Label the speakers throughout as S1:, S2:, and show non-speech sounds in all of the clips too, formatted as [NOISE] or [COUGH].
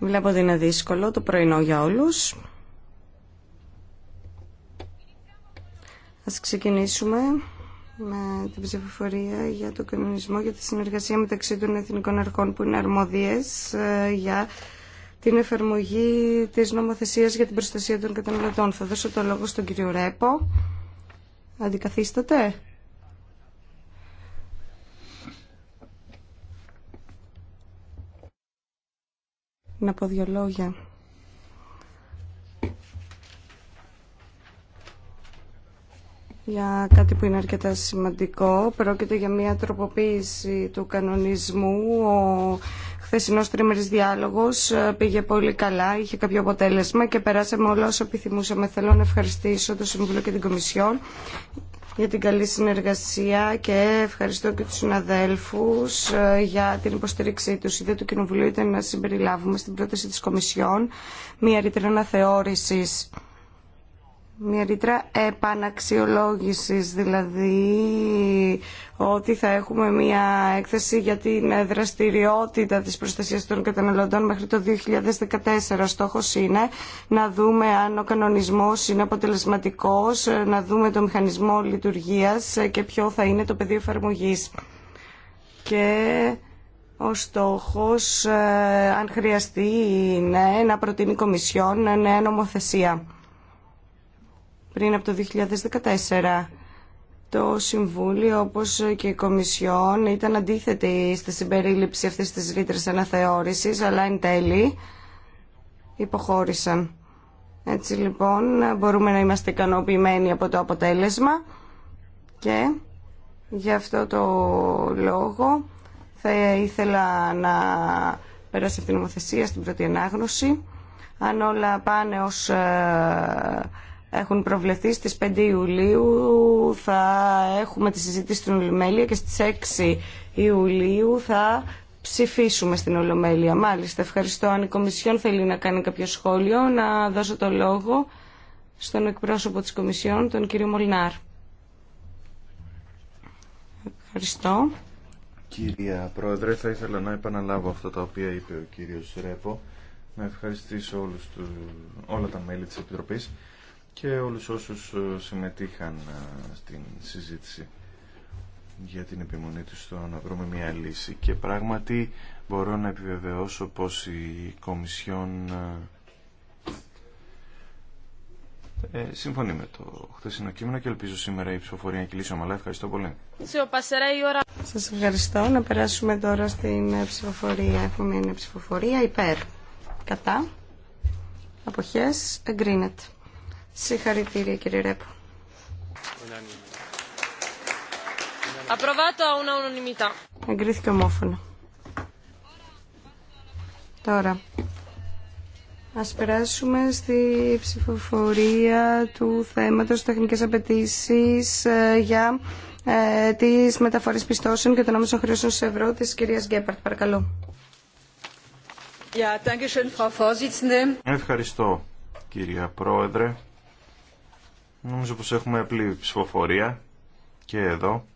S1: Βλέπω ότι είναι δύσκολο το πρωινό για όλους. Ας ξεκινήσουμε με την ψηφοφορία για το κανονισμό για τη συνεργασία μεταξύ των εθνικών αρχών που είναι αρμόδιες ε, για την εφαρμογή της νομοθεσίας για την προστασία των καταναλωτών. Θα δώσω το λόγο στον κύριο Ρέπο. Αντικαθίσταται. να πω δύο λόγια. για κάτι που είναι αρκετά σημαντικό. Πρόκειται για μια τροποποίηση του κανονισμού. Ο χθεσινός τρίμερης διάλογος ε, πήγε πολύ καλά, είχε κάποιο αποτέλεσμα και περάσαμε όλα όσο επιθυμούσαμε. Θέλω να ευχαριστήσω το Συμβούλιο και την Κομισιόν για την καλή συνεργασία και ευχαριστώ και τους συναδέλφους ε, για την υποστήριξή τους. Η ιδέα του Κοινοβουλίου ήταν να συμπεριλάβουμε στην πρόταση της Κομισιόν μια ρήτρα αναθεώρησης, μια ρήτρα επαναξιολόγησης, δηλαδή ότι θα έχουμε μια έκθεση για την δραστηριότητα της προστασίας των καταναλωτών μέχρι το 2014. Ο στόχος είναι να δούμε αν ο κανονισμός είναι αποτελεσματικός, να δούμε το μηχανισμό λειτουργίας και ποιο θα είναι το πεδίο εφαρμογή. Και ο στόχος, ε, αν χρειαστεί, είναι να προτείνει η Κομισιόν νέα νομοθεσία πριν από το 2014 το Συμβούλιο όπως και η Κομισιόν ήταν αντίθετη στη συμπερίληψη αυτής της ρήτρης αναθεώρησης, αλλά εν τέλει υποχώρησαν. Έτσι λοιπόν μπορούμε να είμαστε ικανοποιημένοι από το αποτέλεσμα και γι' αυτό το λόγο θα ήθελα να περάσει αυτή την νομοθεσία στην πρώτη ανάγνωση. Αν όλα πάνε ως ε, έχουν προβλεφθεί στις 5 Ιουλίου θα έχουμε τη συζήτηση στην Ολομέλεια και στις 6 Ιουλίου θα ψηφίσουμε στην Ολομέλεια. Μάλιστα, ευχαριστώ. Αν η Κομισιόν θέλει να κάνει κάποιο σχόλιο, να δώσω το λόγο στον εκπρόσωπο της Κομισιόν, τον κύριο Μολνάρ. Ευχαριστώ.
S2: Κυρία Πρόεδρε, θα ήθελα να επαναλάβω αυτά τα οποία είπε ο κύριος Ρέπο. Να ευχαριστήσω όλους όλα τα μέλη της Επιτροπής και όλους όσους ε, συμμετείχαν ε, στην συζήτηση για την επιμονή του στο να βρούμε μια λύση και πράγματι μπορώ να επιβεβαιώσω πως η Κομισιόν ε, ε, συμφωνεί με το χθεσινό κείμενο και ελπίζω σήμερα η ψηφοφορία να κυλήσει ομαλά. Ευχαριστώ πολύ.
S3: Σας ευχαριστώ. Να
S1: περάσουμε τώρα στην ψηφοφορία. Έχουμε μια ψηφοφορία υπέρ. Κατά. Αποχές εγκρίνεται. Συγχαρητήρια κύριε Ρέπο. Εγκρίθηκε ομόφωνα. Τώρα, ας περάσουμε στη ψηφοφορία του θέματος τεχνικές απαιτήσει ε, για ε, τις μεταφορές πιστώσεων και των άμεσων χρήσεων σε ευρώ της κυρίας Γκέπαρτ. Παρακαλώ.
S2: Ευχαριστώ, κυρία Πρόεδρε. Νομίζω πως έχουμε απλή ψηφοφορία και εδώ.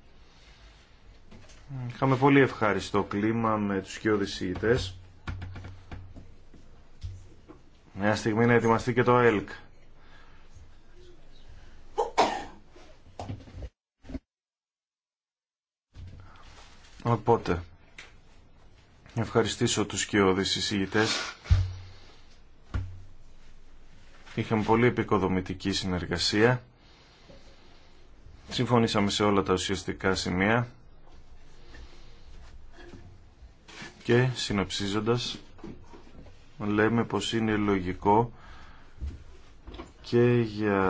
S2: Είχαμε πολύ ευχάριστο κλίμα με τους κοιόδης Μια στιγμή να ετοιμαστεί και το ΕΛΚ. Οπότε, ευχαριστήσω τους κοιόδης εισηγητές Είχαμε πολύ επικοδομητική συνεργασία. Συμφωνήσαμε σε όλα τα ουσιαστικά σημεία. Και συνοψίζοντας, λέμε πως είναι λογικό και για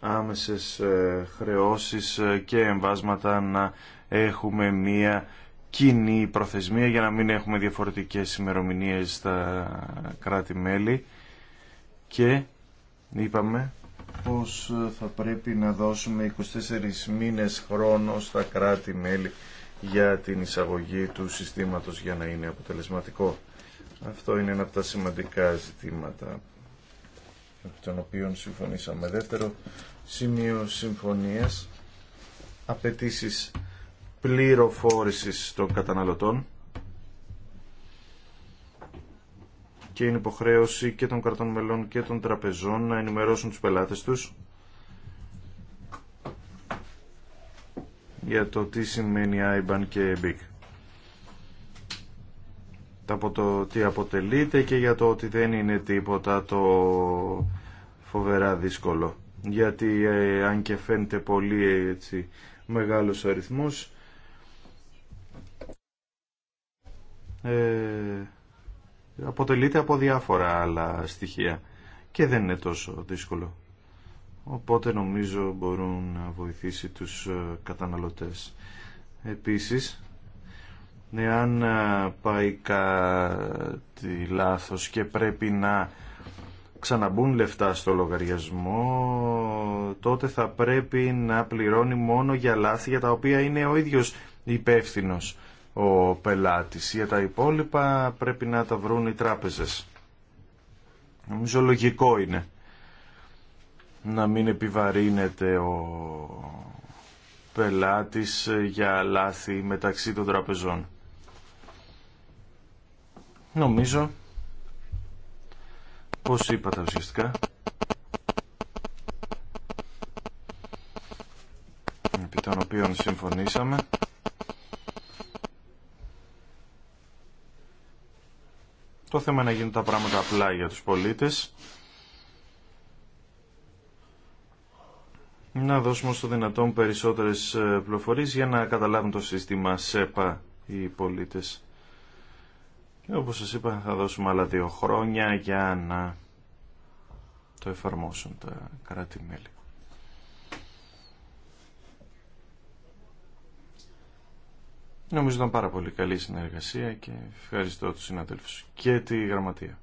S2: άμεσες ε, χρεώσεις ε, και εμβάσματα να έχουμε μία κοινή προθεσμία για να μην έχουμε διαφορετικές ημερομηνίε στα κράτη-μέλη και είπαμε πως θα πρέπει να δώσουμε 24 μήνες χρόνο στα κράτη-μέλη για την εισαγωγή του συστήματος για να είναι αποτελεσματικό. Αυτό είναι ένα από τα σημαντικά ζητήματα από τον οποίο συμφωνήσαμε. Δεύτερο σημείο συμφωνίας απαιτήσει πληροφόρησης των καταναλωτών και είναι υποχρέωση και των κρατών μελών και των τραπεζών να ενημερώσουν τους πελάτες τους για το τι σημαίνει IBAN και BIC. Από το τι αποτελείται και για το ότι δεν είναι τίποτα το φοβερά δύσκολο. Γιατί ε, αν και φαίνεται πολύ έτσι, μεγάλος αριθμός, Ε, αποτελείται από διάφορα άλλα στοιχεία και δεν είναι τόσο δύσκολο. Οπότε νομίζω μπορούν να βοηθήσει τους ε, καταναλωτές. Επίσης, εάν ε, πάει κάτι λάθος και πρέπει να ξαναμπούν λεφτά στο λογαριασμό, τότε θα πρέπει να πληρώνει μόνο για λάθη για τα οποία είναι ο ίδιος υπεύθυνος ο πελάτης. Για τα υπόλοιπα πρέπει να τα βρουν οι τράπεζες. Νομίζω λογικό είναι να μην επιβαρύνεται ο πελάτης για λάθη μεταξύ των τραπεζών. Νομίζω πως είπατε ουσιαστικά. Επί των οποίων συμφωνήσαμε. Το θέμα να γίνουν τα πράγματα απλά για τους πολίτες. Να δώσουμε στο δυνατόν περισσότερες ε, πληροφορίες για να καταλάβουν το σύστημα ΣΕΠΑ οι πολίτες. Και όπως σας είπα θα δώσουμε άλλα δύο χρόνια για να το εφαρμόσουν τα κράτη-μέλη. Νομίζω ήταν πάρα πολύ καλή συνεργασία και ευχαριστώ τους συναδέλφους και τη γραμματεία.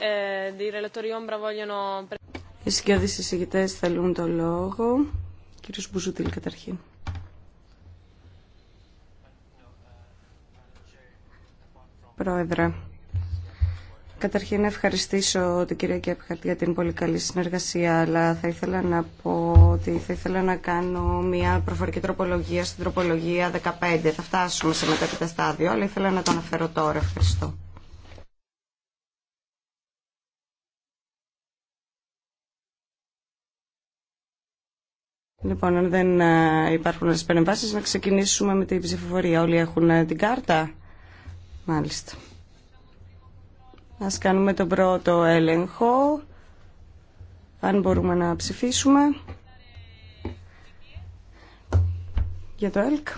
S2: Ε, Οι
S1: συγκεκριμένες συζητητές θέλουν το λόγο. Κύριος Μπουζουτήλ καταρχήν. Uh, Πρόεδρε, Καταρχήν να ευχαριστήσω την κυρία Κέπχαρτ για την πολύ καλή συνεργασία, αλλά θα ήθελα να πω ότι θα ήθελα να κάνω μια προφορική τροπολογία στην τροπολογία 15. Θα φτάσουμε σε μετέπειτα στάδιο, αλλά ήθελα να το αναφέρω τώρα. Ευχαριστώ. Λοιπόν, αν δεν ε, υπάρχουν άλλες παρεμβάσεις, να ξεκινήσουμε με την ψηφοφορία. Όλοι έχουν ε, την κάρτα. Μάλιστα. Ας κάνουμε τον πρώτο έλεγχο, αν μπορούμε να ψηφίσουμε. Για το ΕΛΚ.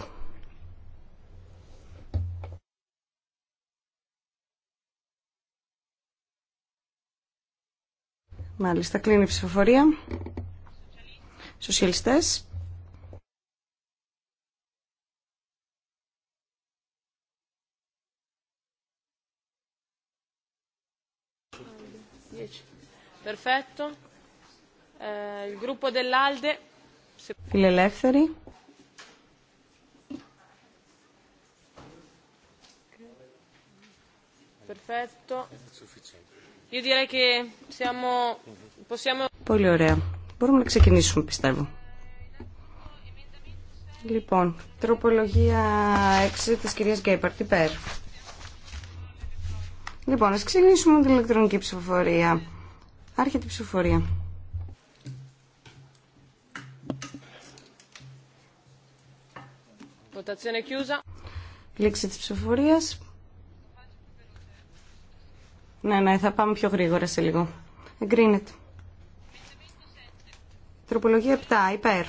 S1: Μάλιστα, κλείνει η ψηφοφορία.
S4: Σοσιαλιστές.
S3: Perfetto. Eh, il gruppo dell'Alde.
S1: Φιλελεύθεροι.
S3: Perfetto. Io direi che siamo, possiamo... Πολύ
S1: ωραία. Μπορούμε να ξεκινήσουμε, πιστεύω. Λοιπόν, τροπολογία 6 της κυρίας Γκέιπαρτ, υπέρ. Λοιπόν, ας ξεκινήσουμε την ηλεκτρονική ψηφοφορία. Άρχεται η ψηφοφορία. Λήξη της ψηφοφορίας. Ναι, ναι, θα πάμε πιο γρήγορα σε λίγο. Εγκρίνεται. Τροπολογία 7, υπέρ.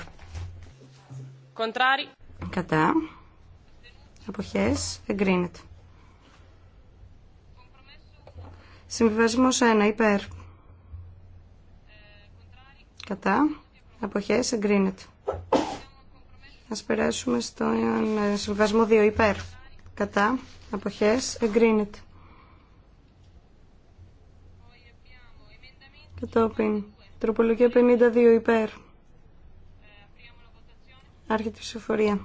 S1: Κατά. Αποχές, εγκρίνεται. Συμβιβασμός 1, υπέρ κατά αποχές εγκρίνεται. Ας περάσουμε στο ε, συμβασμό 2 υπέρ κατά αποχές εγκρίνεται. Κατόπιν τροπολογία 52 υπέρ άρχεται η ψηφοφορία.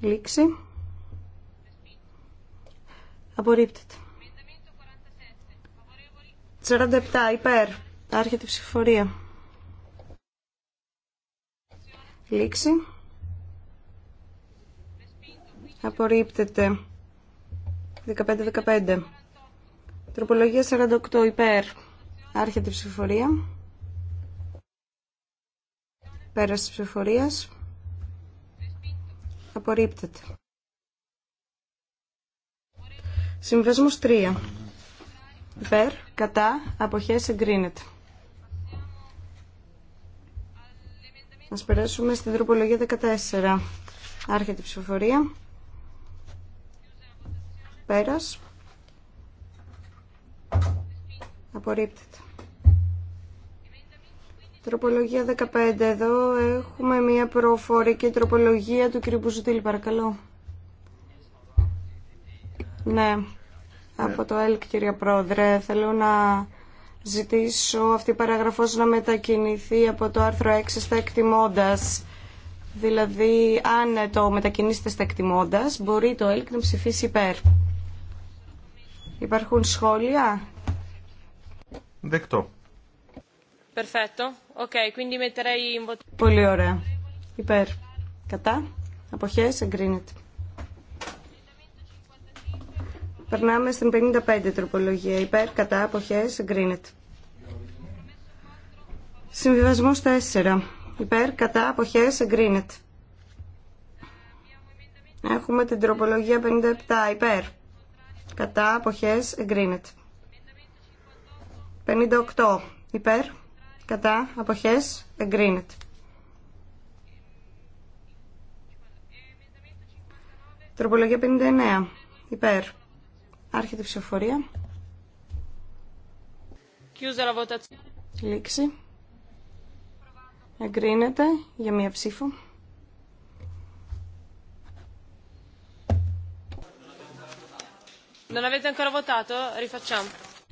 S1: Λήξη. Απορρίπτεται. 47 υπέρ. Άρχεται η ψηφοφορία. Λήξη. Απορρίπτεται. 15-15. Τροπολογία 48 υπέρ. Άρχεται η ψηφοφορία. Πέρας της ψηφοφορίας. Απορρίπτεται. Συμβασμός 3. Υπέρ, κατά, αποχές εγκρίνεται. Ας περάσουμε στην τροπολογία 14. Άρχεται η ψηφοφορία. Πέρας. Απορρίπτεται. Τροπολογία 15. Εδώ έχουμε μια προφορική τροπολογία του κ. Μπουζουτήλη, παρακαλώ. Ναι, ναι. από το ΕΛΚ, κυρία Πρόεδρε. Θέλω να ζητήσω αυτή η παραγραφός να μετακινηθεί από το άρθρο 6 στα εκτιμώντας. Δηλαδή, αν το μετακινήσετε στα εκτιμώντας, μπορεί το ΕΛΚ να ψηφίσει υπέρ. Υπάρχουν σχόλια?
S2: Δεκτό.
S3: Πολύ ωραία.
S1: Υπέρ. Κατά. Αποχές εγκρίνεται. Περνάμε στην 55 τροπολογία. Υπέρ, κατά, αποχές, εγκρίνεται. Συμβιβασμός 4. Υπέρ, κατά, αποχές, εγκρίνεται. Έχουμε την τροπολογία 57. Υπέρ, κατά, αποχές, εγκρίνεται. 58. Υπέρ, κατά, αποχές, εγκρίνεται. Τροπολογία 59. Υπέρ. Άρχεται η ψηφοφορία. Λήξη. Εγκρίνεται για μία ψήφο. Non avete ancora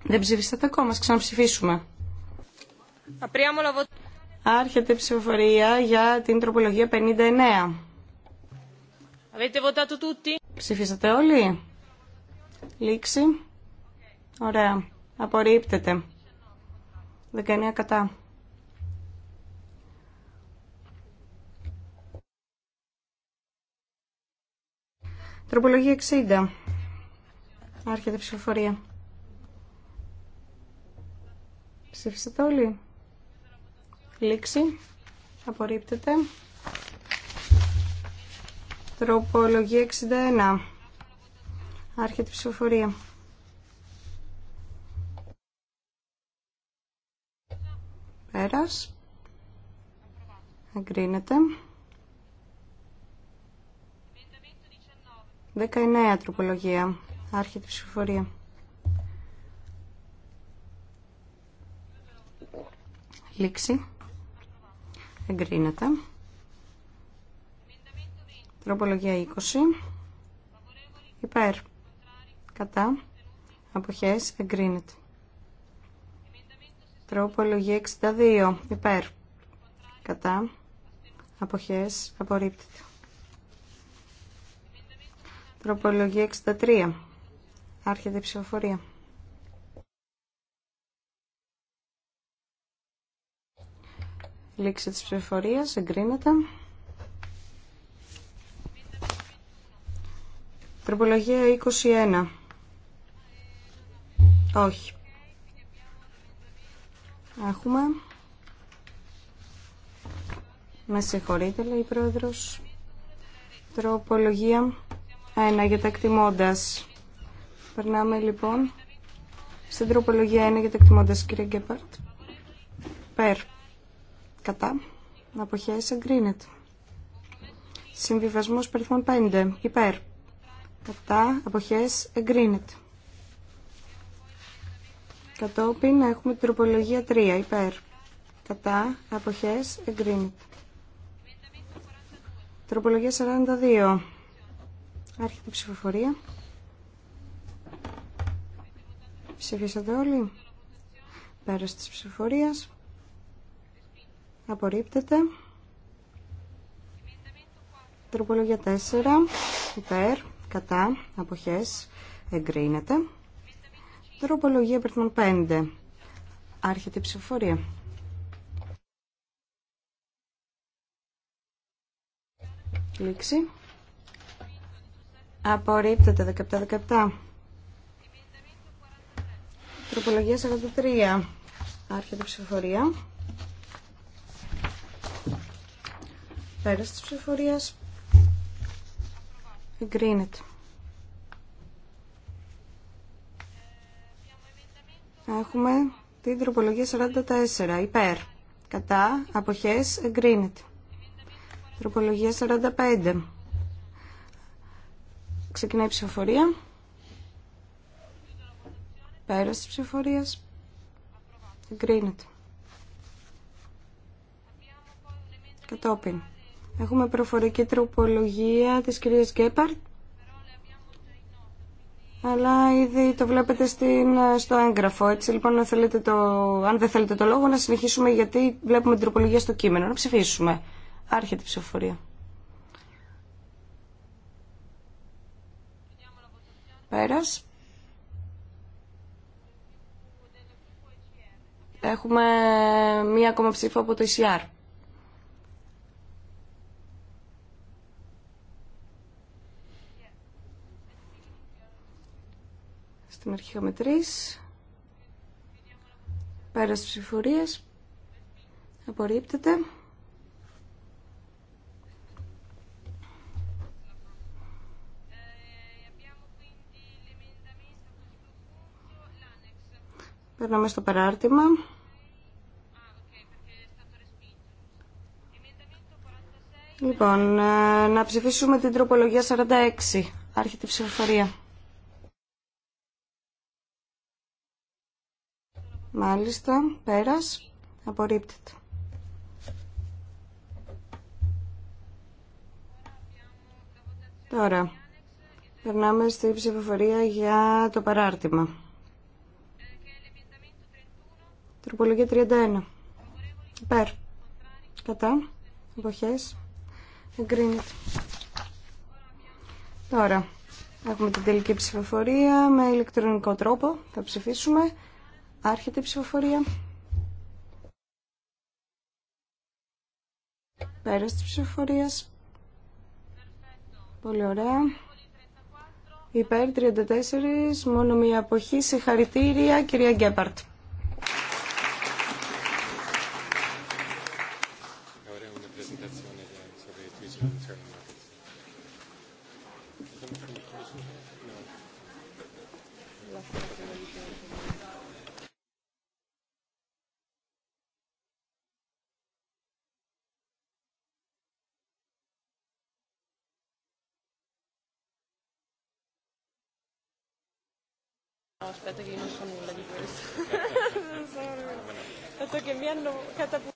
S1: Δεν ψηφίσατε ακόμα, ας ξαναψηφίσουμε. Άρχεται η ψηφοφορία για την τροπολογία 59. Ψηφίσατε όλοι. Λήξη. Ωραία. Απορρίπτεται. 19 κατά. Τροπολογία 60. Άρχεται ψηφοφορία. Ψήφισατε όλοι. Λήξη. Απορρίπτεται. Τροπολογία 61. Άρχεται η ψηφοφορία. Πέρας. Εγκρίνεται. 19 τροπολογία. Άρχεται η ψηφοφορία. Λήξη. Εγκρίνεται. Τροπολογία 20. Υπέρ κατά αποχές εγκρίνεται. Τροπολογία 62 υπέρ κατά αποχές απορρίπτεται. Τροπολογία 63 άρχεται η ψηφοφορία. Λήξη της ψηφοφορίας εγκρίνεται. Τροπολογία 21. Όχι. Έχουμε. Με συγχωρείτε, λέει η Πρόεδρος. Τροπολογία 1 για τα εκτιμώντας. Περνάμε λοιπόν στην τροπολογία 1 για τα εκτιμώντας, κύριε Γκέπαρτ. Περ. Κατά. Αποχές εγκρίνεται. Συμβιβασμός περιθμών 5. Υπέρ. Κατά. Αποχές εγκρίνεται. Κατόπιν έχουμε τροπολογία 3 υπέρ. Κατά αποχές εγκρίνεται. Τροπολογία 42. Άρχεται η ψηφοφορία. Ψηφίσατε όλοι. Πέρας της ψηφοφορίας. Απορρίπτεται. Τροπολογία 4. Υπέρ. Κατά. Αποχές. Εγκρίνεται. Τροπολογία 5. Άρχεται η ψηφοφορία. Λήξη. Απορρίπτεται 17-17. Τροπολογία 43. Άρχεται η ψηφοφορία. Πέρας της ψηφοφορίας. Εγκρίνεται. Έχουμε την τροπολογία 44. Υπέρ. Κατά. Αποχές. Εγκρίνεται. Τροπολογία 45. Ξεκινάει η ψηφοφορία. Πέρας της ψηφοφορίας. Εγκρίνεται. Κατόπιν. Έχουμε προφορική τροπολογία της κυρίας Γκέπαρτ αλλά ήδη το βλέπετε στην, στο έγγραφο. Έτσι λοιπόν, αν, θέλετε το, αν δεν θέλετε το λόγο, να συνεχίσουμε γιατί βλέπουμε την τροπολογία στο κείμενο. Να ψηφίσουμε. Άρχεται η ψηφοφορία. Πέρας. Έχουμε μία ακόμα ψήφο από το ΕΣΥΑΡ. Στην αρχή είχαμε τρει. Πέρα στις Απορρίπτεται. Περνάμε στο παράρτημα. Λοιπόν, ε, να ψηφίσουμε την τροπολογία 46. Άρχεται η ψηφοφορία. Μάλιστα, πέρας, απορρίπτεται. Τώρα, περνάμε στη ψηφοφορία για το παράρτημα. Τροπολογία 31. Περ. Κατά. Εποχές. Εγκρίνεται. Τώρα, έχουμε την τελική ψηφοφορία με ηλεκτρονικό τρόπο. Θα ψηφίσουμε. Άρχεται η ψηφοφορία. Πέρας ψηφοφορίας. Πολύ ωραία. Υπέρ 34, μόνο μία αποχή. Συγχαρητήρια, κυρία Γκέπαρτ.
S3: aspetta che io non so nulla di questo. Non so. Dato che mi hanno catapultato.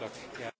S2: o'clock.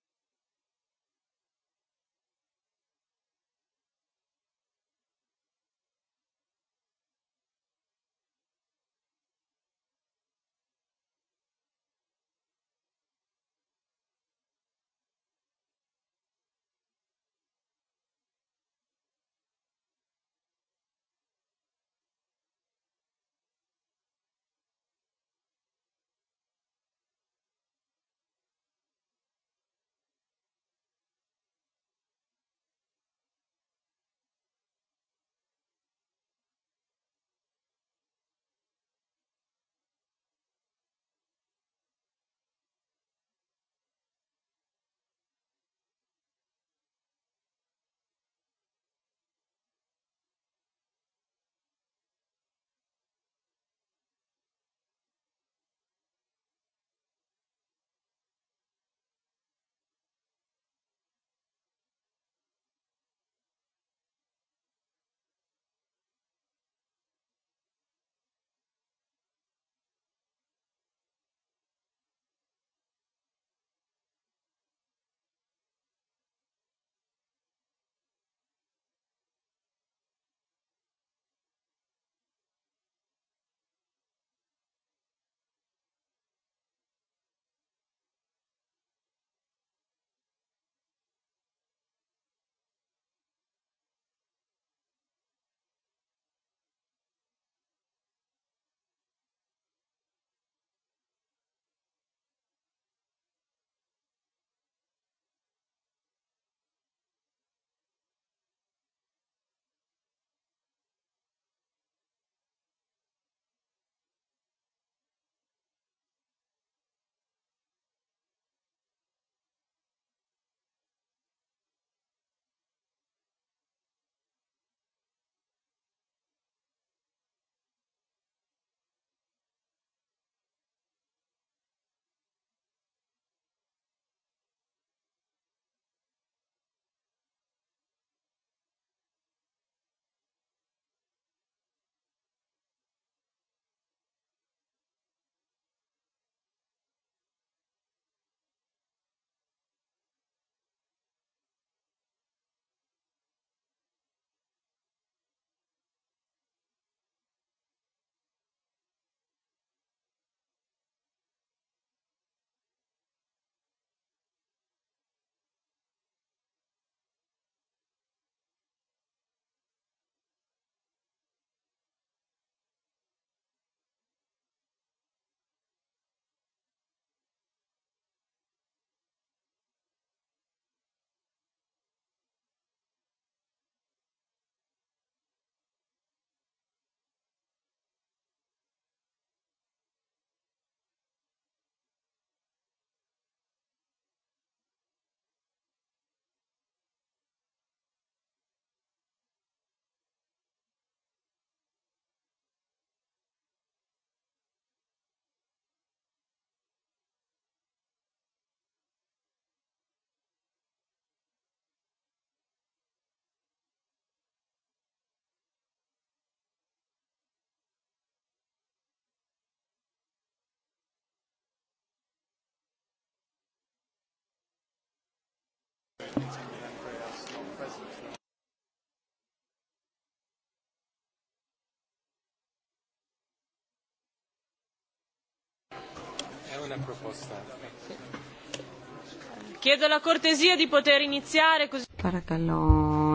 S1: Παρακαλώ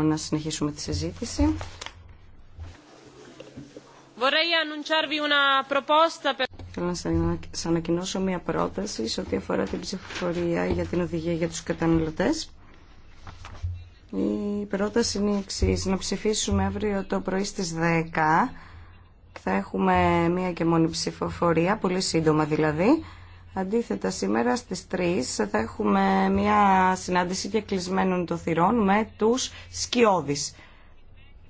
S1: να συνεχίσουμε τη συζήτηση. Θέλω να σας ανακοινώσω μια πρόταση σε ό,τι αφορά την ψηφοφορία για την οδηγία για τους καταναλωτές. Η πρόταση είναι η εξή. να ψηφίσουμε αύριο το πρωί στι 10 θα έχουμε μία και μόνη ψηφοφορία, πολύ σύντομα δηλαδή. Αντίθετα, σήμερα στι 3 θα έχουμε μία συνάντηση και κλεισμένων των θυρών με του σκιώδη.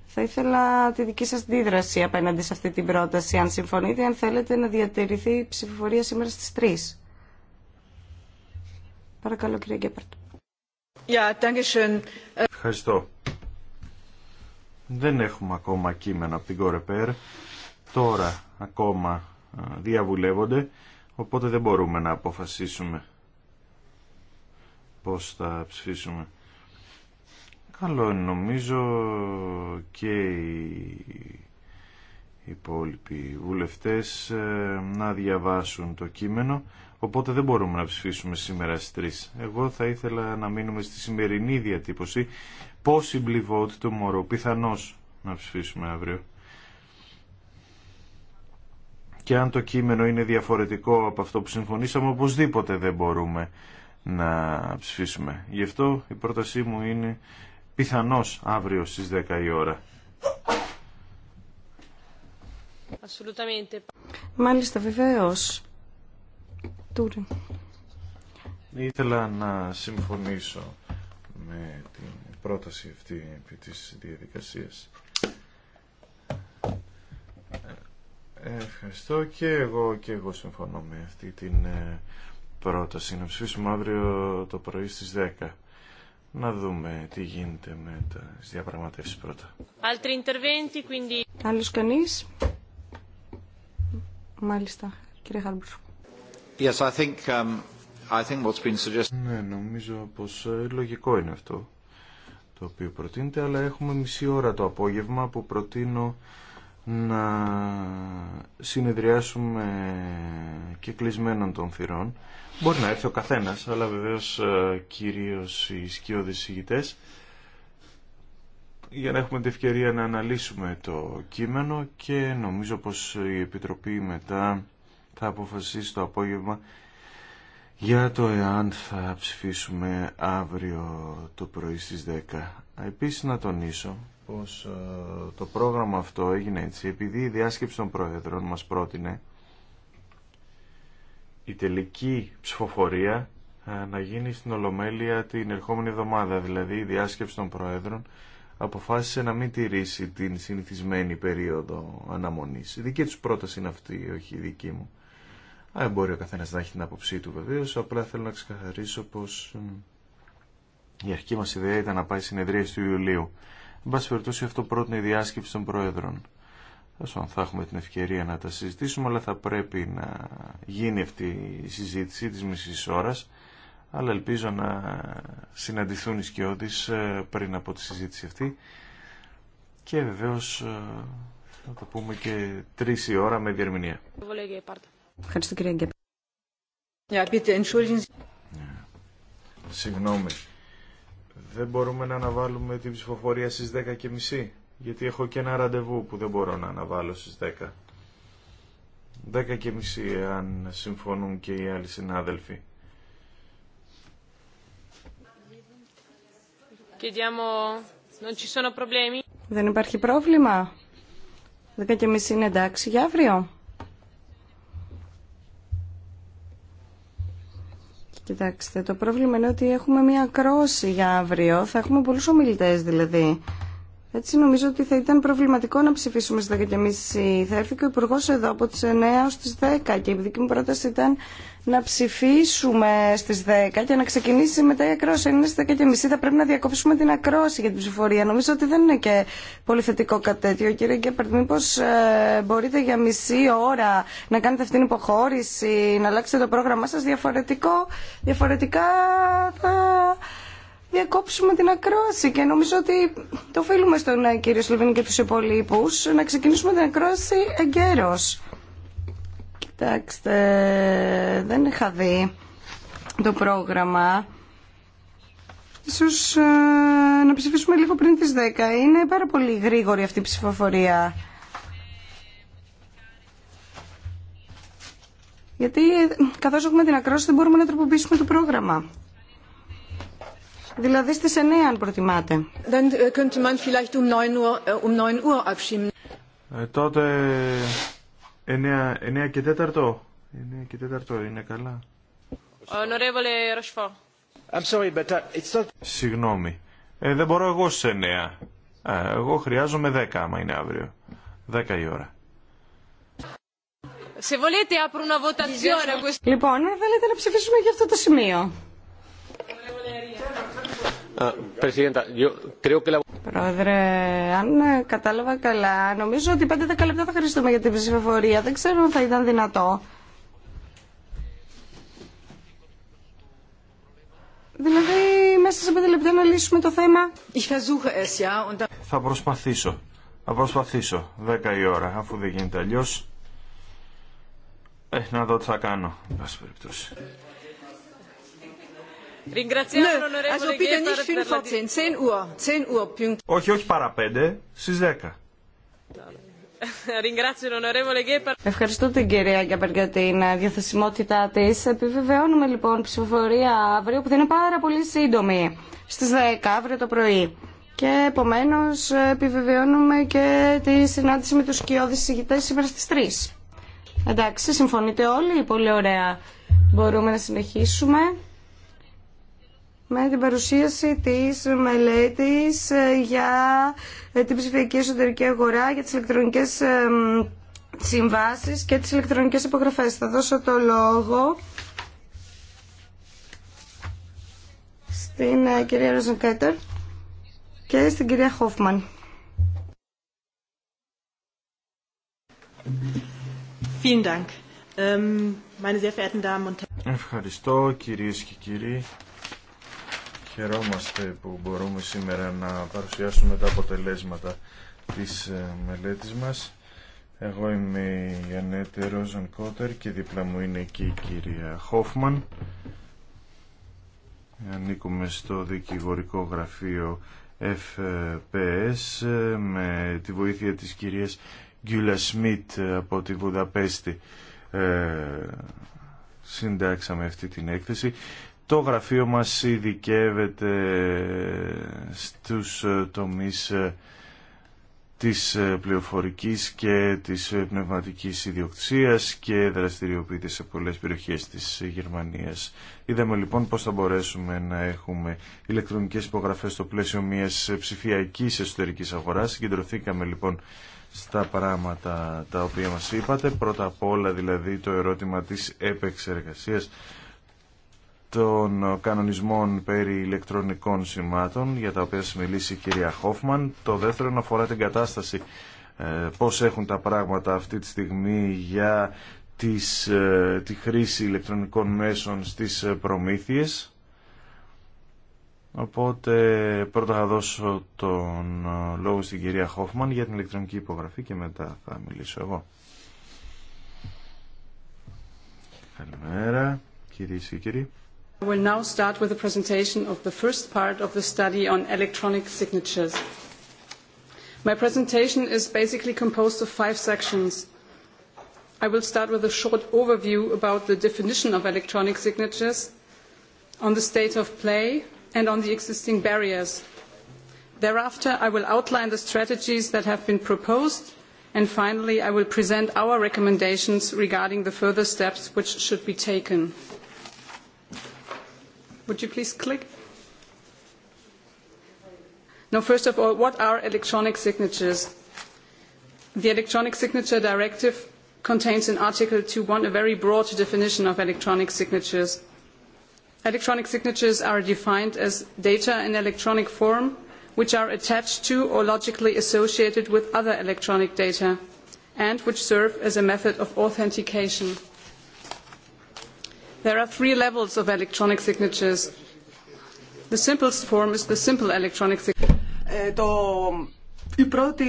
S1: Θα ήθελα τη δική σας αντίδραση απέναντι σε αυτή την πρόταση, αν συμφωνείτε, αν θέλετε να διατηρηθεί η ψηφοφορία σήμερα στις 3. Παρακαλώ, κύριε
S5: Γκέπαρτ.
S2: Ευχαριστώ. Δεν έχουμε ακόμα κείμενα από την Κορεπέρ. Τώρα ακόμα ε, διαβουλεύονται, οπότε δεν μπορούμε να αποφασίσουμε πώς θα ψηφίσουμε. Καλό είναι νομίζω και οι υπόλοιποι βουλευτές ε, να διαβάσουν το κείμενο. Οπότε δεν μπορούμε να ψηφίσουμε σήμερα στις 3. Εγώ θα ήθελα να μείνουμε στη σημερινή διατύπωση. Possibly vote μωρό Πιθανώς να ψηφίσουμε αύριο. Και αν το κείμενο είναι διαφορετικό από αυτό που συμφωνήσαμε, οπωσδήποτε δεν μπορούμε να ψηφίσουμε. Γι' αυτό η πρότασή μου είναι πιθανώς αύριο στις 10 η ώρα. Μάλιστα,
S1: βεβαίως.
S2: Ήθελα να συμφωνήσω με την πρόταση αυτή επί της διαδικασίας. Ε, ευχαριστώ και εγώ και εγώ συμφωνώ με αυτή την ε, πρόταση. Να ψηφίσουμε αύριο το πρωί στις 10. Να δούμε τι γίνεται με τα διαπραγματεύσεις πρώτα.
S4: Άλλος κανεί. Μάλιστα,
S1: κύριε Χαλμπρού.
S2: Um, ναι, νομίζω πως ε, λογικό είναι αυτό το οποίο προτείνεται, αλλά έχουμε μισή ώρα το απόγευμα που προτείνω να συνεδριάσουμε και κλεισμένων των θυρών. Μπορεί να έρθει ο καθένας, αλλά βεβαίως ε, κυρίως οι σκιώδεις συγητές, για να έχουμε την ευκαιρία να αναλύσουμε το κείμενο και νομίζω πως η Επιτροπή μετά θα αποφασίσει το απόγευμα για το εάν θα ψηφίσουμε αύριο το πρωί στις 10. Επίσης να τονίσω πως ε, το πρόγραμμα αυτό έγινε έτσι επειδή η διάσκεψη των Προέδρων μας πρότεινε η τελική ψηφοφορία ε, να γίνει στην Ολομέλεια την ερχόμενη εβδομάδα. Δηλαδή η διάσκεψη των Προέδρων αποφάσισε να μην τηρήσει την συνηθισμένη περίοδο αναμονής. Η δική τους πρόταση είναι αυτή, όχι η δική μου. Α, μπορεί ο καθένας να έχει την άποψή του βεβαίω. απλά θέλω να ξεκαθαρίσω πως η αρχική μας ιδέα ήταν να πάει συνεδρία του Ιουλίου. Εν πάση περιπτώσει αυτό πρότεινε η διάσκεψη των Προέδρων. Θα έχουμε την ευκαιρία να τα συζητήσουμε, αλλά θα πρέπει να γίνει αυτή η συζήτηση της μισής ώρας, αλλά ελπίζω να συναντηθούν οι σκιώδεις ε, πριν από τη συζήτηση αυτή. Και βεβαίω ε, θα το πούμε και τρεις η ώρα με διερμηνία. Ευχαριστώ Γκέπ. Ναι. Συγγνώμη. Δεν μπορούμε να αναβάλουμε την ψηφοφορία στις 10.30 γιατί έχω και ένα ραντεβού που δεν μπορώ να αναβάλω στις 10. 10.30 αν συμφωνούν και οι άλλοι συνάδελφοι. Δεν
S1: υπάρχει πρόβλημα. 10.30 είναι εντάξει για αύριο. Κοιτάξτε, το πρόβλημα είναι ότι έχουμε μία κρόση για αύριο. Θα έχουμε πολλούς ομιλητές δηλαδή. Έτσι νομίζω ότι θα ήταν προβληματικό να ψηφίσουμε στα 10.30. Θα έρθει και ο Υπουργό εδώ από τις 9 ως τις 10 και η δική μου πρόταση ήταν να ψηφίσουμε στις 10 και να ξεκινήσει μετά η ακρόαση. Αν είναι στις 10.30 θα πρέπει να διακόψουμε την ακρόαση για την ψηφορία. Νομίζω ότι δεν είναι και πολύ θετικό κάτι τέτοιο. Κύριε Γκέπερτ, μήπως ε, μπορείτε για μισή ώρα να κάνετε αυτήν την υποχώρηση, να αλλάξετε το πρόγραμμά σας διαφορετικό, διαφορετικά θα διακόψουμε την ακρόαση και νομίζω ότι το οφείλουμε στον ε, κύριο Σλουβίνη και τους υπολείπους να ξεκινήσουμε την ακρόαση εγκαίρως. Κοιτάξτε, δεν είχα δει το πρόγραμμα. Ίσως ε, να ψηφίσουμε λίγο πριν τις 10. Είναι πάρα πολύ γρήγορη αυτή η ψηφοφορία. Γιατί ε, καθώς έχουμε την ακρόαση δεν μπορούμε να τροποποιήσουμε το πρόγραμμα.
S5: Δηλαδή στις 9 αν προτιμάτε. Äh, um äh, um
S2: ε, τότε 9, 9 και 4. 9 και 4 είναι καλά. I'm sorry, but uh, it's not... Συγγνώμη. Ε, δεν μπορώ εγώ στις 9. Ε, εγώ χρειάζομαι 10 άμα είναι αύριο. 10 η ώρα.
S3: Σε
S1: Λοιπόν, ε, θέλετε να ψηφίσουμε για αυτό το σημείο. Πρόεδρε, αν ε, κατάλαβα καλά, νομίζω ότι 5-10 λεπτά θα χρειαστούμε για την ψηφοφορία. Δεν ξέρω αν θα ήταν δυνατό. Δηλαδή, μέσα σε 5 λεπτά να λύσουμε το θέμα.
S2: Θα προσπαθήσω. Θα προσπαθήσω. 10 η ώρα, αφού δεν γίνεται αλλιώ. Ε, να δω τι θα κάνω, εν πάση περιπτώσει. Όχι, όχι στις 10.
S5: [LAUGHS]
S1: Ευχαριστώ την κυρία Γκέμπερ για την ε, διαθεσιμότητά τη. Επιβεβαιώνουμε λοιπόν ψηφοφορία αύριο που θα είναι πάρα πολύ σύντομη στι 10 αύριο το πρωί. Και επομένω επιβεβαιώνουμε και τη συνάντηση με του σκιώδει συγγητέ σήμερα στι 3. Εντάξει, συμφωνείτε όλοι. Πολύ ωραία. Μπορούμε να συνεχίσουμε με την παρουσίαση της μελέτης ε, για ε, την ψηφιακή εσωτερική αγορά για τις ηλεκτρονικές ε, συμβάσεις και τις ηλεκτρονικές υπογραφές. Θα δώσω το λόγο στην κυρία Ροζενκέτερ και στην κυρία Χόφμαν.
S3: Ähm,
S2: Ευχαριστώ κυρίες και κύριοι. Χαιρόμαστε που μπορούμε σήμερα να παρουσιάσουμε τα αποτελέσματα της ε, μελέτης μας. Εγώ είμαι η Γιανέτε Ρόζαν Κότερ και δίπλα μου είναι και η κυρία Χόφμαν. Ανήκουμε στο δικηγορικό γραφείο FPS ε, με τη βοήθεια της κυρίας Γκιούλα Σμιτ από τη Βουδαπέστη ε, συντάξαμε αυτή την έκθεση το γραφείο μας ειδικεύεται στους ε, τομείς ε, της ε, πληροφορικής και της πνευματικής ιδιοκτησίας και δραστηριοποιείται σε πολλές περιοχές της Γερμανίας. Είδαμε λοιπόν πώς θα μπορέσουμε να έχουμε ηλεκτρονικές υπογραφές στο πλαίσιο μιας ψηφιακής εσωτερικής αγοράς. Συγκεντρωθήκαμε λοιπόν στα πράγματα τα οποία μας είπατε. Πρώτα απ' όλα δηλαδή το ερώτημα της επεξεργασίας των κανονισμών περί ηλεκτρονικών σημάτων, για τα οποία μιλήσει η κυρία Χόφμαν. Το δεύτερο αφορά την κατάσταση, ε, πώς έχουν τα πράγματα αυτή τη στιγμή για τις ε, τη χρήση ηλεκτρονικών μέσων στις ε, προμήθειες. Οπότε πρώτα θα δώσω τον λόγο στην κυρία Χόφμαν για την ηλεκτρονική υπογραφή και μετά θα μιλήσω εγώ. Καλημέρα κυρίες και κύριοι.
S5: I will now start with the presentation of the first part of the study on electronic signatures. My presentation is basically composed of five sections. I will start with a short overview about the definition of electronic signatures, on the state of play and on the existing barriers. Thereafter, I will outline the strategies that have been proposed and finally I will present our recommendations regarding the further steps which should be taken. Would you please click? Now, first of all, what are electronic signatures? The Electronic Signature Directive contains in Article 2.1 a very broad definition of electronic signatures. Electronic signatures are defined as data in electronic form which are attached to or logically associated with other electronic data and which serve as a method of authentication. There are three levels of electronic signatures. The simplest form is the simple electronic signature. Ε, το... Η πρώτη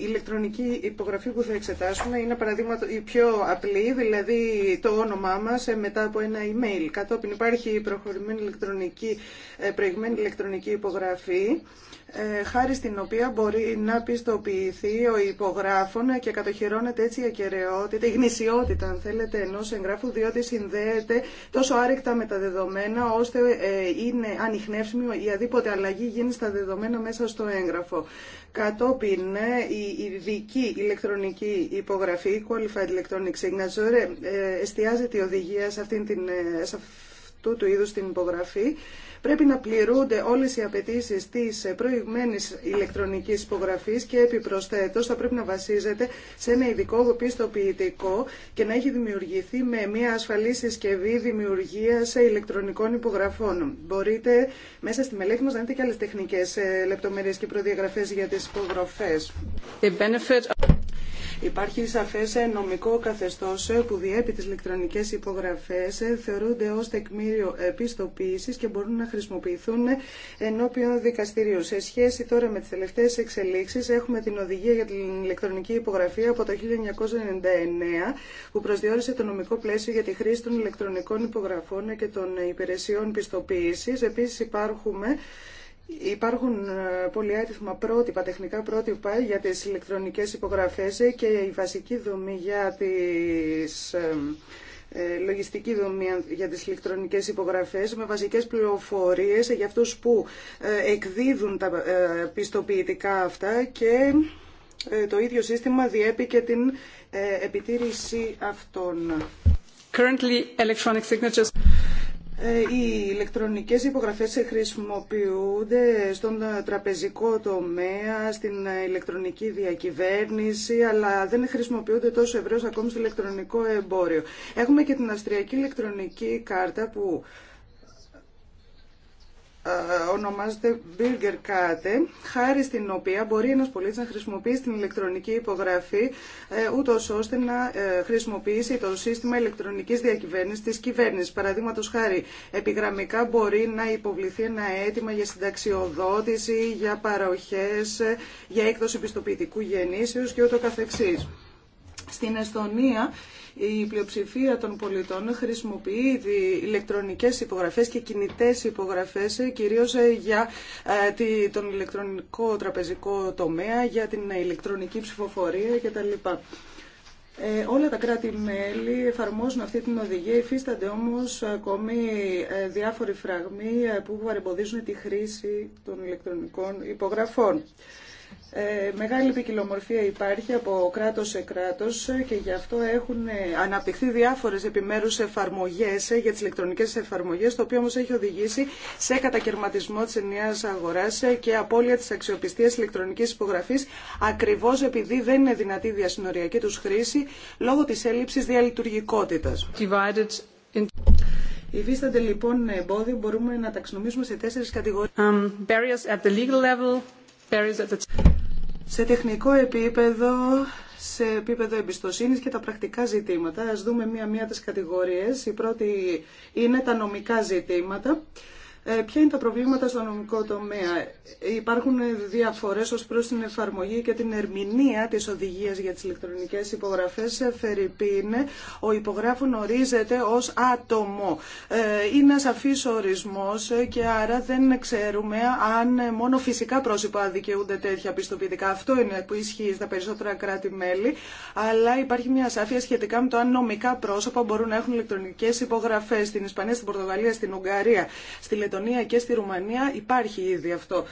S4: ηλεκτρονική υπογραφή που θα εξετάσουμε είναι παραδείγματο η πιο απλή, δηλαδή το όνομά μας ε, μετά από ένα email. Κατόπιν υπάρχει η προχωρημένη ηλεκτρονική, ε, προηγμένη ηλεκτρονική υπογραφή ε, χάρη στην οποία μπορεί να πιστοποιηθεί ο υπογράφων και κατοχυρώνεται έτσι η ακαιρεότητα, η γνησιότητα αν θέλετε ενός εγγράφου διότι συνδέεται τόσο άρρηκτα με τα δεδομένα ώστε ε, είναι ανοιχνεύσιμη η αδίποτε αλλαγή γίνει στα δεδομένα μέσα στο έγγραφο. Κατόπιν ναι, η ειδική ηλεκτρονική υπογραφή, Qualified Electronic Signature, ε, εστιάζεται η οδηγία σε αυτήν την σε αυτού του είδους την υπογραφή πρέπει να πληρούνται όλες οι απαιτήσει της προηγμένης ηλεκτρονικής υπογραφής και επιπροσθέτως θα πρέπει να βασίζεται σε ένα ειδικό πιστοποιητικό και να έχει δημιουργηθεί με μια ασφαλή συσκευή δημιουργία ηλεκτρονικών υπογραφών. Μπορείτε μέσα στη μελέτη μας να δείτε και άλλες τεχνικές ε, λεπτομέρειες και προδιαγραφές για τις υπογραφές. Υπάρχει σαφέ νομικό καθεστώ που διέπει τις ηλεκτρονικές υπογραφέ θεωρούνται ως τεκμήριο επιστοποίηση και μπορούν να χρησιμοποιηθούν ενώπιον δικαστηρίου. Σε σχέση τώρα με τις τελευταίες εξελίξεις έχουμε την οδηγία για την ηλεκτρονική υπογραφή από το 1999 που προσδιορίσε το νομικό πλαίσιο για τη χρήση των ηλεκτρονικών υπογραφών και των υπηρεσιών πιστοποίηση. Επίση υπάρχουμε Υπάρχουν ε, πολλοί άριθμα πρότυπα, τεχνικά πρότυπα για τις ηλεκτρονικές υπογραφές και η βασική δομή για τις ε, ε, λογιστική δομή για τις ηλεκτρονικές υπογραφές με βασικές πληροφορίες για αυτούς που εκδίδουν τα πιστοποιητικά αυτά και το ίδιο σύστημα διέπει και την επιτήρηση αυτών.
S5: Currently, electronic
S4: ε, οι ηλεκτρονικές υπογραφές χρησιμοποιούνται στον τραπεζικό τομέα, στην ηλεκτρονική διακυβέρνηση, αλλά δεν χρησιμοποιούνται τόσο ευρέως ακόμη στο ηλεκτρονικό εμπόριο. Έχουμε και την Αστριακή ηλεκτρονική κάρτα που ε, ονομάζεται Burger χάρη στην οποία μπορεί ένας πολίτης να χρησιμοποιήσει την ηλεκτρονική υπογραφή, ε, ούτω ώστε να ε, χρησιμοποιήσει το σύστημα ηλεκτρονικής διακυβέρνησης της κυβέρνησης. Παραδείγματος χάρη, επιγραμμικά μπορεί να υποβληθεί ένα αίτημα για συνταξιοδότηση, για παροχές, για έκδοση πιστοποιητικού γεννήσεως και ούτω καθεξής. Στην Εστονία η πλειοψηφία των πολιτών χρησιμοποιεί ηλεκτρονικές υπογραφές και κινητές υπογραφές ε, κυρίως ε, για ε, τον ηλεκτρονικό τραπεζικό τομέα, για την ηλεκτρονική ψηφοφορία κτλ. Ε, όλα τα κράτη-μέλη εφαρμόζουν αυτή την οδηγία, υφίστανται όμως ακόμη διάφοροι φραγμοί που παρεμποδίζουν τη χρήση των ηλεκτρονικών υπογραφών. Ε, μεγάλη ποικιλομορφία υπάρχει από κράτος σε κράτος και γι' αυτό έχουν ε, αναπτυχθεί διάφορες επιμέρους εφαρμογές ε, για τις ηλεκτρονικές εφαρμογές, το οποίο όμως έχει οδηγήσει σε κατακαιρματισμό της ενιαίας αγοράς ε, και απώλεια της αξιοπιστίας ηλεκτρονικής υπογραφής, ακριβώς επειδή δεν είναι δυνατή η διασυνοριακή τους χρήση λόγω της έλλειψης διαλειτουργικότητας. Υφίστανται λοιπόν εμπόδιο, μπορούμε να ταξινομήσουμε σε τέσσερις κατηγορίες. Um, barriers at the legal level σε τεχνικό επίπεδο, σε επίπεδο εμπιστοσύνη και τα πρακτικά ζητήματα, Α δούμε μία-μία τις κατηγορίες. Η πρώτη είναι τα νομικά ζητήματα. Ε, ποια είναι τα προβλήματα στο νομικό τομέα. Υπάρχουν διαφορές ως προς την εφαρμογή και την ερμηνεία της οδηγίας για τις ηλεκτρονικές υπογραφές. Φερρυπίν, ο υπογράφων ορίζεται ως άτομο. Ε, είναι ασαφής ορισμός και άρα δεν ξέρουμε αν μόνο φυσικά πρόσωπα δικαιούνται τέτοια πιστοποιητικά. Αυτό είναι που ισχύει στα περισσότερα κράτη-μέλη, αλλά υπάρχει μια ασάφεια σχετικά με το αν νομικά πρόσωπα μπορούν να έχουν ηλεκτρονικές υπογραφές στην Ισπανία, στην Πορτογαλία, στην Ουγγαρία, στη Λετωνία και στη Ρουμανία υπάρχει ήδη αυτό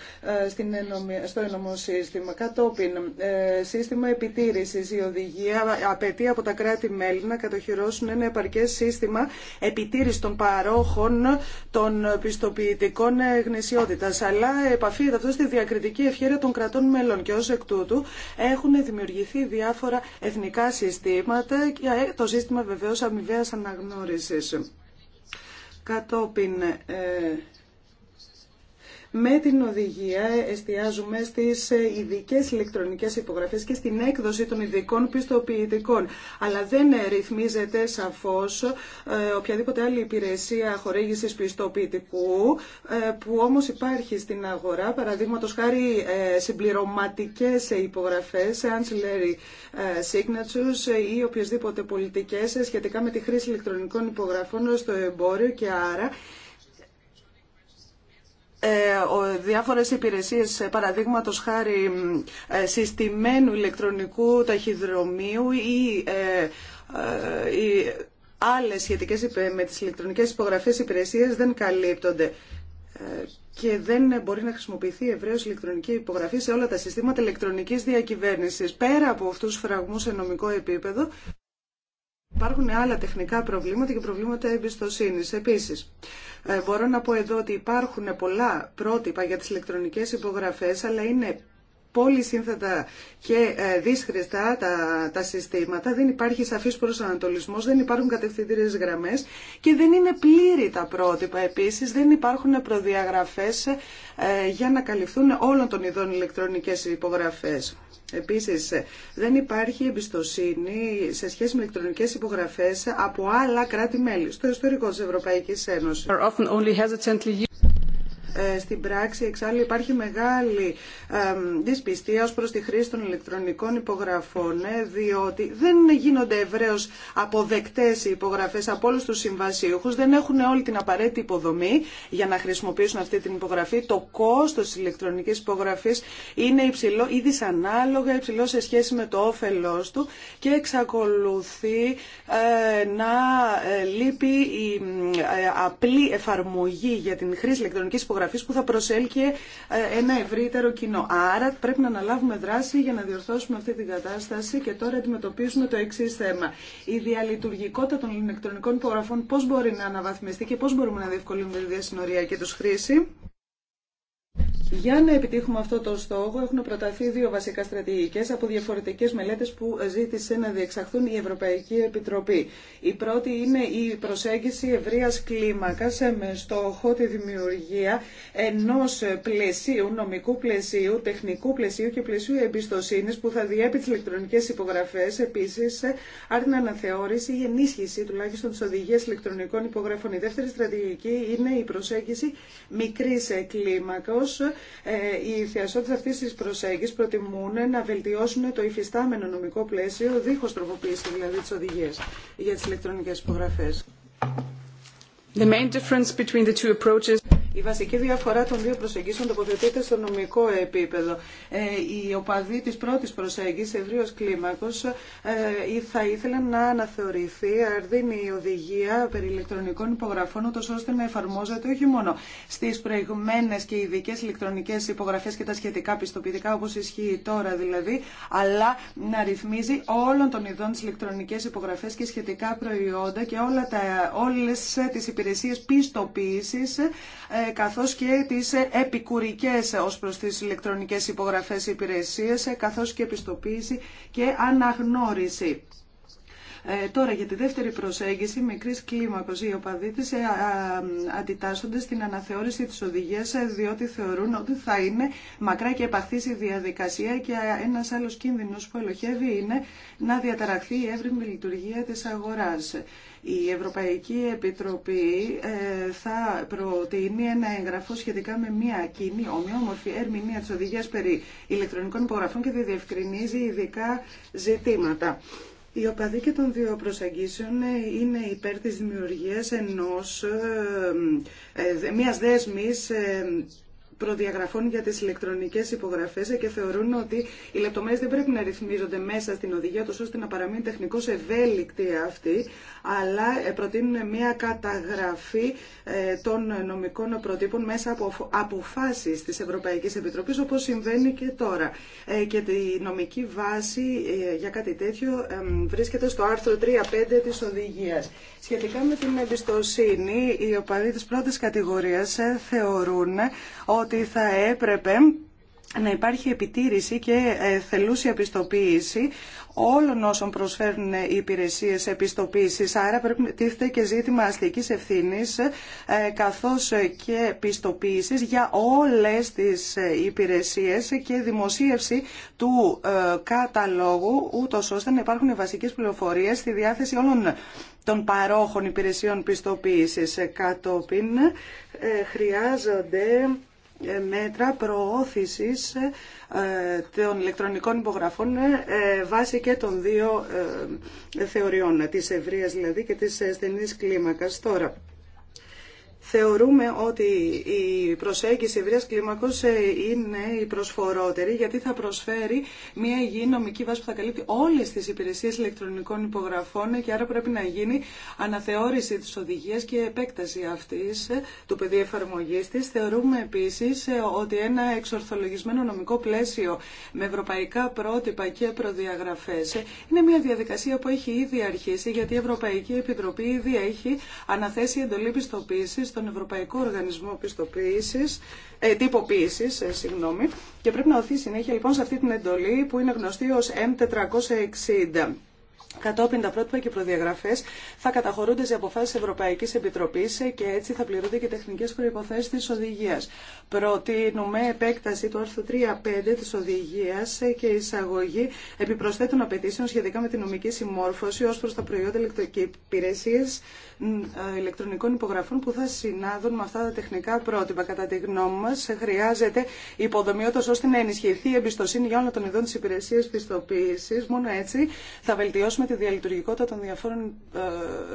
S4: ε, στο ένομο σύστημα. Κατόπιν, ε, σύστημα επιτήρησης η οδηγία απαιτεί από τα κράτη-μέλη να κατοχυρώσουν ένα επαρκέ σύστημα επιτήρησης των παρόχων των πιστοποιητικών ε, γνησιότητα. Αλλά επαφείται αυτό στη διακριτική ευχαίρεια των κρατών μέλων και ω εκ τούτου έχουν δημιουργηθεί διάφορα εθνικά συστήματα και το σύστημα βεβαίω αμοιβαία αναγνώριση κατόπιν ε, με την οδηγία εστιάζουμε στις ε, ειδικέ ηλεκτρονικές υπογραφές και στην έκδοση των ειδικών πιστοποιητικών. Αλλά δεν ρυθμίζεται σαφώς ε, οποιαδήποτε άλλη υπηρεσία χορήγησης πιστοποιητικού ε, που όμως υπάρχει στην αγορά, Παραδείγματο χάρη συμπληρωματικές υπογραφές, ancillary signatures ή οποιασδήποτε πολιτικές σχετικά με τη χρήση ηλεκτρονικών υπογραφών στο εμπόριο και άρα ε, διάφορες υπηρεσίες ε, παραδείγματος χάρη ε, συστημένου ηλεκτρονικού ταχυδρομείου ή άλλες σχετικές με τις ηλεκτρονικές υπογραφές υπηρεσίες δεν καλύπτονται και δεν μπορεί να χρησιμοποιηθεί ευρέως ηλεκτρονική υπογραφή σε όλα τα συστήματα ηλεκτρονικής διακυβέρνησης. Πέρα από αυτούς τους φραγμούς σε νομικό επίπεδο, Υπάρχουν άλλα τεχνικά προβλήματα και προβλήματα εμπιστοσύνη. Επίση, ε, μπορώ να πω εδώ ότι υπάρχουν πολλά πρότυπα για τι ηλεκτρονικέ υπογραφέ, αλλά είναι πολύ σύνθετα και ε, δύσχριστα τα, τα συστήματα, δεν υπάρχει σαφής προσανατολισμός, δεν υπάρχουν κατευθυντήριες γραμμές και δεν είναι πλήρη τα πρότυπα. Επίσης δεν υπάρχουν προδιαγραφές ε, για να καλυφθούν όλων των ειδών ηλεκτρονικές υπογραφές. Επίσης, δεν υπάρχει εμπιστοσύνη σε σχέση με ηλεκτρονικές υπογραφές από άλλα κράτη-μέλη στο ιστορικό της Ευρωπαϊκής Ένωσης. Ε, στην πράξη. Εξάλλου υπάρχει μεγάλη δυσπιστία ως προς τη χρήση των ηλεκτρονικών υπογραφών, ε, διότι δεν γίνονται ευρέως αποδεκτές οι υπογραφές από όλους τους συμβασίουχους, δεν έχουν όλη την απαραίτητη υποδομή για να χρησιμοποιήσουν αυτή την υπογραφή. Το κόστος της ηλεκτρονικής υπογραφής είναι υψηλό ή δυσανάλογα υψηλό σε σχέση με το όφελός του και εξακολουθεί ε, να λείπει η απλή εφαρμογή για την χρήση ηλεκτρονικής υπογραφής που θα προσέλκυε ένα ευρύτερο κοινό. Άρα πρέπει να αναλάβουμε δράση για να διορθώσουμε αυτή την κατάσταση και τώρα αντιμετωπίζουμε το εξή θέμα. Η διαλειτουργικότητα των ηλεκτρονικών υπογραφών πώς μπορεί να αναβαθμιστεί και πώς μπορούμε να διευκολύνουμε τη διασυνορία και τους χρήση. Για να επιτύχουμε αυτό το στόχο έχουν προταθεί δύο βασικά στρατηγικέ από διαφορετικέ μελέτε που ζήτησε να διεξαχθούν η Ευρωπαϊκή Επιτροπή. Η πρώτη είναι η προσέγγιση ευρεία κλίμακα με στόχο τη δημιουργία ενό πλαισίου, νομικού πλαισίου, τεχνικού πλαισίου και πλαισίου εμπιστοσύνη, που θα διέπει τι ηλεκτρονικέ υπογραφέ, επίση τουλάχιστον τη αναθεώρηση ή ενίσχυση τουλάχιστον της οδηγίας ηλεκτρονικών υπογραφών. Η δεύτερη τη οδηγια είναι η προσέγγιση μικρής κλίμακος ε, οι θεασότητες αυτής της προσέγγισης προτιμούν να βελτιώσουν το υφιστάμενο νομικό πλαίσιο, δίχως τροποποίηση δηλαδή της οδηγίας για τις ηλεκτρονικές
S5: υπογραφές. Η βασική διαφορά
S4: των δύο προσεγγίσεων τοποθετείται στο νομικό επίπεδο. Ε, οι οπαδοί της πρώτης προσέγγισης, ευρύω κλίμακος, ε, ε, θα ήθελαν να αναθεωρηθεί αρδίνη η οδηγία περί ηλεκτρονικών υπογραφών, ούτως ώστε να εφαρμόζεται όχι μόνο στις προηγμένε και ειδικέ ηλεκτρονικές υπογραφές και τα σχετικά πιστοποιητικά, όπως ισχύει τώρα δηλαδή, αλλά να ρυθμίζει όλων των ειδών τις ηλεκτρονικές υπογραφές και σχετικά προϊόντα και όλα τα, όλες τις υπηρεσίες καθώς και τις επικουρικές ως προς τις ηλεκτρονικές υπογραφές υπηρεσίες, καθώς και επιστοποίηση και αναγνώριση. Ε, τώρα για τη δεύτερη προσέγγιση μικρή κλίμακο. Οι οπαδοί τη ε, αντιτάσσονται στην αναθεώρηση τη οδηγία ε, διότι θεωρούν ότι θα είναι μακρά και επαχθή η διαδικασία και ένα άλλο κίνδυνο που ελοχεύει είναι να διαταραχθεί η εύρημη λειτουργία τη αγορά. Η Ευρωπαϊκή Επιτροπή θα προτείνει ένα εγγραφό σχετικά με μια κοινή ομοιόμορφη ερμηνεία τη οδηγία περί ηλεκτρονικών υπογραφών και διευκρινίζει ειδικά ζητήματα. Η οπαδοί και των δύο προσεγγίσεων ε, είναι υπέρ της δημιουργίας ενός, ε, ε, μιας δέσμης προδιαγραφών για τις ηλεκτρονικές υπογραφές και θεωρούν ότι οι λεπτομέρειες δεν πρέπει να ρυθμίζονται μέσα στην οδηγία τόσο ώστε να παραμείνει τεχνικώ ευέλικτη αυτή, αλλά ε, προτείνουν μια καταγραφή ε, των νομικών προτύπων μέσα από αποφάσεις τη Ευρωπαϊκή Επιτροπή, όπως συμβαίνει και τώρα. Ε, και τη νομική βάση για κάτι τέτοιο βρίσκεται στο άρθρο 3.5 τη οδηγία. Σχετικά με την εμπιστοσύνη, οι οπαδοί της πρώτης κατηγορίας ε, θεωρούν ε, ότι θα έπρεπε να υπάρχει επιτήρηση και ε, θελούσια πιστοποίηση όλων όσων προσφέρουν οι υπηρεσίε επιστοποίηση. Άρα πρέπει να τίθεται και ζήτημα αστική ευθύνη καθώ και πιστοποίηση για όλε τι υπηρεσίε και δημοσίευση του καταλόγου, ούτω ώστε να υπάρχουν βασικέ πληροφορίε στη διάθεση όλων των παρόχων υπηρεσιών πιστοποίησης ε, κατόπιν ε, χρειάζονται ε, μέτρα προώθησης των ηλεκτρονικών υπογραφών βάσει και των δύο θεωριών, της ευρείας δηλαδή και της στενής κλίμακας. Τώρα, Θεωρούμε ότι η προσέγγιση ευρείας κλίμακος ε, είναι η προσφορότερη γιατί θα προσφέρει μια υγιή νομική βάση που θα καλύπτει όλες τις υπηρεσίες ηλεκτρονικών υπογραφών και άρα πρέπει να γίνει αναθεώρηση της οδηγίας και επέκταση αυτής ε, του πεδίου εφαρμογή της. Θεωρούμε επίσης ε, ότι ένα εξορθολογισμένο νομικό πλαίσιο με ευρωπαϊκά πρότυπα και προδιαγραφές είναι μια διαδικασία που έχει ήδη αρχίσει γιατί η Ευρωπαϊκή Επιτροπή ήδη έχει αναθέσει εντολή πιστοποίηση τον Ευρωπαϊκό Οργανισμό Πιστοποίησης, ε, τυποποίησης, ε, συγγνώμη, και πρέπει να οθεί συνέχεια λοιπόν σε αυτή την εντολή που είναι γνωστή ως M460. Κατόπιν τα πρότυπα και προδιαγραφέ θα καταχωρούνται σε αποφάσει Ευρωπαϊκή Επιτροπή και έτσι θα πληρούνται και τεχνικέ προποθέσει τη οδηγία. Προτείνουμε επέκταση του άρθρου 3.5 τη οδηγία και εισαγωγή επιπροσθέτων απαιτήσεων σχετικά με τη νομική συμμόρφωση ω προ τα προϊόντα και υπηρεσίε ηλεκτρονικών υπογραφών που θα συνάδουν με αυτά τα τεχνικά πρότυπα. Κατά τη γνώμη μα, χρειάζεται υποδομή ώστε να ενισχυθεί η εμπιστοσύνη για όλων των ειδών τη υπηρεσία πιστοποίηση. Μόνο έτσι θα βελτιώσουμε με τη διαλειτουργικότητα των διαφόρων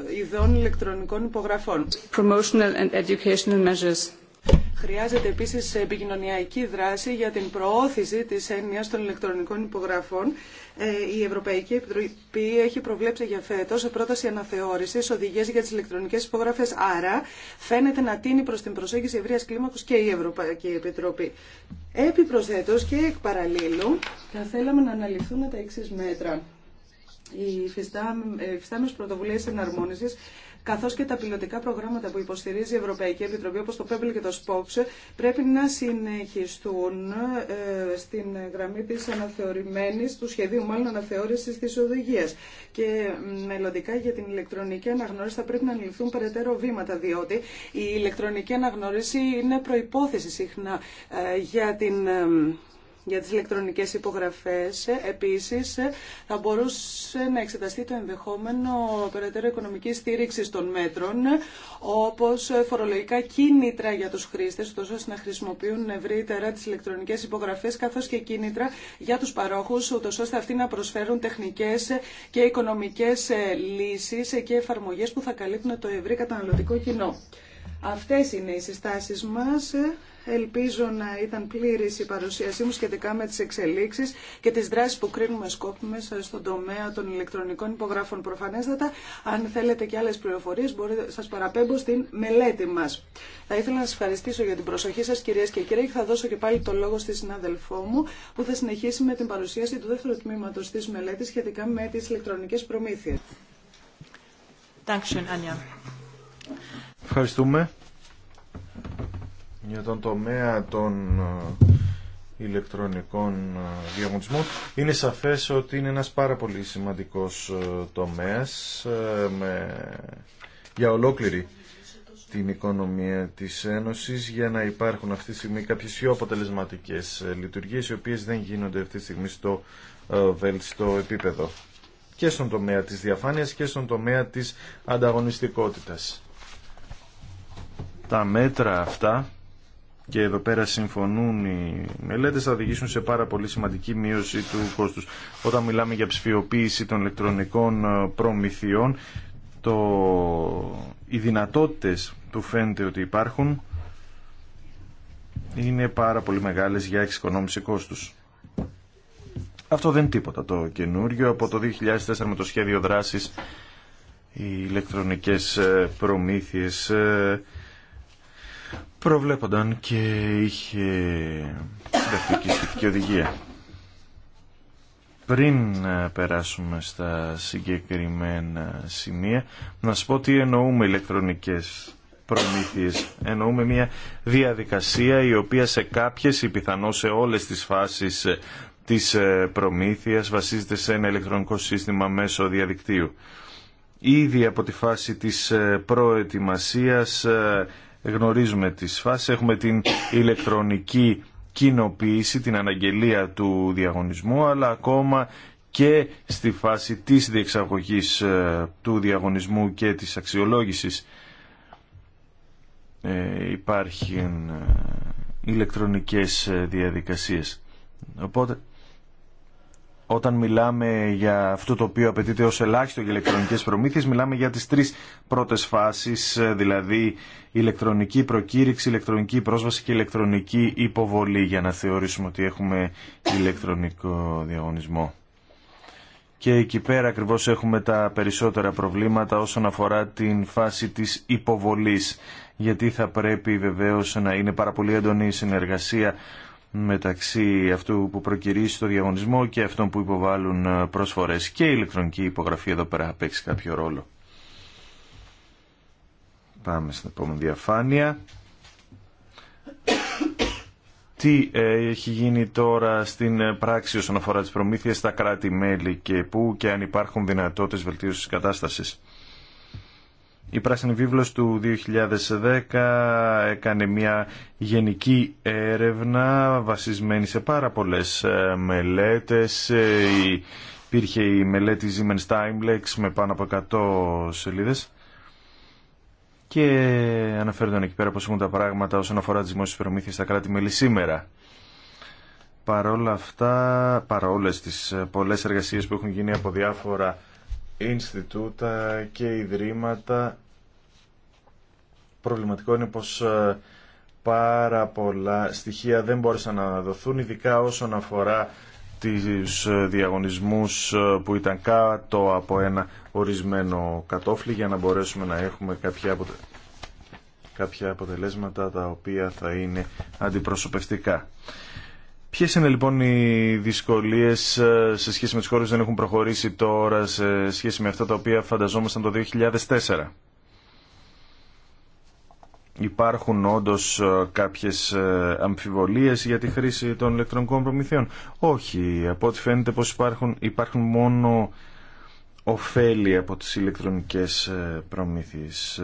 S4: ε, ειδών ηλεκτρονικών υπογραφών.
S5: Promotional and educational measures.
S4: Χρειάζεται επίσης επικοινωνιακή δράση για την προώθηση τη εννοιά των ηλεκτρονικών υπογραφών. Ε, η Ευρωπαϊκή Επιτροπή έχει προβλέψει για φέτος πρόταση αναθεώρηση οδηγίε για τι ηλεκτρονικέ υπογραφέ, Άρα φαίνεται να τίνει προ την προσέγγιση ευρεία κλίμακο και η Ευρωπαϊκή Επιτροπή. Επιπροσθέτως και εκ παραλίλου θα θέλαμε να αναλυθούμε τα εξή μέτρα οι φυστάμες ε, Πρωτοβουλίε εναρμόνισης καθώ και τα πιλωτικά προγράμματα που υποστηρίζει η Ευρωπαϊκή Επιτροπή, όπω το ΠΕΒΛ και το SPOX, πρέπει να συνεχιστούν ε, στην γραμμή τη αναθεωρημένη, του σχεδίου μάλλον αναθεώρηση τη οδηγία. Και μελλοντικά για την ηλεκτρονική αναγνώριση θα πρέπει να ληφθούν περαιτέρω βήματα, διότι η ηλεκτρονική αναγνώριση είναι προπόθεση συχνά ε, για την για τις ηλεκτρονικές υπογραφές. Ε, επίσης, ε, θα μπορούσε να εξεταστεί το ενδεχόμενο περαιτέρω οικονομική στήριξη των μέτρων, όπως ε, φορολογικά κίνητρα για τους χρήστες, ώστε να χρησιμοποιούν ευρύτερα τις ηλεκτρονικές υπογραφές, καθώς και κίνητρα για τους παρόχους, ούτως ώστε αυτοί να προσφέρουν τεχνικές και οικονομικές λύσεις και εφαρμογές που θα καλύπτουν το ευρύ καταναλωτικό κοινό. Αυτές είναι οι συστάσεις μας. Ελπίζω να ήταν πλήρη η παρουσίασή μου σχετικά με τι εξελίξει και τι δράσει που κρίνουμε σκόπιμε στον τομέα των ηλεκτρονικών υπογράφων. Προφανέστατα, αν θέλετε και άλλε πληροφορίε μπορείτε, σας παραπέμπω στην μελέτη μα. Θα ήθελα να σας ευχαριστήσω για την προσοχή σα, κυρίες και κύριοι, και θα δώσω και πάλι το λόγο στη συνάδελφό μου, που θα συνεχίσει με την παρουσίαση του δεύτερου τμήματο τη μελέτη σχετικά με τι ηλεκτρονικέ προμήθειε.
S2: Ευχαριστούμε για τον τομέα των ε, ηλεκτρονικών ε, διαγωνισμών είναι σαφές ότι είναι ένας πάρα πολύ σημαντικός ε, τομέας με... για ολόκληρη την οικονομία της Ένωσης για να υπάρχουν αυτή τη στιγμή κάποιες πιο αποτελεσματικές λειτουργίες οι οποίες δεν γίνονται αυτή τη στιγμή στο βέλτιστο επίπεδο και στον τομέα της διαφάνειας και στον τομέα της ανταγωνιστικότητας. Τα μέτρα αυτά και εδώ πέρα συμφωνούν οι μελέτε θα οδηγήσουν σε πάρα πολύ σημαντική μείωση του κόστους. Όταν μιλάμε για ψηφιοποίηση των ηλεκτρονικών ε, προμηθειών, το... οι δυνατότητες που φαίνεται ότι υπάρχουν είναι πάρα πολύ μεγάλες για εξοικονόμηση κόστους. Αυτό δεν είναι τίποτα το καινούριο. Από το 2004 με το σχέδιο δράσης οι ηλεκτρονικές ε, προμήθειες ε, προβλέπονταν και είχε συντακτική σχετική οδηγία. Πριν ε, περάσουμε στα συγκεκριμένα σημεία, να σας πω τι εννοούμε ηλεκτρονικές προμήθειες. Εννοούμε μια διαδικασία η οποία σε κάποιες ή πιθανώ σε όλες τις φάσεις ε, της ε, προμήθειας βασίζεται σε ένα ηλεκτρονικό σύστημα μέσω διαδικτύου. Ήδη από τη φάση της προετοιμασίας γνωρίζουμε τις φάσεις. Έχουμε την ηλεκτρονική κοινοποίηση, την αναγγελία του διαγωνισμού, αλλά ακόμα και στη φάση της διεξαγωγής ε, του διαγωνισμού και της αξιολόγησης ε, υπάρχουν ε, ηλεκτρονικές διαδικασίες. Οπότε όταν μιλάμε για αυτό το οποίο απαιτείται ως ελάχιστο για ηλεκτρονικές προμήθειες, μιλάμε για τις τρεις πρώτες φάσεις, ε, δηλαδή ηλεκτρονική προκήρυξη, ηλεκτρονική πρόσβαση και ηλεκτρονική υποβολή, για να θεωρήσουμε ότι έχουμε ηλεκτρονικό διαγωνισμό. Και εκεί πέρα ακριβώς έχουμε τα περισσότερα προβλήματα όσον αφορά την φάση της υποβολής, γιατί θα πρέπει βεβαίως να είναι πάρα πολύ έντονη η συνεργασία μεταξύ αυτού που προκυρήσει το διαγωνισμό και αυτών που υποβάλλουν ε, προσφορές και η ηλεκτρονική υπογραφή εδώ πέρα παίξει κάποιο ρόλο. Πάμε στην επόμενη διαφάνεια. [COUGHS] Τι έχει γίνει τώρα στην ε, πράξη όσον αφορά τις προμήθειες στα κράτη-μέλη και πού και αν υπάρχουν δυνατότητες βελτίωσης της κατάστασης. Η Πράσινη Βίβλος του 2010 έκανε μια γενική έρευνα βασισμένη σε πάρα πολλές ε, μελέτες. Ε, υπήρχε η μελέτη Siemens Timelex με πάνω από 100 σελίδες και αναφέρονταν εκεί πέρα πώς έχουν τα πράγματα όσον αφορά τις δημόσιες προμήθειες στα κράτη-μέλη σήμερα. Παρόλα αυτά, παρόλες τις ε, πολλές εργασίες που έχουν γίνει από διάφορα Ινστιτούτα και Ιδρύματα προβληματικό είναι πως ε, πάρα πολλά στοιχεία δεν μπόρεσαν να δοθούν, ειδικά όσον αφορά τις ε, διαγωνισμούς ε, που ήταν κάτω από ένα ορισμένο κατόφλι για να μπορέσουμε να έχουμε κάποια, αποτε... κάποια αποτελέσματα τα οποία θα είναι αντιπροσωπευτικά. Ποιε είναι λοιπόν οι δυσκολίε σε σχέση με τι χώρε που δεν έχουν προχωρήσει τώρα σε σχέση με αυτά τα οποία φανταζόμασταν το 2004 υπάρχουν όντως ε, κάποιες ε, αμφιβολίες για τη χρήση των ηλεκτρονικών προμηθειών. Όχι, από ό,τι φαίνεται πως υπάρχουν, υπάρχουν μόνο ωφέλη από τις ηλεκτρονικές ε, προμήθειες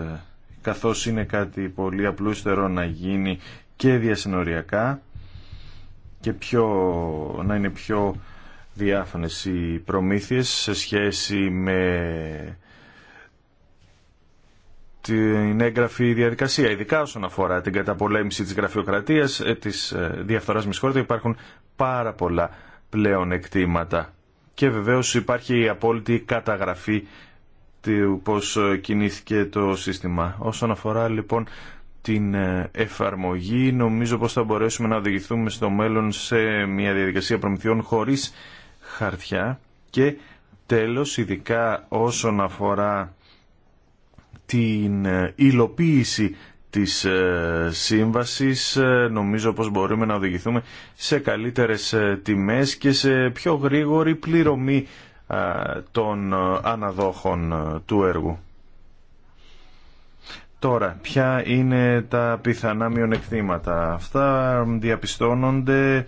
S2: καθώς είναι κάτι πολύ απλούστερο να γίνει και διασυνοριακά και πιο, να είναι πιο διάφανες οι προμήθειες σε σχέση με την έγγραφη διαδικασία, ειδικά όσον αφορά την καταπολέμηση της γραφειοκρατίας, ε, της ε, διαφθοράς μισχόρτα, υπάρχουν πάρα πολλά πλέον εκτήματα. Και βεβαίως υπάρχει η απόλυτη καταγραφή του πώς ε, κινήθηκε το σύστημα. Όσον αφορά λοιπόν την εφαρμογή, νομίζω πως θα μπορέσουμε να οδηγηθούμε στο μέλλον σε μια διαδικασία προμηθειών χωρίς χαρτιά και τέλος, ειδικά όσον αφορά την ε, υλοποίηση της ε, σύμβασης ε, νομίζω πως μπορούμε να οδηγηθούμε σε καλύτερες τιμές και σε πιο γρήγορη πληρωμή των αναδόχων του έργου. Τώρα, ποια είναι τα πιθανά μειονεκτήματα. Αυτά διαπιστώνονται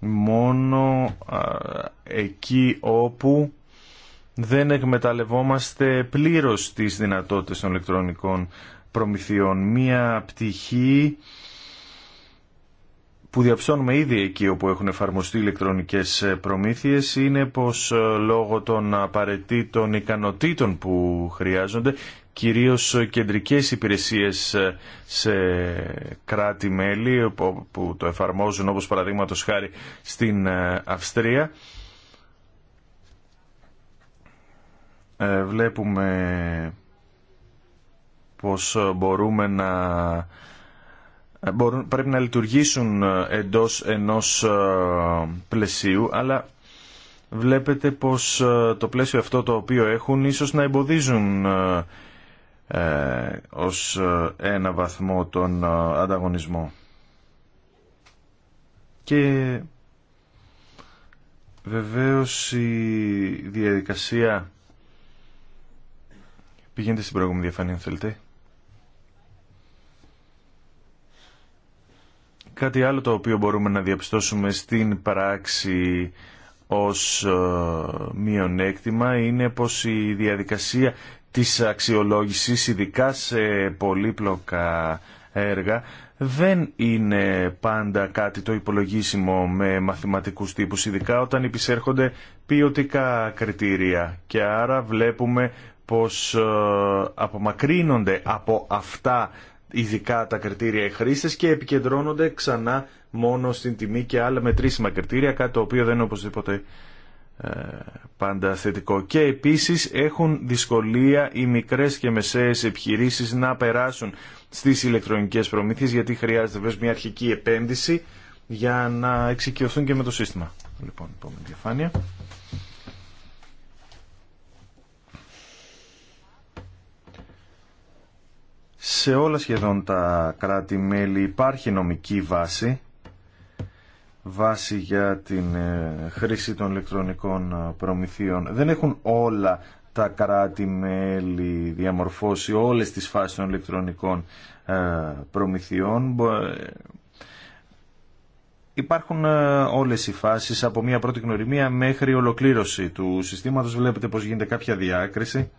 S2: μόνο εκεί όπου δεν εκμεταλλευόμαστε πλήρως τις δυνατότητες των ηλεκτρονικών προμηθειών. Μία πτυχή που διαψώνουμε ήδη εκεί όπου έχουν εφαρμοστεί ηλεκτρονικές προμήθειες είναι πως ε, λόγω των απαραίτητων ικανοτήτων που χρειάζονται κυρίως κεντρικές υπηρεσίες ε, σε κράτη-μέλη που το εφαρμόζουν όπως παραδείγματο χάρη στην ε, Αυστρία Ε, βλέπουμε πως μπορούμε να ε, μπορούν, πρέπει να λειτουργήσουν ε, εντός ενός πλαισίου αλλά βλέπετε πως το πλαίσιο αυτό το οποίο έχουν ίσως να εμποδίζουν ως ένα βαθμό τον ανταγωνισμό. Και βεβαίως η διαδικασία Πηγαίνετε στην προηγούμενη διαφάνεια αν θέλετε. Κάτι άλλο το οποίο μπορούμε να διαπιστώσουμε στην πράξη ως ε, μειονέκτημα είναι πως η διαδικασία της αξιολόγησης ειδικά σε πολύπλοκα έργα δεν είναι πάντα κάτι το υπολογίσιμο με μαθηματικούς τύπους, ειδικά όταν υπησέρχονται ποιοτικά κριτήρια και άρα βλέπουμε πως ε, απομακρύνονται από αυτά ειδικά τα κριτήρια οι χρήστες και επικεντρώνονται ξανά μόνο στην τιμή και άλλα μετρήσιμα κριτήρια, κάτι το οποίο δεν είναι οπωσδήποτε ε, πάντα θετικό. Και επίσης έχουν δυσκολία οι μικρές και μεσαίες επιχειρήσεις να περάσουν στις ηλεκτρονικές προμήθειες γιατί χρειάζεται βέβαια μια αρχική επένδυση για να εξοικειωθούν και με το σύστημα. Λοιπόν, επόμενη διαφάνεια. σε όλα σχεδόν τα κράτη-μέλη υπάρχει νομική βάση, βάση για την ε, χρήση των ηλεκτρονικών ε, προμηθείων. Δεν έχουν όλα τα κράτη-μέλη διαμορφώσει όλες τις φάσεις των ηλεκτρονικών ε, προμηθειών. Υπάρχουν όλες οι φάσεις από μια πρώτη γνωριμία μέχρι ολοκλήρωση του συστήματος. Βλέπετε πως γίνεται κάποια διάκριση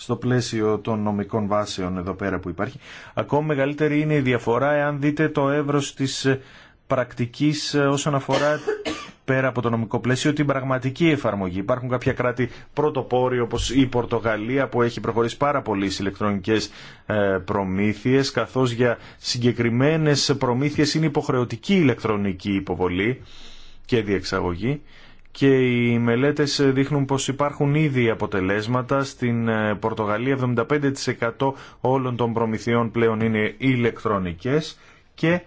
S2: στο πλαίσιο των νομικών βάσεων εδώ πέρα που υπάρχει. Ακόμη μεγαλύτερη είναι η διαφορά εάν δείτε το εύρος της πρακτικής ε, όσον αφορά πέρα από το νομικό πλαίσιο την πραγματική εφαρμογή. Υπάρχουν κάποια κράτη πρωτοπόροι όπως η Πορτογαλία που έχει προχωρήσει πάρα πολύ στις ηλεκτρονικές ε, προμήθειες καθώς για συγκεκριμένες προμήθειες είναι υποχρεωτική ηλεκτρονική υποβολή και διεξαγωγή και οι μελέτες δείχνουν πως υπάρχουν ήδη αποτελέσματα. Στην ε, Πορτογαλία 75% όλων των προμηθειών πλέον είναι ηλεκτρονικές και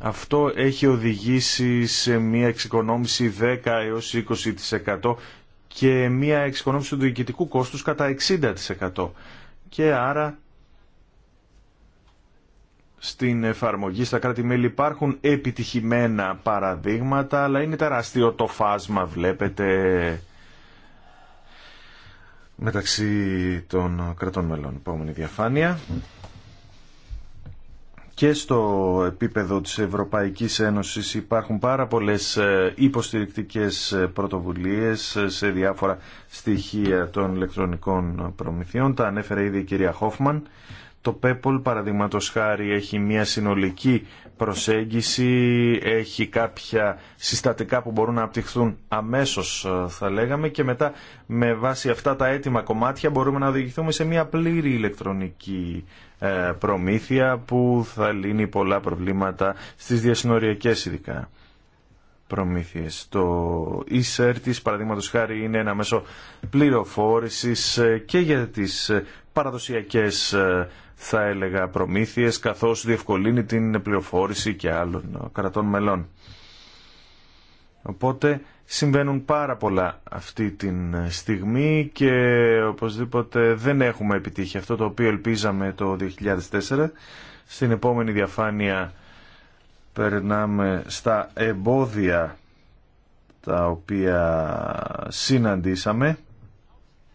S2: αυτό έχει οδηγήσει σε μια εξοικονόμηση 10 έως 20% και μια εξοικονόμηση του διοικητικού κόστους κατά 60%. Και άρα στην εφαρμογή στα κράτη-μέλη υπάρχουν επιτυχημένα παραδείγματα, αλλά είναι τεράστιο το φάσμα, βλέπετε, μεταξύ των κρατών μελών. Επόμενη διαφάνεια. Και στο επίπεδο της Ευρωπαϊκής Ένωσης υπάρχουν πάρα πολλές ε, υποστηρικτικές ε, πρωτοβουλίες ε, σε διάφορα στοιχεία των ηλεκτρονικών προμηθειών. Τα ανέφερε ήδη η κυρία Χόφμαν το ΠΕΠΟΛ παραδείγματο χάρη έχει μια συνολική προσέγγιση, έχει κάποια συστατικά που μπορούν να απτυχθούν αμέσως ε, θα λέγαμε και μετά με βάση αυτά τα έτοιμα κομμάτια μπορούμε να οδηγηθούμε σε μια πλήρη ηλεκτρονική ε, προμήθεια που θα λύνει πολλά προβλήματα στις διασυνοριακές ειδικά προμήθειες. Το e-cert της παραδείγματος χάρη είναι ένα μέσο πληροφόρησης ε, και για τις παραδοσιακές θα έλεγα προμήθειες καθώς διευκολύνει την πληροφόρηση και άλλων κρατών μελών. Οπότε συμβαίνουν πάρα πολλά αυτή την στιγμή και οπωσδήποτε δεν έχουμε επιτύχει αυτό το οποίο ελπίζαμε το 2004. Στην επόμενη διαφάνεια περνάμε στα εμπόδια τα οποία συναντήσαμε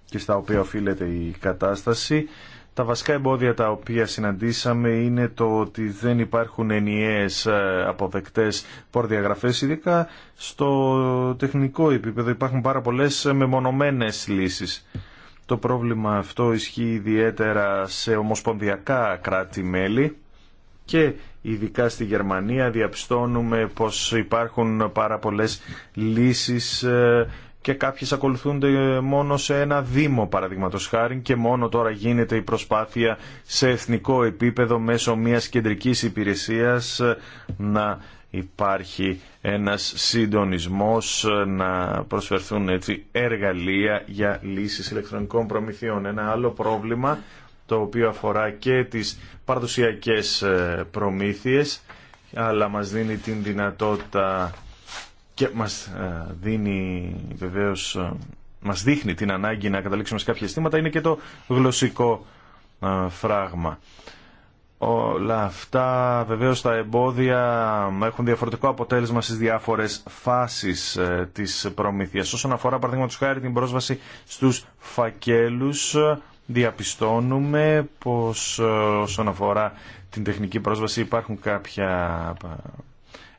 S2: και στα οποία οφείλεται η κατάσταση. Τα βασικά εμπόδια τα οποία συναντήσαμε είναι το ότι δεν υπάρχουν ενιαίες ε, αποδεκτές πορδιαγραφές, ειδικά στο τεχνικό επίπεδο υπάρχουν πάρα πολλές μεμονωμένες λύσεις. Το πρόβλημα αυτό ισχύει ιδιαίτερα σε ομοσπονδιακά κράτη-μέλη και ειδικά στη Γερμανία διαπιστώνουμε πως υπάρχουν πάρα πολλές λύσεις ε, και κάποιες ακολουθούνται μόνο σε ένα δήμο παραδείγματο χάρη και μόνο τώρα γίνεται η προσπάθεια σε εθνικό επίπεδο μέσω μιας κεντρικής υπηρεσίας να υπάρχει ένας συντονισμός να προσφερθούν έτσι εργαλεία για λύσεις ηλεκτρονικών προμηθειών. Ένα άλλο πρόβλημα το οποίο αφορά και τις παραδοσιακές ε, προμήθειες αλλά μας δίνει την δυνατότητα και μας ε, δίνει βεβαίως ε, μας δείχνει την ανάγκη να καταλήξουμε σε κάποια αισθήματα είναι και το γλωσσικό ε, φράγμα. Όλα αυτά βεβαίως τα εμπόδια έχουν διαφορετικό αποτέλεσμα στις διάφορες φάσεις της προμήθειας. Όσον αφορά παραδείγματος χάρη την πρόσβαση στους φακέλους διαπιστώνουμε πως όσον αφορά την τεχνική πρόσβαση υπάρχουν κάποια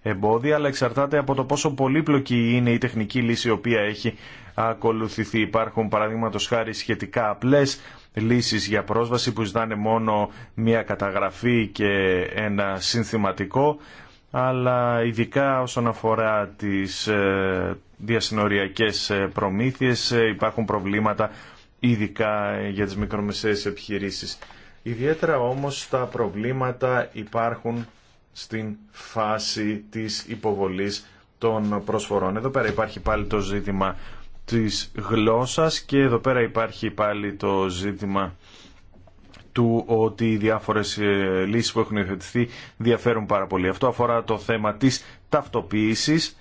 S2: εμπόδια, αλλά εξαρτάται από το πόσο πολύπλοκη είναι η τεχνική λύση η οποία έχει ακολουθηθεί. Υπάρχουν παραδείγματο χάρη σχετικά απλέ λύσει για πρόσβαση που ζητάνε μόνο μια καταγραφή και ένα συνθηματικό, αλλά ειδικά όσον αφορά τις ε, διασυνοριακές ε, προμήθειες ε, υπάρχουν προβλήματα ειδικά για τις μικρομεσαίες επιχειρήσεις. Ιδιαίτερα όμως τα προβλήματα υπάρχουν στην φάση της υποβολής των προσφορών. Εδώ πέρα υπάρχει πάλι το ζήτημα της γλώσσας και εδώ πέρα υπάρχει πάλι το ζήτημα του ότι οι διάφορες ε, λύσεις που έχουν υιοθετηθεί διαφέρουν πάρα πολύ. Αυτό αφορά το θέμα της ταυτοποίησης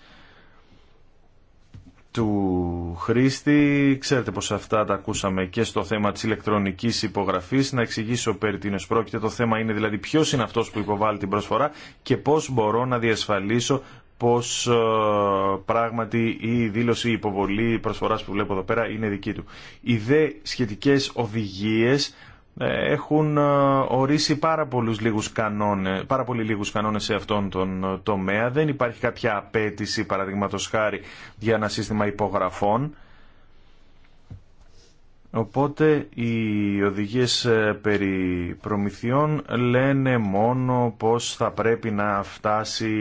S2: του χρήστη. Ξέρετε πως αυτά τα ακούσαμε και στο θέμα της ηλεκτρονικής υπογραφής. Να εξηγήσω περί την πρόκειται. Το θέμα είναι δηλαδή ποιος είναι αυτός που υποβάλλει την προσφορά και πώς μπορώ να διασφαλίσω πως ε, πράγματι η δήλωση, η υποβολή προσφοράς που βλέπω εδώ πέρα είναι δική του. Οι δε σχετικές οδηγίες ε, έχουν ε, ορίσει πάρα, πολλούς λίγους κανόνες, πάρα πολύ λίγους κανόνες σε αυτόν τον ε, τομέα. Δεν υπάρχει κάποια απέτηση, παραδείγματο χάρη, για ένα σύστημα υπογραφών. Οπότε οι οδηγίες περί προμηθειών λένε μόνο πως θα πρέπει να φτάσει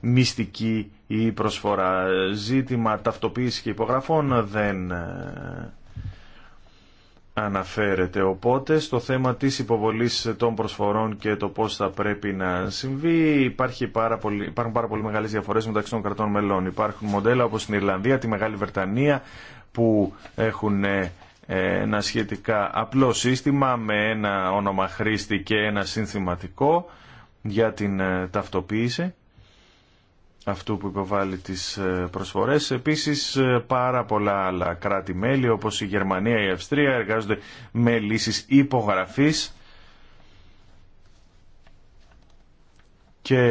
S2: μυστική η προσφορά. Ζήτημα ταυτοποίηση και υπογραφών δεν αναφέρεται. Οπότε στο θέμα της υποβολής των προσφορών και το πώς θα πρέπει να συμβεί υπάρχει πάρα πολύ, υπάρχουν πάρα πολύ μεγάλες διαφορές μεταξύ των κρατών μελών. Υπάρχουν μοντέλα όπως στην Ιρλανδία, τη Μεγάλη Βρετανία που έχουν ε, ένα σχετικά απλό σύστημα με ένα όνομα χρήστη και ένα συνθηματικό για την ε, ταυτοποίηση αυτού που υποβάλλει τις ε, προσφορές. Επίσης ε, πάρα πολλά άλλα κράτη-μέλη όπως η Γερμανία, η Αυστρία εργάζονται με λύσεις υπογραφής και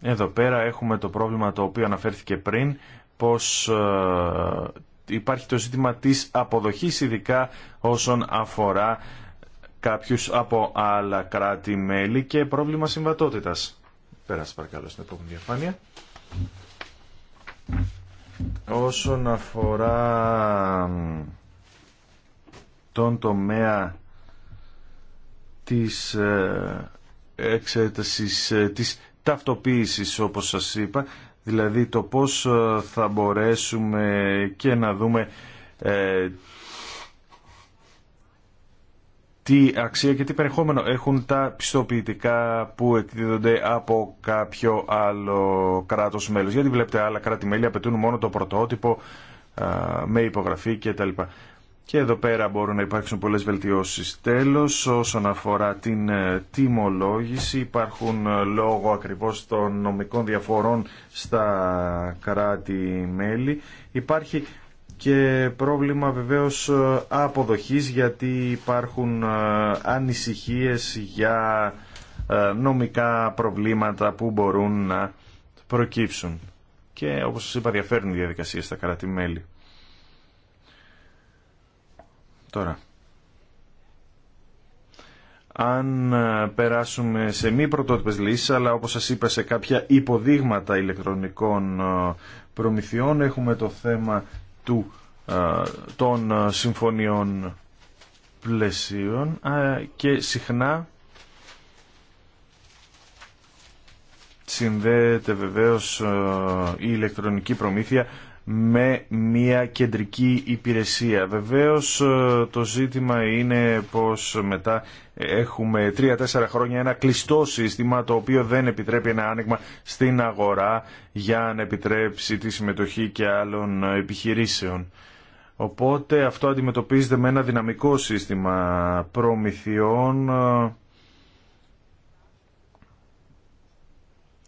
S2: εδώ πέρα έχουμε το πρόβλημα το οποίο αναφέρθηκε πριν πως ε, υπάρχει το ζήτημα της αποδοχής ειδικά όσον αφορά κάποιους από άλλα κράτη-μέλη και πρόβλημα συμβατότητας. Πέρασε παρακαλώ στην επόμενη διαφάνεια. Όσον αφορά τον τομέα της ε, εξέτασης ε, της ταυτοποίησης όπως σας είπα δηλαδή το πώς ε, θα μπορέσουμε και να δούμε τι αξία και τι περιεχόμενο έχουν τα πιστοποιητικά που εκδίδονται από κάποιο άλλο κράτος μέλος. Γιατί βλέπετε άλλα κράτη-μέλη απαιτούν μόνο το πρωτότυπο με υπογραφή κτλ. Και εδώ πέρα μπορούν να υπάρξουν πολλές βελτιώσεις. Τέλος, όσον αφορά την ε, τιμολόγηση, υπάρχουν ε, λόγω ακριβώς των νομικών διαφορών στα κράτη-μέλη. Υπάρχει και πρόβλημα βεβαίως ε, αποδοχής γιατί υπάρχουν ε, ανησυχίες για ε, νομικά προβλήματα που μπορούν να προκύψουν. Και όπως σας είπα διαφέρουν οι διαδικασίες στα κράτη-μέλη. Τώρα, αν περάσουμε σε μη πρωτότυπες λύσεις, αλλά όπως σας είπα σε κάποια υποδείγματα ηλεκτρονικών προμηθειών, έχουμε το θέμα του, ε, των ε, συμφωνιών πλαισίων ε, και συχνά συνδέεται βεβαίως η ηλεκτρονική προμήθεια με μια κεντρική υπηρεσία. Βεβαίως ε, το ζήτημα είναι πως μετά έχουμε τρία-τέσσερα χρόνια ένα κλειστό σύστημα το οποίο δεν επιτρέπει ένα άνοιγμα στην αγορά για να επιτρέψει τη συμμετοχή και άλλων επιχειρήσεων. Οπότε αυτό αντιμετωπίζεται με ένα δυναμικό σύστημα προμηθειών ε,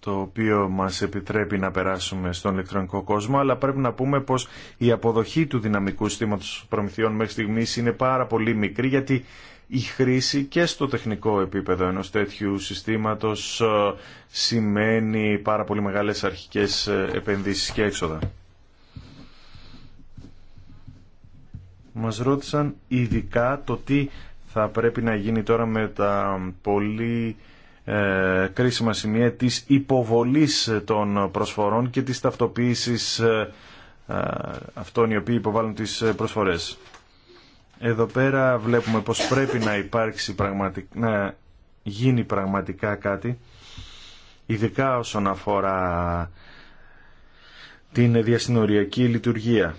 S2: το οποίο μας επιτρέπει να περάσουμε στον ηλεκτρονικό κόσμο, αλλά πρέπει να πούμε πως η αποδοχή του δυναμικού συστήματος προμηθειών μέχρι στιγμής είναι πάρα πολύ μικρή, γιατί η χρήση και στο τεχνικό επίπεδο ενός τέτοιου συστήματος ε, σημαίνει πάρα πολύ μεγάλες αρχικές ε, επενδύσεις και έξοδα. Μας ρώτησαν ειδικά το τι θα πρέπει να γίνει τώρα με τα πολύ ε, κρίσιμα σημεία της υποβολής των προσφορών και της ταυτοποίησης ε, ε, αυτών οι οποίοι υποβάλλουν τις προσφορές. Εδώ πέρα βλέπουμε πως πρέπει να υπάρξει να γίνει πραγματικά κάτι, ειδικά όσον αφορά την διασυνοριακή λειτουργία.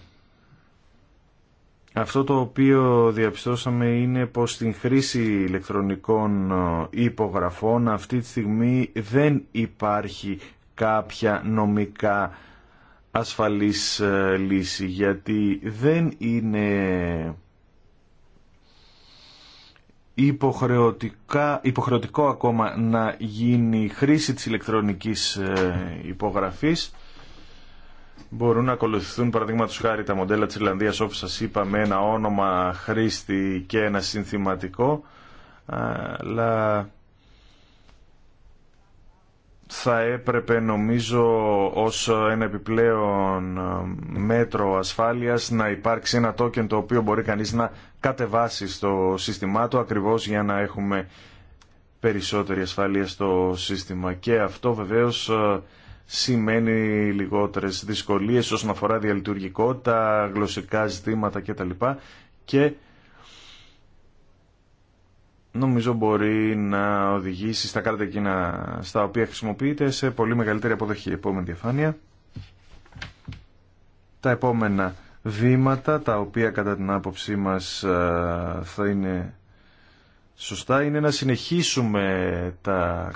S2: Αυτό το οποίο διαπιστώσαμε είναι πως στην χρήση ηλεκτρονικών ε, υπογραφών αυτή τη στιγμή δεν υπάρχει κάποια νομικά ασφαλής ε, λύση γιατί δεν είναι υποχρεωτικά, υποχρεωτικό ακόμα να γίνει χρήση της ηλεκτρονικής ε, υπογραφής μπορούν να ακολουθηθούν παραδείγματος χάρη τα μοντέλα της Ιρλανδίας όπως σα είπα με ένα όνομα χρήστη και ένα συνθηματικό αλλά θα έπρεπε νομίζω ως ένα επιπλέον μέτρο ασφάλειας να υπάρξει ένα token το οποίο μπορεί κανείς να κατεβάσει στο σύστημά του ακριβώς για να έχουμε περισσότερη ασφάλεια στο σύστημα και αυτό βεβαίως σημαίνει λιγότερες δυσκολίες όσον αφορά διαλειτουργικότητα, γλωσσικά ζητήματα κτλ. Και νομίζω μπορεί να οδηγήσει στα κάρτα εκείνα στα οποία χρησιμοποιείται σε πολύ μεγαλύτερη αποδοχή. Επόμενη διαφάνεια. Τα επόμενα βήματα, τα οποία κατά την άποψή μας θα είναι σωστά, είναι να συνεχίσουμε τα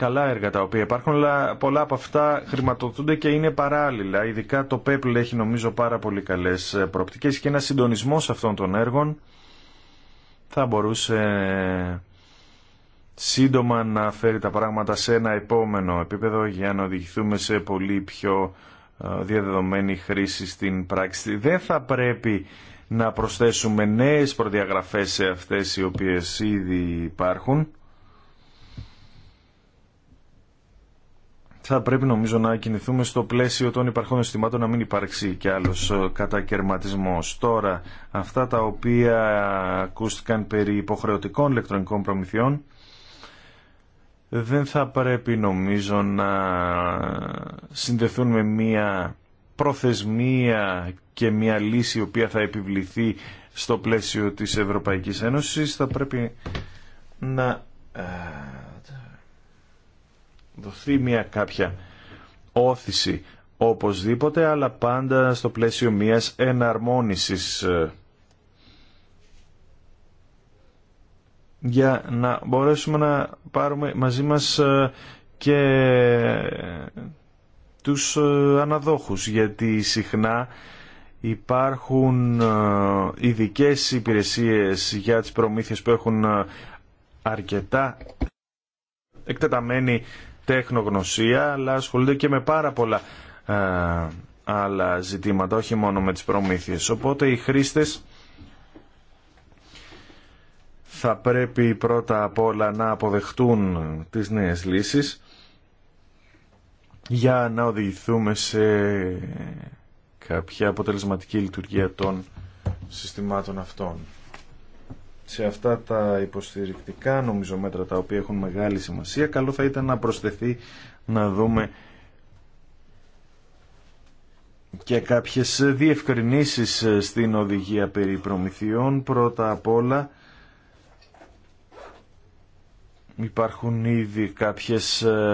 S2: καλά έργα τα οποία υπάρχουν, αλλά πολλά από αυτά χρηματοδοτούνται και είναι παράλληλα. Ειδικά το ΠΕΠΛ e έχει νομίζω πάρα πολύ καλές προοπτικές και ένα συντονισμός αυτών των έργων θα μπορούσε σύντομα να φέρει τα πράγματα σε ένα επόμενο επίπεδο για να οδηγηθούμε σε πολύ πιο ε, διαδεδομένη χρήση στην πράξη. Δεν θα πρέπει να προσθέσουμε νέες προδιαγραφές σε αυτές οι οποίες ήδη υπάρχουν θα πρέπει νομίζω να κινηθούμε στο πλαίσιο των υπαρχών αισθημάτων να μην υπάρξει κι άλλος ε, κατακαιρματισμός. Τώρα, αυτά τα οποία ακούστηκαν περί υποχρεωτικών ηλεκτρονικών προμηθειών δεν θα πρέπει νομίζω να συνδεθούν με μία προθεσμία και μία λύση η οποία θα επιβληθεί στο πλαίσιο της Ευρωπαϊκής Ένωσης. Θα πρέπει να ε, δοθεί μια κάποια όθηση οπωσδήποτε, αλλά πάντα στο πλαίσιο μιας εναρμόνισης ε, για να μπορέσουμε να πάρουμε μαζί μας ε, και τους ε, αναδόχους, γιατί συχνά υπάρχουν ειδικέ υπηρεσίες για τις προμήθειες που έχουν αρκετά εκτεταμένη τέχνογνωσία, αλλά ασχολούνται και με πάρα πολλά ε, άλλα ζητήματα, όχι μόνο με τις προμήθειες. Οπότε οι χρήστες θα πρέπει πρώτα απ' όλα να αποδεχτούν τις νέες λύσεις για να οδηγηθούμε σε κάποια αποτελεσματική λειτουργία των συστημάτων αυτών σε αυτά τα υποστηρικτικά νομίζω μέτρα τα οποία έχουν μεγάλη σημασία καλό θα ήταν να προσθεθεί να δούμε και κάποιες διευκρινήσεις στην οδηγία περί προμηθειών πρώτα απ' όλα υπάρχουν ήδη κάποιες ε,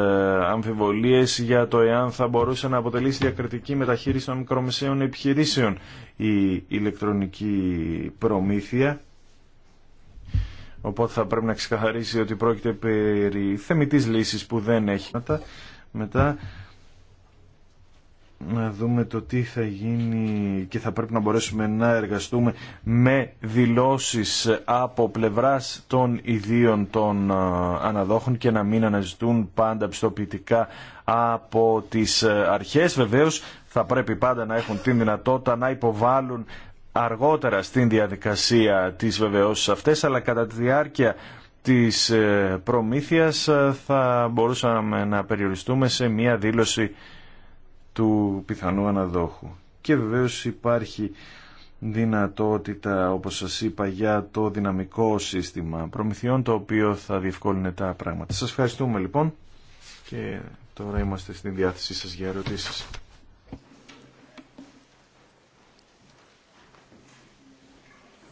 S2: αμφιβολίες για το εάν θα μπορούσε να αποτελήσει διακριτική μεταχείριση των μικρομεσαίων επιχειρήσεων η ηλεκτρονική προμήθεια Οπότε θα πρέπει να ξεκαθαρίσει ότι πρόκειται περί θεμητής λύσης που δεν έχει. Μετά να δούμε το τι θα γίνει και θα πρέπει να μπορέσουμε να εργαστούμε με δηλώσεις από πλευράς των ιδίων των αναδόχων και να μην αναζητούν πάντα πιστοποιητικά από τις αρχές. Βεβαίως θα πρέπει πάντα να έχουν την δυνατότητα να υποβάλουν αργότερα στην διαδικασία της βεβαιώσεις αυτές, αλλά κατά τη διάρκεια της ε, προμήθειας ε, θα μπορούσαμε να περιοριστούμε σε μία δήλωση του πιθανού αναδόχου. Και βεβαίως υπάρχει δυνατότητα, όπως σας είπα, για το δυναμικό σύστημα προμηθειών, το οποίο θα διευκόλυνε τα πράγματα. Σας ευχαριστούμε λοιπόν και τώρα είμαστε στην διάθεσή σας για ερωτήσεις.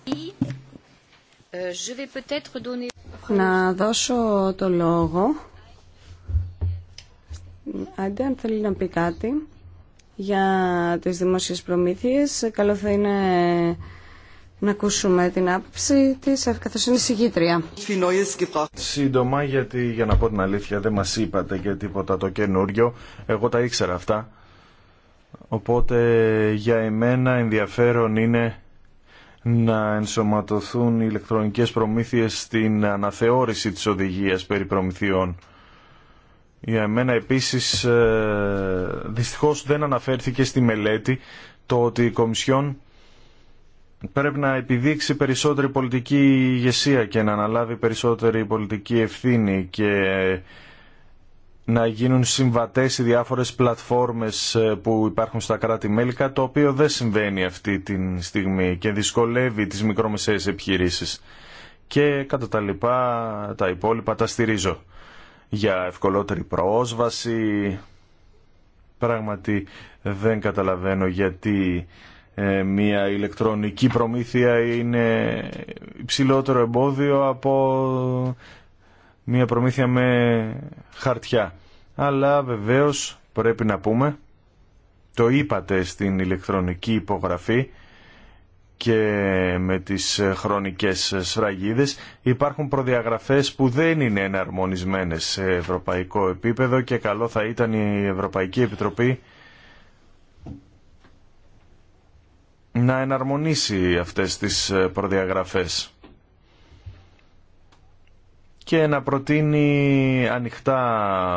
S1: Euh, να δώσω το λόγο. Άντε, αν θέλει να πει κάτι για τις δημόσιες προμήθειες, καλό θα είναι να ακούσουμε την άποψη της ε, καθώς είναι συγκήτρια.
S2: Σύντομα, γιατί για να πω την αλήθεια δεν μας είπατε και τίποτα το καινούριο. Εγώ τα ήξερα αυτά. Οπότε για εμένα ενδιαφέρον είναι να ενσωματωθούν οι ηλεκτρονικές προμήθειες στην αναθεώρηση της οδηγίας περί προμηθειών. Για εμένα επίσης ε, δυστυχώς δεν αναφέρθηκε στη μελέτη το ότι η Κομισιόν πρέπει να επιδείξει περισσότερη πολιτική ηγεσία και να αναλάβει περισσότερη πολιτική ευθύνη και να γίνουν συμβατές οι διάφορες πλατφόρμες ε, που υπάρχουν στα κράτη-μέλη, το οποίο δεν συμβαίνει αυτή τη στιγμή και δυσκολεύει τις μικρομεσαίες επιχειρήσεις. Και κατά τα λοιπά τα υπόλοιπα τα στηρίζω για ευκολότερη πρόσβαση. Πράγματι δεν καταλαβαίνω γιατί ε, μια ηλεκτρονική προμήθεια είναι υψηλότερο εμπόδιο από μια προμήθεια με χαρτιά. Αλλά βεβαίως πρέπει να πούμε, το είπατε στην ηλεκτρονική υπογραφή και με τις χρονικές σφραγίδες, υπάρχουν προδιαγραφές που δεν είναι εναρμονισμένες σε ευρωπαϊκό επίπεδο και καλό θα ήταν η Ευρωπαϊκή Επιτροπή να εναρμονίσει αυτές τις προδιαγραφές και να προτείνει ανοιχτά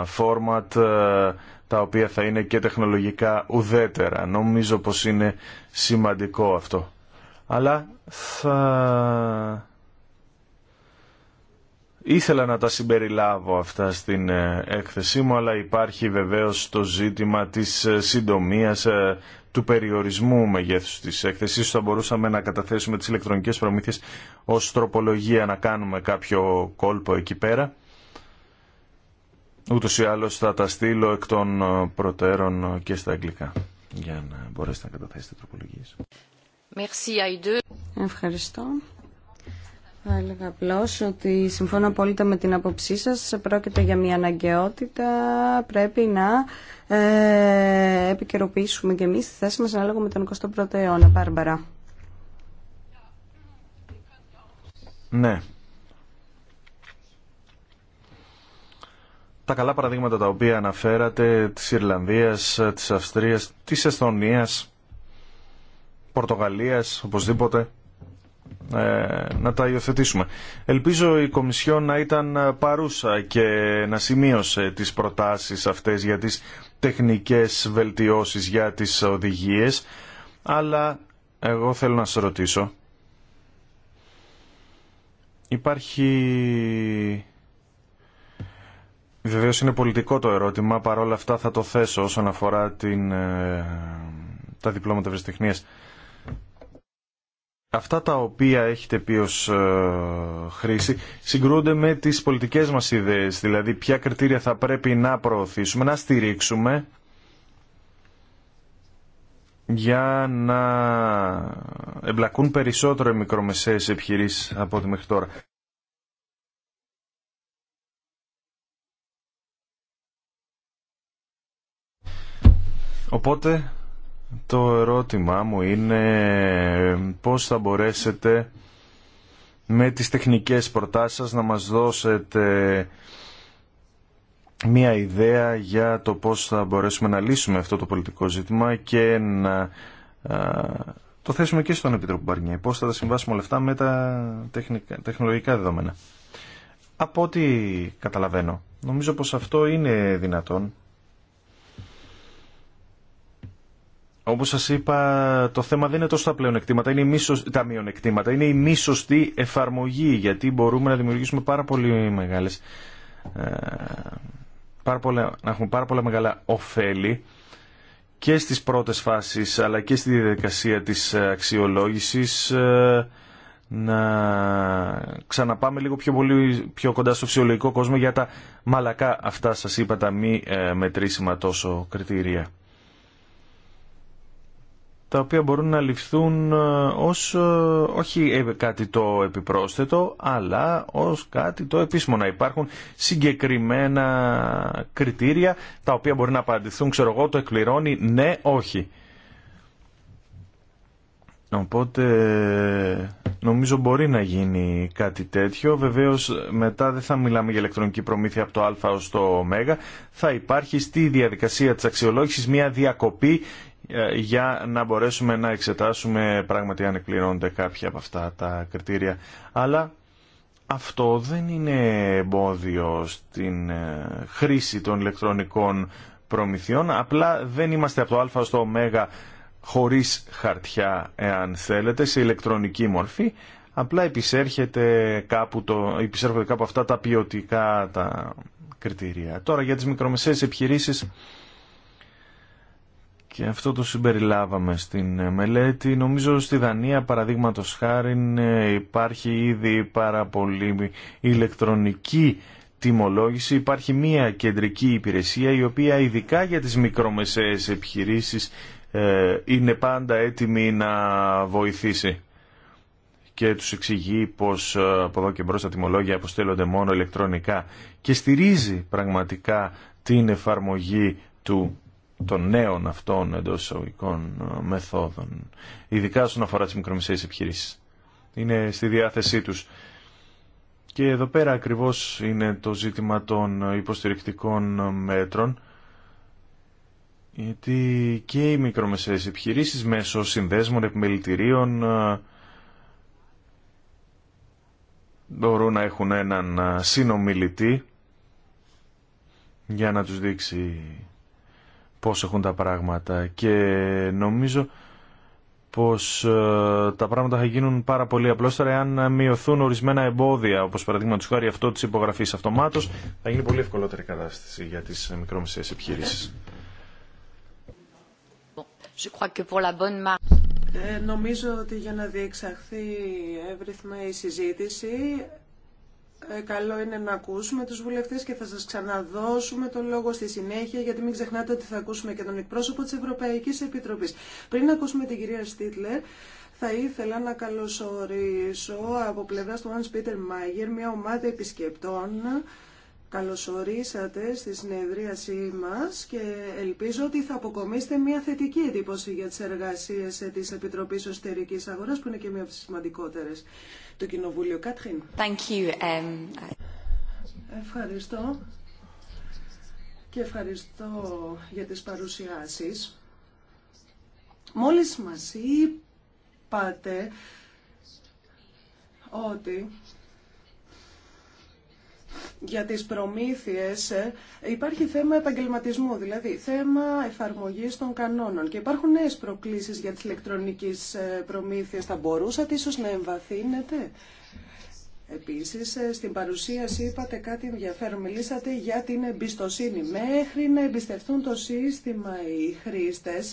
S2: φόρματ ε, τα οποία θα είναι και τεχνολογικά ουδέτερα. Νομίζω πως είναι σημαντικό αυτό. Αλλά θα ήθελα να τα συμπεριλάβω αυτά στην ε, έκθεσή μου, αλλά υπάρχει βεβαίως το ζήτημα της ε, συντομίας του περιορισμού μεγέθους της έκθεσης θα μπορούσαμε να καταθέσουμε τις ηλεκτρονικές προμήθειες ως τροπολογία να κάνουμε κάποιο κόλπο εκεί πέρα. Ούτως ή άλλως θα τα στείλω εκ των προτέρων και στα αγγλικά για να μπορέσετε να καταθέσετε τροπολογίες.
S1: Ευχαριστώ. Θα έλεγα απλώ ότι συμφωνώ απόλυτα με την άποψή σα. Πρόκειται για μια αναγκαιότητα. Πρέπει να ε, επικαιροποιήσουμε και εμεί τη θέση μα ανάλογα με τον 21ο αιώνα. Πάρμπαρα.
S2: Ναι. Τα καλά παραδείγματα τα οποία αναφέρατε της Ιρλανδίας, της Αυστρίας, της Εσθονίας, Πορτογαλίας, οπωσδήποτε ε, να τα υιοθετήσουμε. Ελπίζω η Κομισιόν να ήταν παρούσα και να σημείωσε τις προτάσεις αυτές για τις τεχνικές βελτιώσεις για τις οδηγίες, αλλά εγώ θέλω να σας ρωτήσω. Υπάρχει... Βεβαίω είναι πολιτικό το ερώτημα, παρόλα αυτά θα το θέσω όσον αφορά την, ε, τα διπλώματα ευρεσιτεχνίας αυτά τα οποία έχετε πει ως ε, χρήση συγκρούνται με τις πολιτικές μας ιδέες, δηλαδή ποια κριτήρια θα πρέπει να προωθήσουμε, να στηρίξουμε για να εμπλακούν περισσότερο οι μικρομεσαίες επιχειρήσεις από ό,τι μέχρι τώρα. Οπότε το ερώτημά μου είναι πώς θα μπορέσετε με τις τεχνικές προτάσεις σας να μας δώσετε μια ιδέα για το πώς θα μπορέσουμε να λύσουμε αυτό το πολιτικό ζήτημα και να το θέσουμε και στον Επιτρόπο Μπαρνιέ. Πώς θα τα συμβάσουμε όλα αυτά με τα τεχνολογικά δεδομένα. Από ό,τι καταλαβαίνω, νομίζω πως αυτό είναι δυνατόν Όπω σας είπα, το θέμα δεν είναι τόσο τα πλεονεκτήματα, είναι τα μειονεκτήματα, είναι η μη σωστή εφαρμογή, γιατί μπορούμε να δημιουργήσουμε πάρα πολύ μεγάλες, ε, πάρα πολλά, να έχουμε πάρα πολλά μεγάλα ωφέλη και στις πρώτες φάσεις, αλλά και στη διαδικασία της αξιολόγησης, ε, να ξαναπάμε λίγο πιο, πολύ, πιο κοντά στο φυσιολογικό κόσμο για τα μαλακά αυτά σας είπα τα μη ε, μετρήσιμα τόσο κριτήρια τα οποία μπορούν να ληφθούν ε, ως ε, όχι ε, κάτι το επιπρόσθετο αλλά ως κάτι το επίσημο να υπάρχουν συγκεκριμένα κριτήρια τα οποία μπορεί να απαντηθούν ξέρω εγώ το εκπληρώνει ναι όχι οπότε νομίζω μπορεί να γίνει κάτι τέτοιο βεβαίως μετά δεν θα μιλάμε για ηλεκτρονική προμήθεια από το α ως το ω θα υπάρχει στη διαδικασία της αξιολόγησης μια διακοπή ε, για να μπορέσουμε να εξετάσουμε πράγματι αν εκπληρώνονται κάποια από αυτά τα κριτήρια. Αλλά αυτό δεν είναι εμπόδιο στην ε, χρήση των ηλεκτρονικών προμηθειών. Απλά δεν είμαστε από το α στο ω χωρίς χαρτιά εάν θέλετε, σε ηλεκτρονική μορφή. Απλά επισέρχεται κάπου το, επισέρχονται κάπου αυτά τα ποιοτικά τα κριτήρια. Τώρα για τις μικρομεσαίες επιχειρήσεις και αυτό το συμπεριλάβαμε στην ε, μελέτη. Νομίζω στη Δανία, παραδείγματο χάρη, ε, υπάρχει ήδη πάρα πολύ ηλεκτρονική τιμολόγηση. Υπάρχει μία κεντρική υπηρεσία η οποία ειδικά για τις μικρομεσαίες επιχειρήσεις ε, είναι πάντα έτοιμη να βοηθήσει και τους εξηγεί πως από εδώ και μπρος τα τιμολόγια αποστέλλονται μόνο ηλεκτρονικά και στηρίζει πραγματικά την εφαρμογή του των νέων αυτών εντό εισαγωγικών ε, μεθόδων, ειδικά όσον αφορά τι μικρομεσαίε επιχειρήσει. Είναι στη διάθεσή του. Και εδώ πέρα ακριβώς είναι το ζήτημα των υποστηρικτικών μέτρων, γιατί και οι μικρομεσαίες επιχειρήσεις μέσω συνδέσμων επιμελητηρίων ε, μπορούν να έχουν έναν ε, συνομιλητή για να τους δείξει πώς έχουν τα πράγματα και νομίζω πως ε, τα πράγματα θα γίνουν πάρα πολύ απλώστερα εάν μειωθούν ορισμένα εμπόδια όπως παραδείγματο χάρη αυτό της υπογραφής αυτομάτως θα γίνει πολύ ευκολότερη κατάσταση για τις ε, μικρόμεσαίες επιχειρήσεις.
S4: Ε, νομίζω ότι για να διεξαχθεί εύρυθμα η συζήτηση ε, καλό είναι να ακούσουμε τους βουλευτές και θα σας ξαναδώσουμε το λόγο στη συνέχεια γιατί μην ξεχνάτε ότι θα ακούσουμε και τον εκπρόσωπο της Ευρωπαϊκής Επιτροπής. Πριν ακούσουμε την κυρία Στίτλερ, θα ήθελα να καλωσορίσω από πλευρά του Hans Πίτερ Mayer μια ομάδα επισκεπτών καλωσορίσατε στη συνεδρίασή μας και ελπίζω ότι θα αποκομίσετε μια θετική εντύπωση για τις εργασίες της Επιτροπής Οστερικής Αγοράς που είναι και μια από τις σημαντικότερες του Κοινοβούλιο. Κάτριν.
S1: Thank you. Um,
S4: ευχαριστώ και ευχαριστώ για τις παρουσιάσεις. Μόλις μας είπατε ότι για τις προμήθειες ε, υπάρχει θέμα επαγγελματισμού, δηλαδή θέμα εφαρμογής των κανόνων και υπάρχουν νέες προκλήσεις για τις ηλεκτρονικές ε, προμήθειες. Θα μπορούσατε ίσως να εμβαθύνετε Επίσης, ε, στην παρουσίαση είπατε κάτι ενδιαφέρον. Μιλήσατε για την εμπιστοσύνη. Μέχρι να εμπιστευτούν το σύστημα οι χρήστες,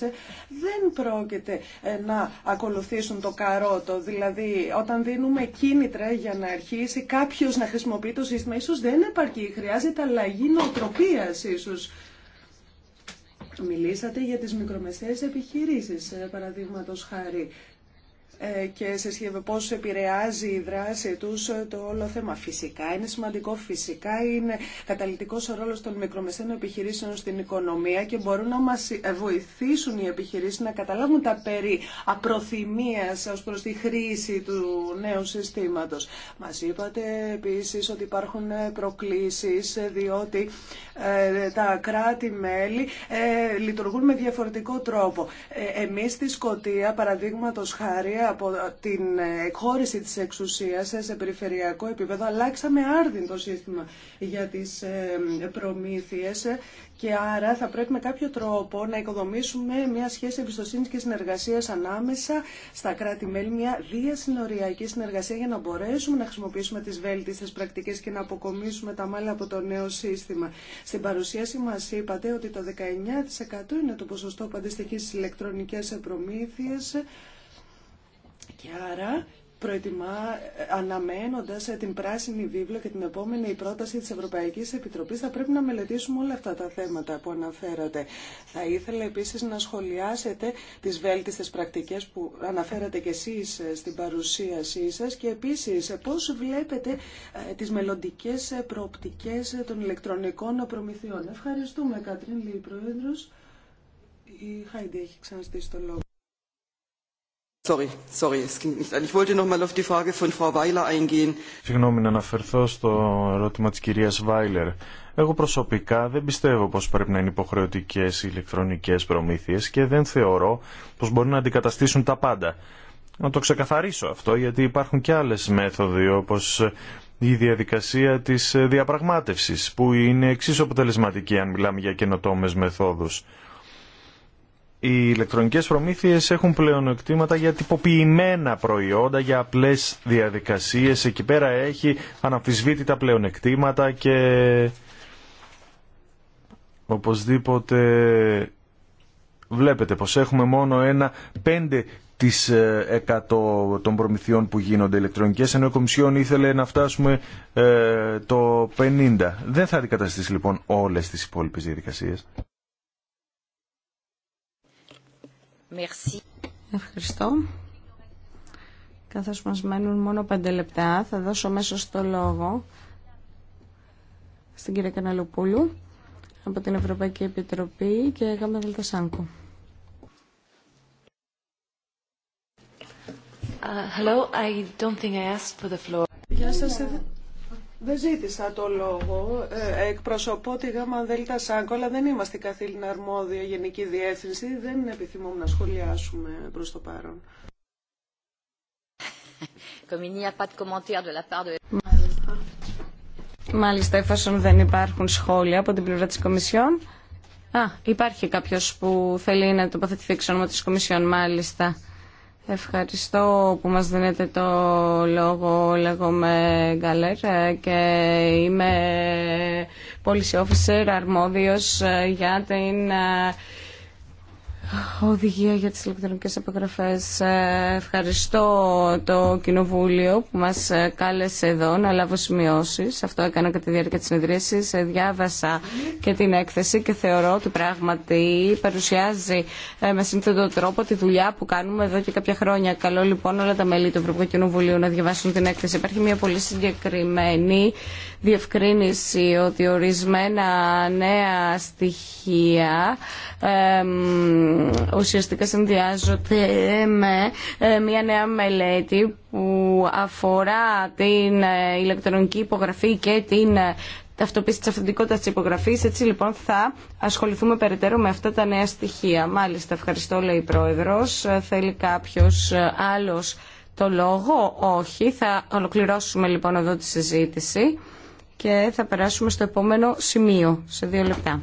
S4: δεν πρόκειται ε, να ακολουθήσουν το καρότο. Δηλαδή, όταν δίνουμε κίνητρα για να αρχίσει κάποιος να χρησιμοποιεί το σύστημα, ίσως δεν επαρκεί. Χρειάζεται αλλαγή νοοτροπίας ίσως. Μιλήσατε για τις μικρομεσαίες επιχειρήσεις, ε, παραδείγματος χάρη. Ε, και σε σχέση με πώς επηρεάζει η δράση τους ε, το όλο θέμα. Φυσικά είναι σημαντικό, φυσικά είναι καταλητικός ο ρόλος των μικρομεσαίων επιχειρήσεων στην οικονομία και μπορούν να μας ε, βοηθήσουν οι επιχειρήσεις να καταλάβουν τα περί απροθυμίας ως προς τη χρήση του νέου συστήματος. Μα είπατε επίσης ότι υπάρχουν προκλήσεις διότι τα κράτη-μέλη λειτουργούν με διαφορετικό τρόπο. Εμείς στη Σκοτία, παραδείγματος χάρη, από την εκχώρηση της εξουσίας σε περιφερειακό επίπεδο αλλάξαμε άρδιν το σύστημα για τις ε, προμήθειες και άρα θα πρέπει με κάποιο τρόπο να οικοδομήσουμε μια σχέση εμπιστοσύνη και συνεργασία ανάμεσα στα κράτη-μέλη, μια διασυνοριακή συνεργασία για να μπορέσουμε να χρησιμοποιήσουμε τι βέλτιστε πρακτικέ και να αποκομίσουμε τα μάλλα από το νέο σύστημα. Στην παρουσίαση μα είπατε ότι το 19% είναι το ποσοστό που αντιστοιχεί στι ηλεκτρονικέ προμήθειε. Και άρα προετοιμά, ε, αναμένοντας ε, την πράσινη βίβλο και την επόμενη πρόταση της Ευρωπαϊκής Επιτροπής θα πρέπει να μελετήσουμε όλα αυτά τα θέματα που αναφέρατε. Θα ήθελα επίσης να σχολιάσετε τις βέλτιστες πρακτικές που αναφέρατε κι εσείς ε, στην παρουσίασή σας και επίσης πώς βλέπετε τις μελλοντικέ προοπτικές των ηλεκτρονικών προμηθειών. Ευχαριστούμε Κατρίν Πρόεδρος. Η Χάιντι έχει
S5: ξαναστήσει το λόγο.
S2: Συγγνώμη να αναφερθώ στο ερώτημα της κυρίας Βάιλερ. Εγώ προσωπικά δεν πιστεύω πως πρέπει να είναι υποχρεωτικές οι ηλεκτρονικές προμήθειες και δεν θεωρώ πως μπορούν να αντικαταστήσουν τα πάντα. Να το ξεκαθαρίσω αυτό γιατί υπάρχουν και άλλες μέθοδοι όπως η διαδικασία της διαπραγμάτευσης που είναι εξίσου αποτελεσματική αν μιλάμε για καινοτόμες μεθόδους οι ηλεκτρονικές προμήθειες έχουν πλεονεκτήματα για τυποποιημένα προϊόντα, για απλές διαδικασίες. Εκεί πέρα έχει αναμφισβήτητα πλεονεκτήματα και οπωσδήποτε βλέπετε πως έχουμε μόνο ένα 5% τις των προμηθειών που γίνονται ηλεκτρονικές ενώ η Κομισιόν ήθελε να φτάσουμε ε, το 50. Δεν θα αντικαταστήσει λοιπόν όλες τις υπόλοιπες διαδικασίες.
S1: Ευχαριστώ. Καθώς μας μένουν μόνο πέντε λεπτά, θα δώσω μέσο στο λόγο στην κυρία Καναλοπούλου από την Ευρωπαϊκή Επιτροπή και έκαμε Σάνκο. Uh,
S4: Γεια σας, ε, δεν ζήτησα το λόγο. Ε, εκπροσωπώ τη ΓΑΜΑ ΔΕΛΤΑ ΣΑΝΚΟ, αλλά δεν είμαστε καθήλυνα αρμόδια γενική διεύθυνση. Δεν επιθυμούμε να σχολιάσουμε προς το παρόν.
S1: Μάλιστα, εφόσον δεν υπάρχουν σχόλια από την πλευρά της Κομισιόν. Α, υπάρχει κάποιος που θέλει να τοποθετηθεί εξ όνομα της Κομισιόν, μάλιστα. Ευχαριστώ που μας δίνετε το λόγο. Λέγομαι Γκαλέρ ε, και είμαι policy officer αρμόδιος ε, για την ε, Οδηγία για τις ηλεκτρονικές επιγραφές. Ε, ευχαριστώ το Κοινοβούλιο που μας ε, κάλεσε εδώ να λάβω σημειώσεις. Αυτό έκανα κατά τη διάρκεια της συνεδρίασης. Ε, διάβασα και την έκθεση και θεωρώ ότι πράγματι παρουσιάζει με σύνθετο τρόπο τη δουλειά που κάνουμε εδώ και κάποια χρόνια. Καλό λοιπόν όλα τα μέλη του Ευρωπαϊκού Κοινοβουλίου να διαβάσουν την έκθεση. Υπάρχει μια πολύ συγκεκριμένη διευκρίνηση ότι ορισμένα νέα στοιχεία ουσιαστικά συνδυάζονται με ε, μια νέα μελέτη που αφορά την ε, ηλεκτρονική υπογραφή και την ε, ταυτοποίηση της αυθεντικότητας της υπογραφής. Έτσι λοιπόν θα ασχοληθούμε περαιτέρω με αυτά τα νέα στοιχεία. Μάλιστα, ευχαριστώ λέει η Πρόεδρος. Θέλει κάποιος άλλος το λόγο. Όχι, θα ολοκληρώσουμε λοιπόν εδώ τη συζήτηση και θα περάσουμε στο επόμενο σημείο σε δύο λεπτά.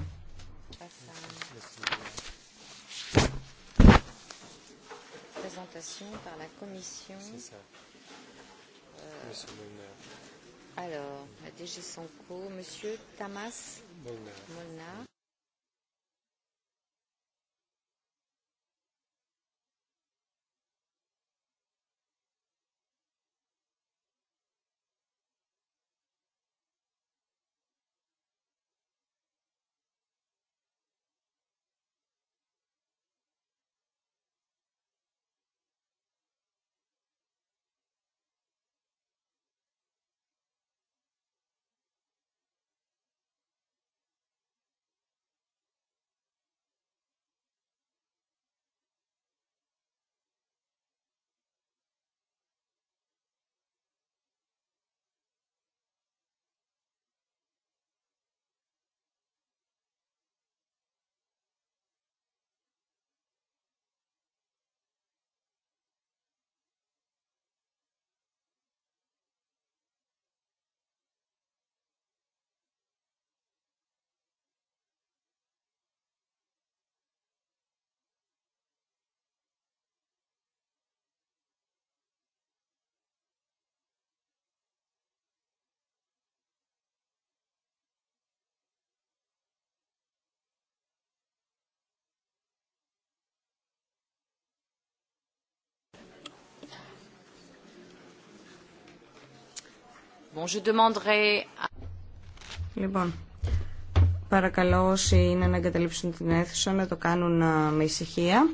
S1: Λοιπόν, παρακαλώ όσοι είναι να εγκαταλείψουν την αίθουσα να το κάνουν με ησυχία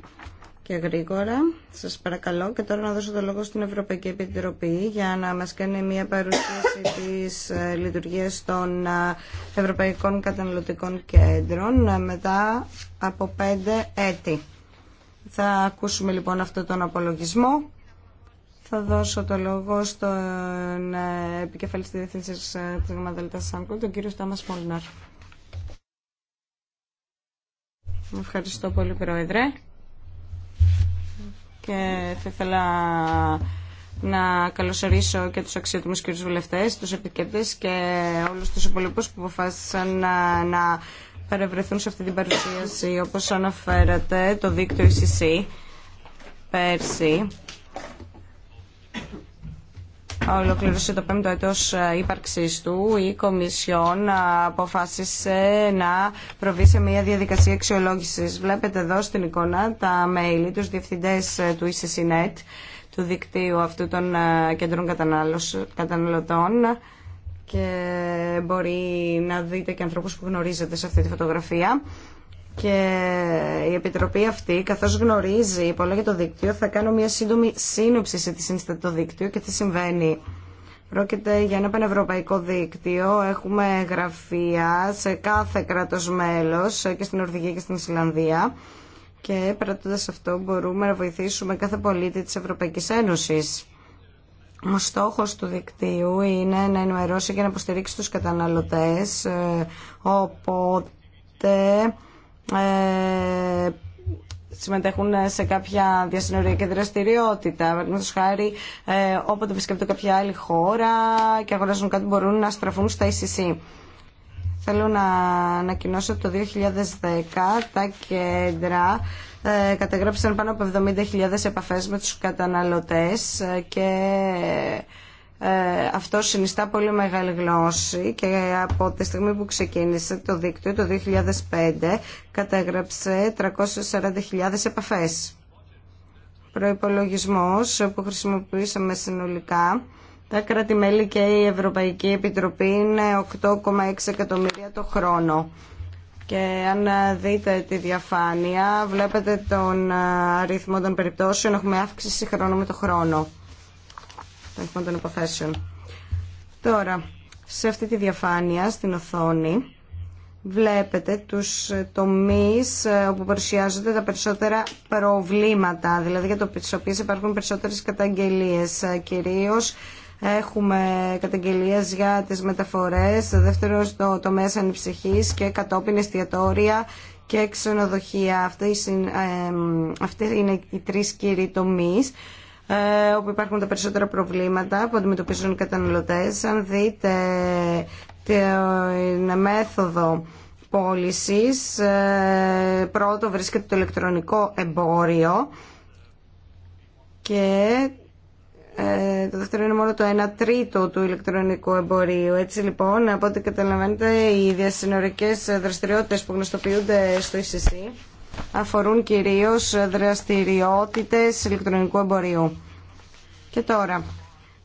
S1: και γρήγορα. Σας παρακαλώ και τώρα να δώσω το λόγο στην Ευρωπαϊκή Επιτροπή για να μας κάνει μια παρουσίαση της ε, λειτουργίας των Ευρωπαϊκών Καταναλωτικών Κέντρων ε, μετά από πέντε έτη. Θα ακούσουμε λοιπόν αυτό τον απολογισμό θα δώσω το λόγο στον ε, επικεφαλή τη Διευθύνση ε, τη ΓΔ τον κύριο Στάμα Μολνάρ. Ευχαριστώ πολύ, Πρόεδρε. Και θα ήθελα να καλωσορίσω και τους αξιότιμους κύριους βουλευτές, τους επικεφαλής και όλους τους υπολοιπούς που αποφάσισαν να, να παρευρεθούν σε αυτή την παρουσίαση. Όπως αναφέρατε, το δίκτυο ECC πέρσι ολοκληρώσε το πέμπτο έτος ε, ύπαρξής του, η Κομισιόν ε, αποφάσισε να προβεί σε μια διαδικασία αξιολόγηση. Βλέπετε εδώ στην εικόνα τα μέλη, τους διευθυντές ε, του ECCNet, του δικτύου αυτού των κέντρων καταναλωτών και μπορεί να δείτε και ανθρώπους που γνωρίζετε σε αυτή τη φωτογραφία και η Επιτροπή αυτή, καθώς γνωρίζει πολλά για το δίκτυο, θα κάνω μια σύντομη σύνοψη σε τι συνιστά το δίκτυο και τι συμβαίνει. Πρόκειται για ένα πανευρωπαϊκό δίκτυο. Έχουμε γραφεία σε κάθε κράτος μέλος και στην Ορδηγία και στην Ισλανδία. Και περατώντας αυτό μπορούμε να βοηθήσουμε κάθε πολίτη της Ευρωπαϊκής Ένωσης. Ο στόχος του δικτύου είναι να ενημερώσει και να υποστηρίξει τους καταναλωτές, ε, οπότε ε, συμμετέχουν σε κάποια διασυνοριακή δραστηριότητα. Παραδείγματο χάρη, ε, όποτε επισκέπτονται κάποια άλλη χώρα και αγοράζουν κάτι, μπορούν να στραφούν στα ICC. Θέλω να ανακοινώσω ότι το 2010 τα κέντρα ε, καταγράψαν πάνω από 70.000 επαφές με τους καταναλωτές ε, και ε, αυτό συνιστά πολύ μεγάλη γνώση και από τη στιγμή που ξεκίνησε το δίκτυο το 2005 καταγράψε 340.000 επαφές. Προϋπολογισμός που χρησιμοποιήσαμε συνολικά τα κρατη και η Ευρωπαϊκή Επιτροπή είναι 8,6 εκατομμύρια το χρόνο. Και αν δείτε τη διαφάνεια, βλέπετε τον ε, αριθμό των περιπτώσεων, έχουμε αύξηση χρόνο με το χρόνο αριθμό των υποθέσεων. Τώρα, σε αυτή τη διαφάνεια στην οθόνη βλέπετε τους τομείς ε, όπου παρουσιάζονται τα περισσότερα προβλήματα, δηλαδή για τις οποίε υπάρχουν περισσότερες καταγγελίες. Ε, κυρίως έχουμε καταγγελίες για τις μεταφορές, ε, δεύτερο το τομέα ανεψυχής και κατόπιν εστιατόρια και ξενοδοχεία. Αυτή είναι οι τρεις κύριοι τομείς ε, όπου υπάρχουν τα περισσότερα προβλήματα που αντιμετωπίζουν οι καταναλωτές. Αν δείτε την μέθοδο πώλησης, ε, πρώτο βρίσκεται το ηλεκτρονικό εμπόριο και ε, το δεύτερο είναι μόνο το 1 τρίτο του ηλεκτρονικού εμπορίου. Έτσι λοιπόν, από ό,τι καταλαβαίνετε, οι διασυνορικές δραστηριότητες που γνωστοποιούνται στο ΙΣΣΥ αφορούν κυρίως δραστηριότητες ηλεκτρονικού εμπορίου. Και τώρα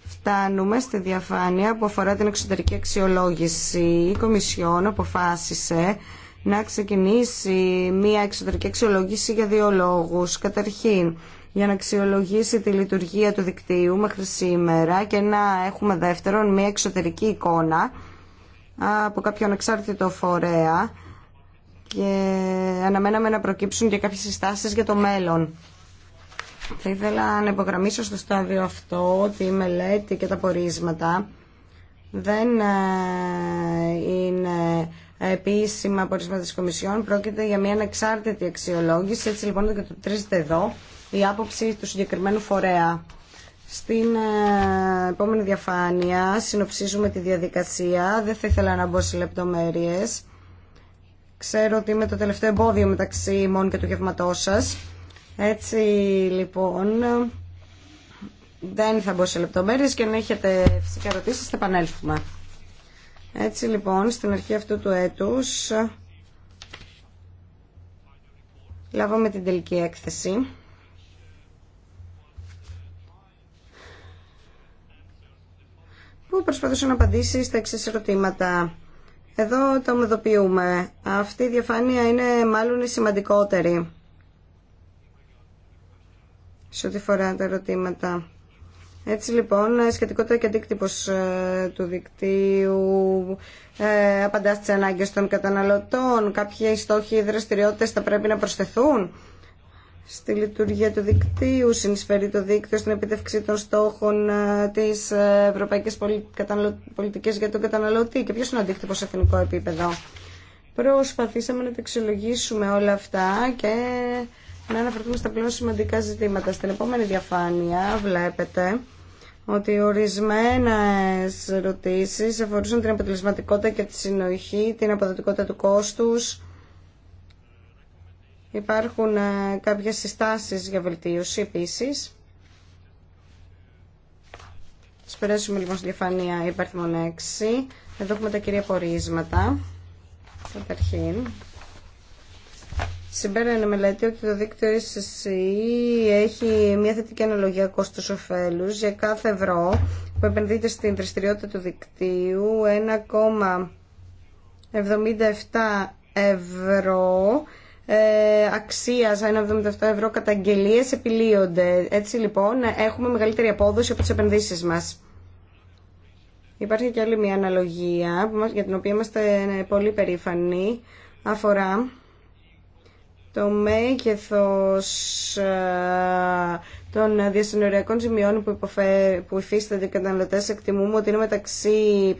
S1: φτάνουμε στη διαφάνεια που αφορά την εξωτερική αξιολόγηση. Η Κομισιόν αποφάσισε να ξεκινήσει μία εξωτερική αξιολόγηση για δύο λόγους. Καταρχήν, για να αξιολογήσει τη λειτουργία του δικτύου μέχρι σήμερα και να έχουμε δεύτερον μία εξωτερική εικόνα από κάποιον εξάρτητο φορέα και αναμέναμε να προκύψουν και κάποιες συστάσεις για το μέλλον. Θα ήθελα να υπογραμμίσω στο στάδιο αυτό ότι η μελέτη και τα πορίσματα δεν ε, είναι επίσημα πορίσματα της Κομισιόν. Πρόκειται για μια ανεξάρτητη αξιολόγηση. Έτσι λοιπόν και το τρίζεται εδώ η άποψη του συγκεκριμένου φορέα. Στην ε, επόμενη διαφάνεια συνοψίζουμε τη διαδικασία. Δεν θα ήθελα να μπω σε λεπτομέρειες. Ξέρω ότι είμαι το τελευταίο εμπόδιο μεταξύ μόνο και του γευματό σα. Έτσι λοιπόν, δεν θα μπω σε λεπτομέρειε και αν έχετε φυσικά ερωτήσει θα επανέλθουμε. Έτσι λοιπόν, στην αρχή αυτού του έτου. λάβαμε την τελική έκθεση. που προσπαθούσε να απαντήσει στα εξή ερωτήματα. Εδώ το ομοδοποιούμε. Αυτή η διαφάνεια είναι μάλλον η σημαντικότερη σε ό,τι φορά τα ερωτήματα. Έτσι λοιπόν, σχετικότερα και αντίκτυπο ε, του δικτύου, ε, απαντά στι ανάγκε των καταναλωτών, κάποιοι στόχοι ή δραστηριότητε θα πρέπει να προσθεθούν στη λειτουργία του δικτύου, συνεισφέρει το δίκτυο στην επίτευξη των στόχων ε, της ε, ευρωπαϊκής πολιτικής για τον καταναλωτή και ποιος είναι ο αντίκτυπος σε εθνικό επίπεδο. Προσπαθήσαμε να τα όλα αυτά και να αναφερθούμε στα πλέον σημαντικά ζητήματα. Στην επόμενη διαφάνεια βλέπετε ότι ορισμένες ρωτήσεις αφορούσαν την αποτελεσματικότητα και τη συνοχή, την αποδοτικότητα του κόστους, Υπάρχουν ε, κάποιες συστάσεις για βελτίωση επίσης. Ας περάσουμε λοιπόν στη διαφάνεια υπάρχουν 6. Εδώ έχουμε τα κυρία πορίσματα. Καταρχήν, συμπέρανε μελέτη ότι το δίκτυο SSE έχει μια θετική αναλογία κόστος ωφέλους για κάθε ευρώ που επενδύεται στην δραστηριότητα του δικτύου 1,77 ευρώ ε, αξίας 1,77 ευρώ καταγγελίες επιλύονται. Έτσι λοιπόν έχουμε μεγαλύτερη απόδοση από τις επενδύσεις μας. Υπάρχει και άλλη μια αναλογία για την οποία είμαστε ε, πολύ περήφανοι. Αφορά το μέγεθος ε, των διασυνοριακών ζημιών που, υφίσταται που υφίστανται οι καταναλωτέ εκτιμούμε ότι είναι μεταξύ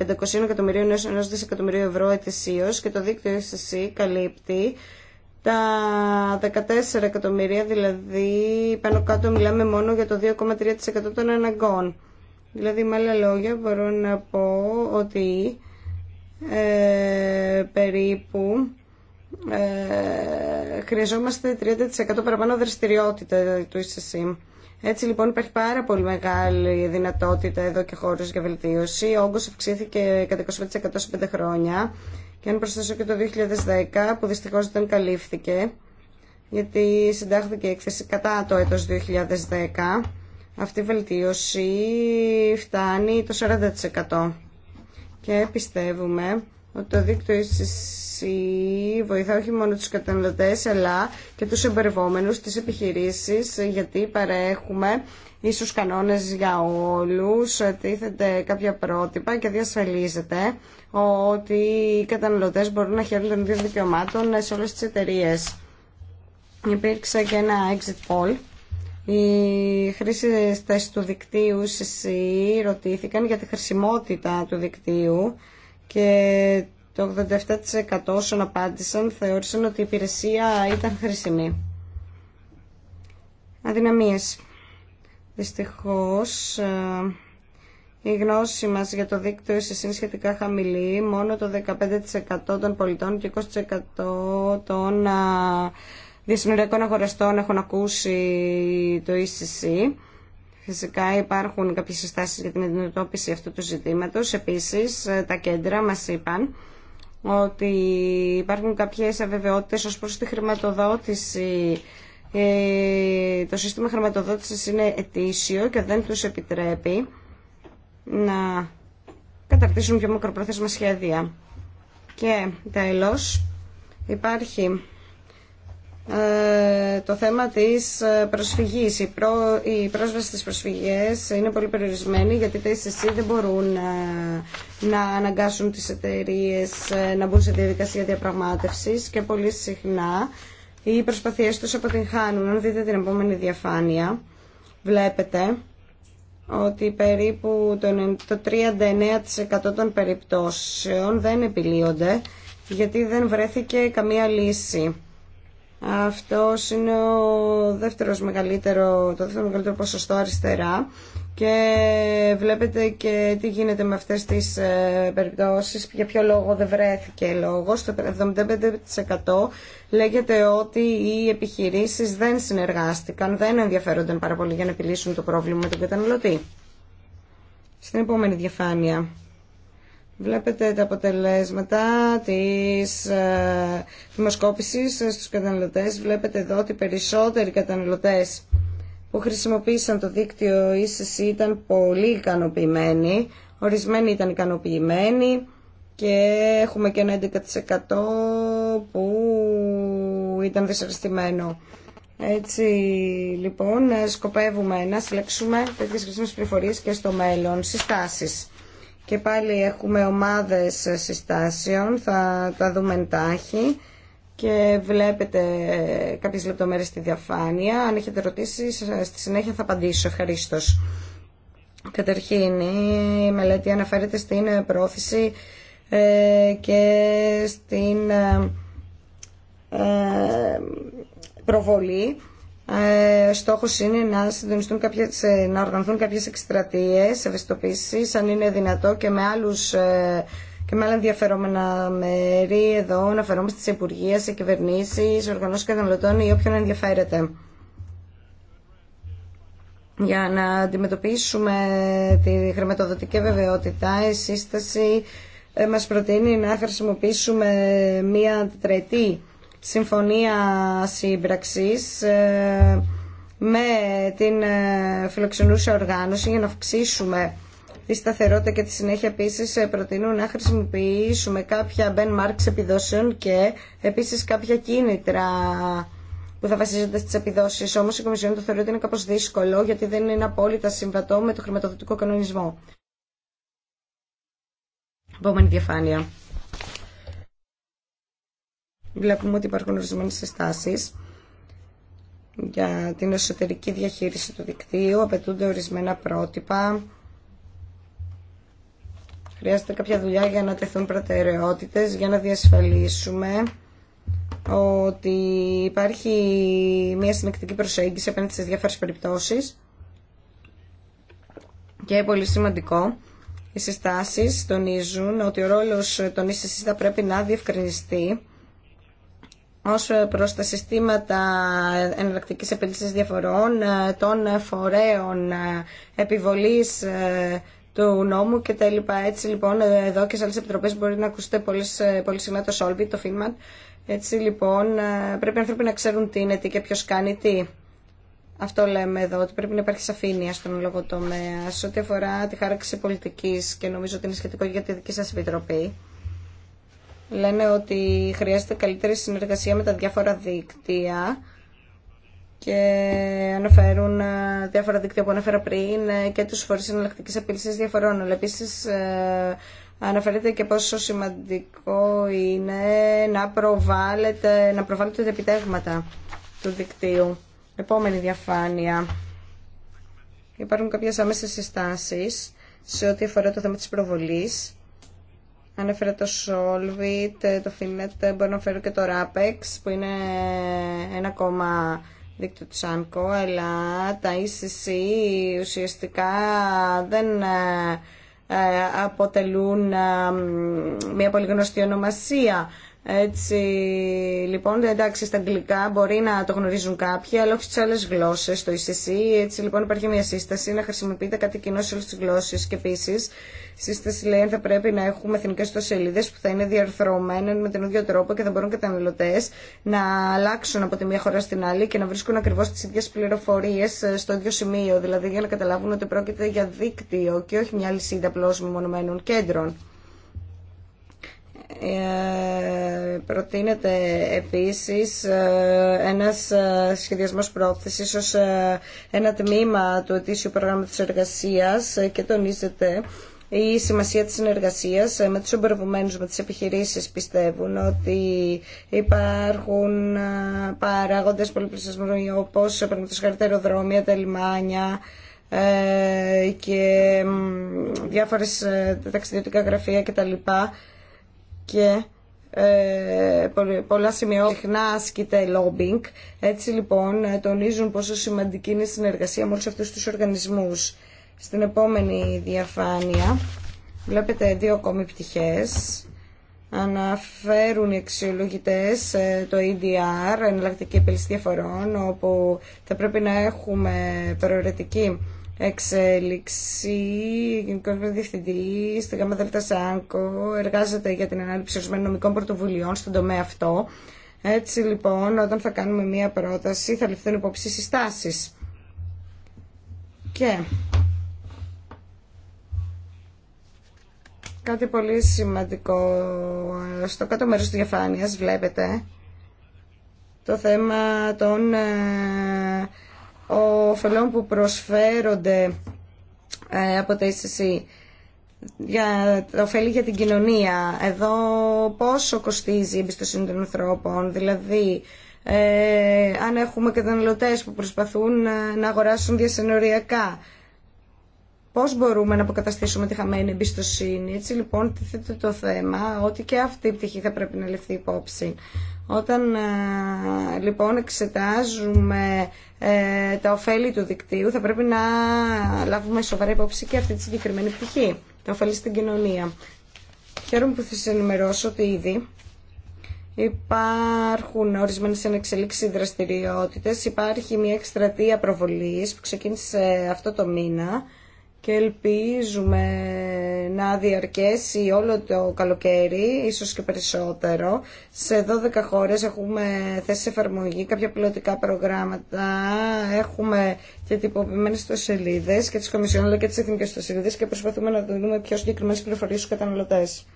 S1: 500 εκατομμυρίων έως 1 δισεκατομμυρίου ευρώ ετησίω και το δίκτυο SSC καλύπτει τα 14 εκατομμύρια, δηλαδή πάνω κάτω μιλάμε μόνο για το 2,3% των αναγκών. Δηλαδή με άλλα λόγια μπορώ να πω ότι ε, περίπου ε, χρειαζόμαστε 30% παραπάνω δραστηριότητα του ΙΣΣΥΜ. Έτσι λοιπόν υπάρχει πάρα πολύ μεγάλη δυνατότητα εδώ και χώρος για βελτίωση. Ο όγκος αυξήθηκε κατά 20% σε 5 χρόνια και αν προσθέσω και το 2010 που δυστυχώς δεν καλύφθηκε γιατί συντάχθηκε η έκθεση κατά το έτος 2010 αυτή η βελτίωση φτάνει το 40% και πιστεύουμε ότι το δίκτυο ECC βοηθά όχι μόνο τους καταναλωτές αλλά και τους εμπερβόμενους, τις επιχειρήσεις γιατί παρέχουμε ίσους κανόνες για όλους, τίθεται κάποια πρότυπα και διασφαλίζεται ότι οι καταναλωτές μπορούν να χαίρουν των δύο δικαιωμάτων σε όλες τις εταιρείε. Υπήρξε και ένα exit poll. Οι χρήστες του δικτύου ΣΥΣΥ ρωτήθηκαν για τη χρησιμότητα του δικτύου και το 87% όσων απάντησαν θεώρησαν ότι η υπηρεσία ήταν χρήσιμη. Αδυναμίες. Δυστυχώς, ε, η γνώση μας για το δίκτυο ECC είναι σχετικά χαμηλή. Μόνο το 15% των πολιτών και 20% των ε, διασυνοριακών αγοραστών έχουν ακούσει το ECC. Φυσικά υπάρχουν κάποιες συστάσεις για την αντιμετώπιση αυτού του ζητήματος. Επίσης, ε, τα κέντρα μας είπαν ότι υπάρχουν κάποιες αβεβαιότητες ως προς τη χρηματοδότηση ε, το σύστημα χρηματοδότησης είναι ετήσιο και δεν τους επιτρέπει να καταρτήσουν πιο μακροπρόθεσμα σχέδια. Και τέλος υπάρχει ε, το θέμα της ε, προσφυγής. Η, πρόσβαση στις προσφυγές είναι πολύ περιορισμένη γιατί τα ECC δεν μπορούν να, να αναγκάσουν τις εταιρείε να μπουν σε διαδικασία διαπραγμάτευσης και πολύ συχνά οι προσπαθίες τους αποτυγχάνουν. Αν δείτε την επόμενη διαφάνεια, βλέπετε ότι περίπου το 39% των περιπτώσεων δεν επιλύονται γιατί δεν βρέθηκε καμία λύση. Αυτό είναι ο δεύτερος μεγαλύτερο, το δεύτερο μεγαλύτερο ποσοστό αριστερά και βλέπετε και τι γίνεται με αυτές τις ε, περιπτώσεις, για ποιο λόγο δεν βρέθηκε λόγο. Στο 75% λέγεται ότι οι επιχειρήσεις δεν συνεργάστηκαν, δεν ενδιαφέρονταν πάρα πολύ για να επιλύσουν το πρόβλημα με τον καταναλωτή. Στην επόμενη διαφάνεια. Βλέπετε τα αποτελέσματα της ε, δημοσκόπησης ε, στους καταναλωτές. Βλέπετε εδώ ότι περισσότεροι καταναλωτές που χρησιμοποίησαν το δίκτυο ίσως ήταν πολύ ικανοποιημένοι. Ορισμένοι ήταν ικανοποιημένοι και έχουμε και ένα 11% που ήταν δυσαρεστημένο. Έτσι λοιπόν σκοπεύουμε να συλλέξουμε τέτοιες χρησιμές πληροφορίες και στο μέλλον. Συστάσεις. Και πάλι έχουμε ομάδες συστάσεων, θα τα δούμε εντάχει και βλέπετε κάποιες λεπτομέρειες στη διαφάνεια. Αν έχετε ερωτήσεις, στη συνέχεια θα απαντήσω. Ευχαριστώ. Καταρχήν, η μελέτη αναφέρεται στην πρόθεση ε, και στην ε, ε, προβολή ε, στόχος είναι να συντονιστούν κάποιες, ε, να οργανωθούν κάποιες εκστρατείες ευαισθητοποίησης αν είναι δυνατό και με άλλους ε, και με άλλα ενδιαφερόμενα μέρη εδώ να αναφερόμαστε στι υπουργεία, σε κυβερνήσεις, οργανώσεις καταναλωτών ή όποιον ενδιαφέρεται για να αντιμετωπίσουμε τη χρηματοδοτική βεβαιότητα, η σύσταση ε, μας προτείνει να χρησιμοποιήσουμε μία τετραετή συμφωνία σύμπραξης ε, με την ε, φιλοξενούσα οργάνωση για να αυξήσουμε τη σταθερότητα και τη συνέχεια επίση ε, προτείνω να χρησιμοποιήσουμε κάποια benchmarks επιδόσεων και επίση κάποια κίνητρα που θα βασίζονται στι επιδόσει. Όμω η Κομισιόν το θεωρεί ότι είναι κάπω δύσκολο γιατί δεν είναι απόλυτα συμβατό με το χρηματοδοτικό κανονισμό. Επόμενη διαφάνεια βλέπουμε ότι υπάρχουν ορισμένε συστάσεις για την εσωτερική διαχείριση του δικτύου, απαιτούνται ορισμένα πρότυπα, χρειάζεται κάποια δουλειά για να τεθούν προτεραιότητε, για να διασφαλίσουμε ότι υπάρχει μια συνεκτική προσέγγιση απέναντι στι διάφορες περιπτώσεις και πολύ σημαντικό οι συστάσεις τονίζουν ότι ο ρόλος των θα πρέπει να διευκρινιστεί ως ε, προς τα συστήματα εναλλακτικής επίλυσης διαφορών ε, των φορέων ε, επιβολής του νόμου και τα λοιπά. Έτσι λοιπόν εδώ και σε άλλες επιτροπές μπορεί να ακούσετε πολύ, πολύ συχνά το Solvit, το FinMAT. Έτσι λοιπόν πρέπει οι άνθρωποι να ξέρουν τι είναι, τι και ποιος κάνει τι. Αυτό λέμε εδώ, ότι πρέπει να υπάρχει σαφήνεια στον λόγο τομέα. Σε ό,τι αφορά τη χάραξη πολιτικής και νομίζω ότι είναι σχετικό για τη δική σας επιτροπή λένε ότι χρειάζεται καλύτερη συνεργασία με τα διάφορα δίκτυα και αναφέρουν ε, διάφορα δίκτυα που αναφέρα πριν ε, και τους φορείς εναλλακτικής απειλής διαφορών. Αλλά επίσης ε, αναφέρεται και πόσο σημαντικό είναι να προβάλλετε να προβάλλετε τα επιτέγματα του δικτύου. Επόμενη διαφάνεια. Υπάρχουν κάποιες άμεσες συστάσεις σε ό,τι αφορά το θέμα της προβολής Ανέφερα το Solvit, το Finet, μπορώ να φέρω και το Rapex που είναι ένα ακόμα δίκτυο Σάνκο, αλλά τα ECC ουσιαστικά δεν ε, αποτελούν ε, μια πολύ γνωστή ονομασία. Έτσι, λοιπόν, εντάξει, στα αγγλικά μπορεί να το γνωρίζουν κάποιοι, αλλά όχι στι άλλε γλώσσε, το ECC. Έτσι, λοιπόν, υπάρχει μια σύσταση να χρησιμοποιείται κάτι κοινό σε όλε τι γλώσσε. Και επίση, σύσταση λέει θα πρέπει να έχουμε εθνικέ τοσελίδε που θα είναι διαρθρωμένε με τον ίδιο τρόπο και θα μπορούν καταναλωτέ να αλλάξουν από τη μία χώρα στην άλλη και να βρίσκουν ακριβώ τι ίδιε πληροφορίε ε, στο ίδιο σημείο. Δηλαδή, για να καταλάβουν ότι πρόκειται για δίκτυο και όχι μια λυσίδα απλώ μεμονωμένων κέντρων. Ε, προτείνεται επίσης ε, ένας ε, σχεδιασμός πρόθεσης ως ένα τμήμα του ετήσιου προγράμματος εργασίας και τονίζεται η σημασία της συνεργασίας με τους εμπορευμένους, με τις επιχειρήσεις πιστεύουν ότι υπάρχουν παράγοντες πολυπλησιασμού όπως παραδείγματος αεροδρόμια, τα λιμάνια, και διάφορες ταξιδιωτικά γραφεία κτλ και ε, πολλά σημεία συχνά ασκείται lobbying. Έτσι λοιπόν ε, τονίζουν πόσο σημαντική είναι η συνεργασία με όλους αυτούς τους οργανισμούς. Στην επόμενη διαφάνεια βλέπετε δύο ακόμη πτυχές. Αναφέρουν οι αξιολογητέ ε, το EDR, εναλλακτική επίλυση διαφορών, όπου θα πρέπει να έχουμε προαιρετική εξέλιξη. Γενικό Διευθυντή στη ΓΑΜΑ ΔΕΛΤΑ ΣΑΝΚΟ εργάζεται για την ανάληψη ορισμένων νομικών πρωτοβουλειών στον τομέα αυτό. Έτσι λοιπόν, όταν θα κάνουμε μία πρόταση, θα ληφθούν υπόψη συστάσεις. Και κάτι πολύ σημαντικό. Στο κάτω μέρος της διαφάνειας βλέπετε το θέμα των ε, Οφελών που προσφέρονται ε, από τα ΕΣΥ για ωφέλη για την κοινωνία. Εδώ πόσο κοστίζει η εμπιστοσύνη των ανθρώπων, δηλαδή ε, αν έχουμε καταναλωτέ που προσπαθούν ε, να αγοράσουν διασυνοριακά. Πώς μπορούμε να αποκαταστήσουμε τη χαμένη εμπιστοσύνη. Έτσι λοιπόν τίθεται το θέμα ότι και αυτή η πτυχή θα πρέπει να ληφθεί υπόψη. Όταν ε, λοιπόν εξετάζουμε ε, τα ωφέλη του δικτύου, θα πρέπει να λάβουμε σοβαρά υπόψη και αυτή τη συγκεκριμένη πτυχή, τα ωφέλη στην κοινωνία. Χαίρομαι που θα σα ενημερώσω ότι ήδη υπάρχουν ορισμένε ανεξελίξει δραστηριότητε. Υπάρχει μια εκστρατεία προβολή που ξεκίνησε αυτό το μήνα και ελπίζουμε να διαρκέσει όλο το καλοκαίρι, ίσως και περισσότερο. Σε 12 χώρες έχουμε θέσει εφαρμογή κάποια πιλωτικά προγράμματα, έχουμε και τυποποιημένες ιστοσελίδε και τις Κομισιόν αλλά και τις Εθνικές σελίδες και προσπαθούμε να δούμε πιο συγκεκριμένες πληροφορίες στους καταναλωτές.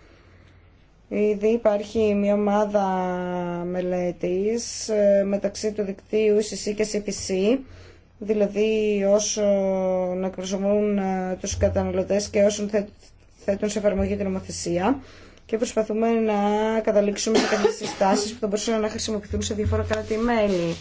S1: Ήδη υπάρχει μια ομάδα μελέτης ε, μεταξύ του δικτύου CC και CPC δηλαδή όσων εκπροσωπούν ε, τους καταναλωτές και όσων θέτουν σε εφαρμογή την νομοθεσία και προσπαθούμε να καταλήξουμε σε κάποιες συστάσεις που θα μπορούσαν να χρησιμοποιηθούν σε διάφορα κράτη-μέλη.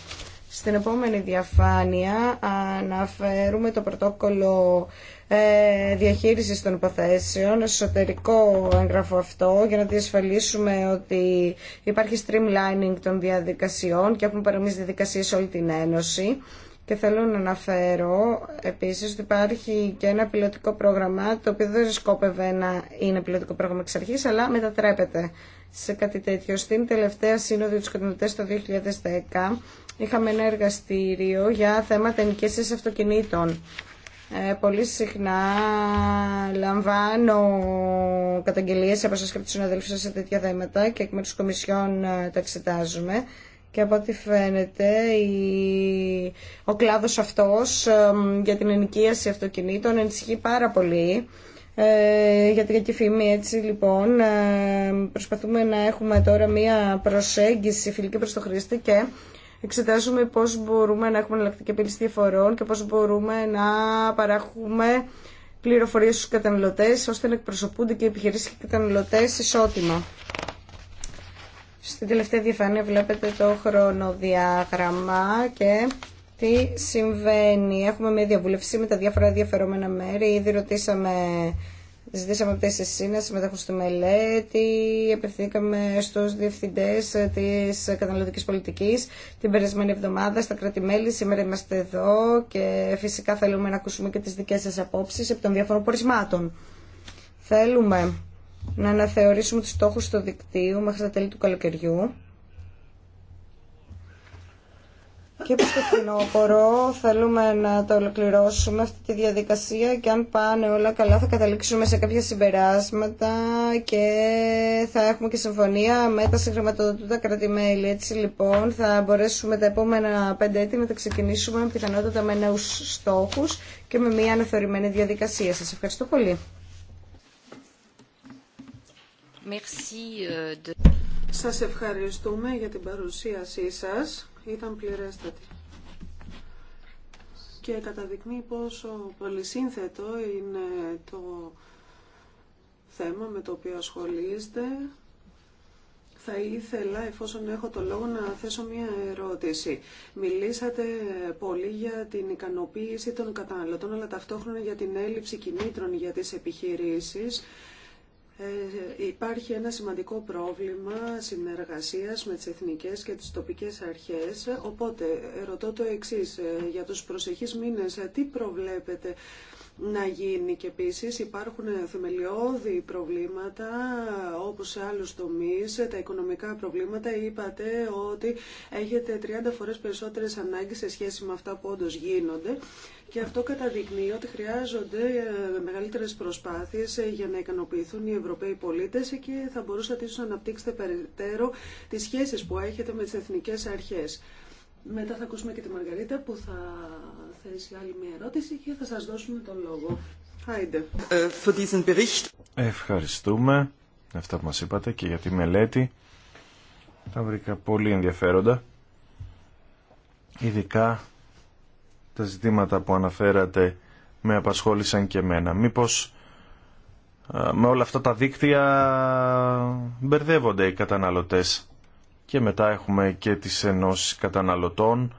S1: Στην επόμενη διαφάνεια αναφέρουμε το πρωτόκολλο ε, διαχείρισης των υποθέσεων, εσωτερικό έγγραφο αυτό, για να διασφαλίσουμε ότι υπάρχει streamlining των διαδικασιών και έχουμε παρομοιές διαδικασίες σε όλη την Ένωση. Και θέλω να αναφέρω επίσης ότι υπάρχει και ένα πιλωτικό πρόγραμμα το οποίο δεν σκόπευε να είναι πιλωτικό πρόγραμμα εξ αρχής αλλά μετατρέπεται σε κάτι τέτοιο. Στην τελευταία σύνοδο του κατανοητές το 2010 είχαμε ένα εργαστήριο για θέματα ενοικίασης αυτοκινήτων. Ε, πολύ συχνά λαμβάνω καταγγελίες από σας και από τους σε τέτοια θέματα και εκ μέρους της Κομισιόν ε, τα εξετάζουμε και από ό,τι φαίνεται ο κλάδος αυτός για την ενοικίαση αυτοκινήτων ενισχύει πάρα πολύ ε, για την κακή φήμη. Έτσι λοιπόν ε, προσπαθούμε να έχουμε τώρα μία προσέγγιση φιλική προς το χρήστη και εξετάζουμε πώς μπορούμε να έχουμε εναλλακτική επίλυση διαφορών και πώς μπορούμε να παράχουμε πληροφορίες στους καταναλωτές ώστε να εκπροσωπούνται και οι επιχειρήσεις και οι καταναλωτές ισότιμα. Στην τελευταία διαφάνεια βλέπετε το χρονοδιάγραμμα και τι συμβαίνει. Έχουμε μια διαβούλευση με τα διάφορα ενδιαφερόμενα μέρη. Ήδη ρωτήσαμε, ζητήσαμε από τις εσείς να συμμετέχουν στη μελέτη. Επευθύνθηκαμε στους διευθυντές της καταναλωτικής πολιτικής την περασμένη εβδομάδα στα κράτη-μέλη. Σήμερα είμαστε εδώ και φυσικά θέλουμε να ακούσουμε και τις δικές σας απόψεις από των διάφορων πορισμάτων. Θέλουμε να αναθεωρήσουμε τους στόχους στο δικτύου μέχρι τα τέλη του καλοκαιριού. Και όπως το φθινόπωρο θέλουμε να το ολοκληρώσουμε αυτή τη διαδικασία και αν πάνε όλα καλά θα καταλήξουμε σε κάποια συμπεράσματα και θα έχουμε και συμφωνία με τα συγχρηματοδοτούτα κρατημέλη. Έτσι λοιπόν θα μπορέσουμε τα επόμενα πέντε έτη να τα ξεκινήσουμε πιθανότατα με νέους στόχους και με μια αναθεωρημένη διαδικασία. Σας ευχαριστώ πολύ.
S4: Euh, σας ευχαριστούμε για την παρουσίασή σας. Ήταν πληρέστατη. Και καταδεικνύει πόσο πολυσύνθετο είναι το θέμα με το οποίο ασχολείστε. Θα ήθελα, εφόσον έχω το λόγο, να θέσω μία ερώτηση. Μιλήσατε πολύ για την ικανοποίηση των καταναλωτών, αλλά ταυτόχρονα για την έλλειψη κινήτρων για τις επιχειρήσεις ε, υπάρχει ένα σημαντικό πρόβλημα συνεργασίας με τις εθνικές και τις τοπικές αρχές. Οπότε, ρωτώ το εξής, ε, για τους προσεχείς μήνες, ε, τι προβλέπετε να γίνει και επίσης υπάρχουν θεμελιώδη προβλήματα όπως σε άλλους τομείς, τα οικονομικά προβλήματα. Είπατε ότι έχετε 30 φορές περισσότερες ανάγκες σε σχέση με αυτά που όντως γίνονται και αυτό καταδεικνύει ότι χρειάζονται ε, μεγαλύτερες προσπάθειες ε, για να ικανοποιηθούν οι Ευρωπαίοι πολίτες και θα μπορούσατε ίσως να αναπτύξετε περαιτέρω τις σχέσεις που έχετε με τις εθνικές αρχές. Μετά θα ακούσουμε και τη Μαργαρίτα που θα θέσει άλλη μια ερώτηση και θα σας δώσουμε τον λόγο.
S2: Ε, Ευχαριστούμε αυτά που μας είπατε και για τη μελέτη. Τα βρήκα πολύ ενδιαφέροντα. Ειδικά τα ζητήματα που αναφέρατε με απασχόλησαν και εμένα. Μήπως ε, με όλα αυτά τα δίκτυα μπερδεύονται οι καταναλωτές και μετά έχουμε και τις ενώσεις καταναλωτών.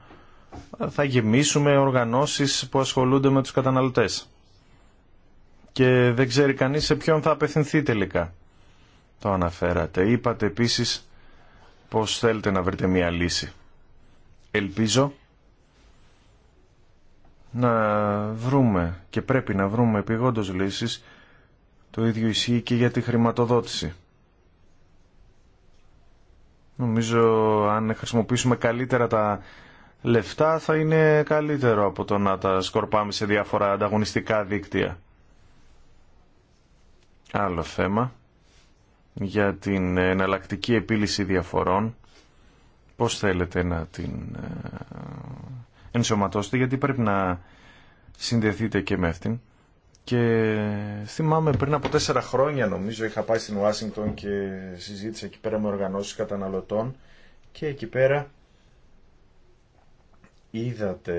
S2: Θα γεμίσουμε οργανώσεις που ασχολούνται με τους καταναλωτές. Και δεν ξέρει κανείς σε ποιον θα απευθυνθεί τελικά. Το αναφέρατε. Είπατε επίσης πως θέλετε να βρείτε μια λύση. Ελπίζω να βρούμε και πρέπει να βρούμε επιγόντως λύσεις. Το ίδιο ισχύει και για τη χρηματοδότηση. Νομίζω αν χρησιμοποιήσουμε καλύτερα τα λεφτά θα είναι καλύτερο από το να τα σκορπάμε σε διάφορα ανταγωνιστικά δίκτυα. Άλλο θέμα για την εναλλακτική επίλυση διαφορών. Πώς θέλετε να την ε, ενσωματώσετε, γιατί πρέπει να συνδεθείτε και με αυτήν. Και θυμάμαι πριν από τέσσερα χρόνια νομίζω είχα πάει στην Ουάσιγκτον και συζήτησα εκεί πέρα με οργανώσεις καταναλωτών και εκεί πέρα είδατε,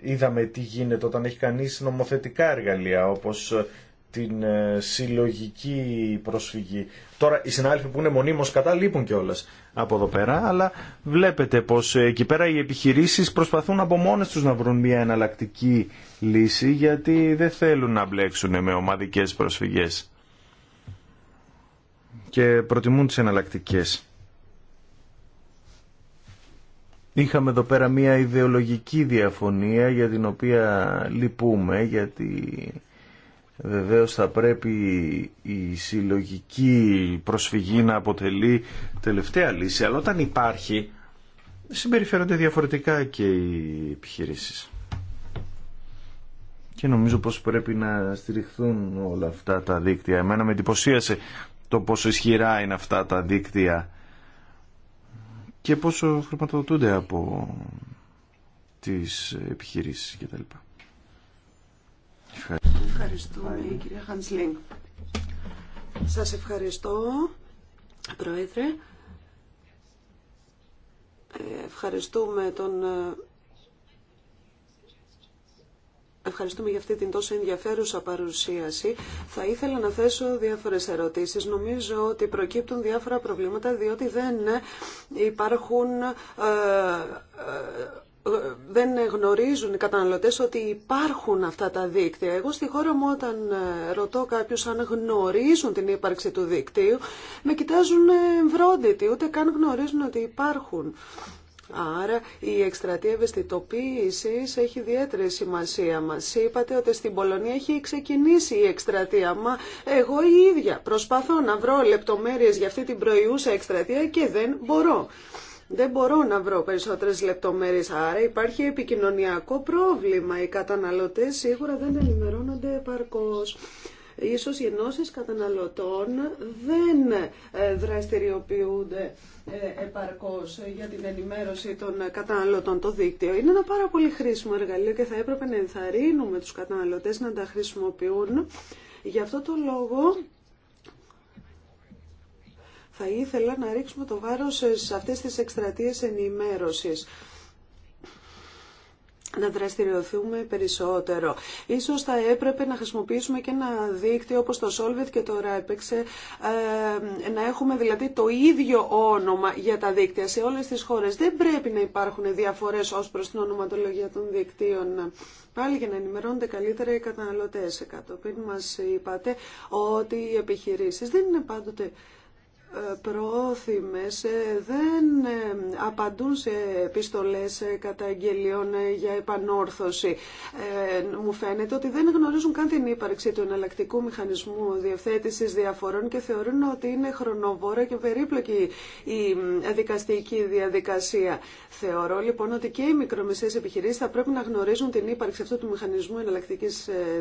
S2: είδαμε τι γίνεται όταν έχει κανείς νομοθετικά εργαλεία όπως την ε, συλλογική προσφυγή. Τώρα οι συνάδελφοι που είναι μονίμως κατά λείπουν κιόλας από εδώ πέρα, αλλά βλέπετε πως ε, εκεί πέρα οι επιχειρήσεις προσπαθούν από μόνες τους να βρουν μια εναλλακτική λύση γιατί δεν θέλουν να μπλέξουν με ομαδικές προσφυγές και προτιμούν τις εναλλακτικέ. Είχαμε εδώ πέρα μια ιδεολογική διαφωνία για την οποία λυπούμε γιατί Βεβαίως θα πρέπει η συλλογική προσφυγή να αποτελεί τελευταία λύση, αλλά όταν υπάρχει συμπεριφέρονται διαφορετικά και οι επιχειρήσεις. Και νομίζω πως πρέπει να στηριχθούν όλα αυτά τα δίκτυα. Εμένα με εντυπωσίασε το πόσο ισχυρά είναι αυτά τα δίκτυα και πόσο χρηματοδοτούνται από τις επιχειρήσεις κτλ.
S4: Ευχαριστούμε, κυρία Χανσλίνγκ. Σας ευχαριστώ, Πρόεδρε. Ευχαριστούμε τον... Ε, ευχαριστούμε για αυτή την τόσο ενδιαφέρουσα παρουσίαση. Θα ήθελα να θέσω διάφορες ερωτήσεις. Νομίζω ότι προκύπτουν διάφορα προβλήματα διότι δεν ε, υπάρχουν ε, δεν γνωρίζουν οι καταναλωτές ότι υπάρχουν αυτά τα δίκτυα. Εγώ στη χώρα μου όταν ε, ρωτώ κάποιους αν γνωρίζουν την ύπαρξη του δικτύου, με κοιτάζουν εμβρόντιτοι, ούτε καν γνωρίζουν ότι υπάρχουν. Άρα η εκστρατεία ευαισθητοποίηση έχει ιδιαίτερη σημασία μα. Είπατε ότι στην Πολωνία έχει ξεκινήσει η εκστρατεία. Μα εγώ η ίδια προσπαθώ να βρω λεπτομέρειε για αυτή την προϊούσα εκστρατεία και δεν μπορώ. Δεν μπορώ να βρω περισσότερες λεπτομέρειες, άρα υπάρχει επικοινωνιακό πρόβλημα. Οι καταναλωτές σίγουρα δεν ενημερώνονται επαρκώς. Ίσως οι ενώσεις καταναλωτών δεν ε, δραστηριοποιούνται ε, επαρκώς για την ενημέρωση των καταναλωτών το δίκτυο. Είναι ένα πάρα πολύ χρήσιμο εργαλείο και θα έπρεπε να ενθαρρύνουμε τους καταναλωτές να τα χρησιμοποιούν. Γι' αυτό το λόγο θα ήθελα να ρίξουμε το βάρος σε αυτές τις εκστρατείες ενημέρωσης να δραστηριοθούμε περισσότερο. Ίσως θα έπρεπε να χρησιμοποιήσουμε και ένα δίκτυο όπως το Solvit και το Rapex, ε, να έχουμε δηλαδή το ίδιο όνομα για τα δίκτυα σε όλες τις χώρες. Δεν πρέπει να υπάρχουν διαφορές ως προς την ονοματολογία των δικτύων. Πάλι για να ενημερώνονται καλύτερα οι καταναλωτές. Κατόπιν μας είπατε ότι οι επιχειρήσεις δεν είναι πάντοτε πρόθυμες ε, δεν ε, απαντούν σε επιστολές ε, καταγγελιών για επανόρθωση. Μου φαίνεται ότι δεν γνωρίζουν καν την ύπαρξη του εναλλακτικού μηχανισμού διευθέτησης διαφορών και θεωρούν ότι είναι χρονοβόρα και περίπλοκη η δικαστική διαδικασία. Θεωρώ λοιπόν ότι και οι μικρομεσαίες επιχειρήσεις θα πρέπει να γνωρίζουν την ύπαρξη αυτού του μηχανισμού εναλλακτική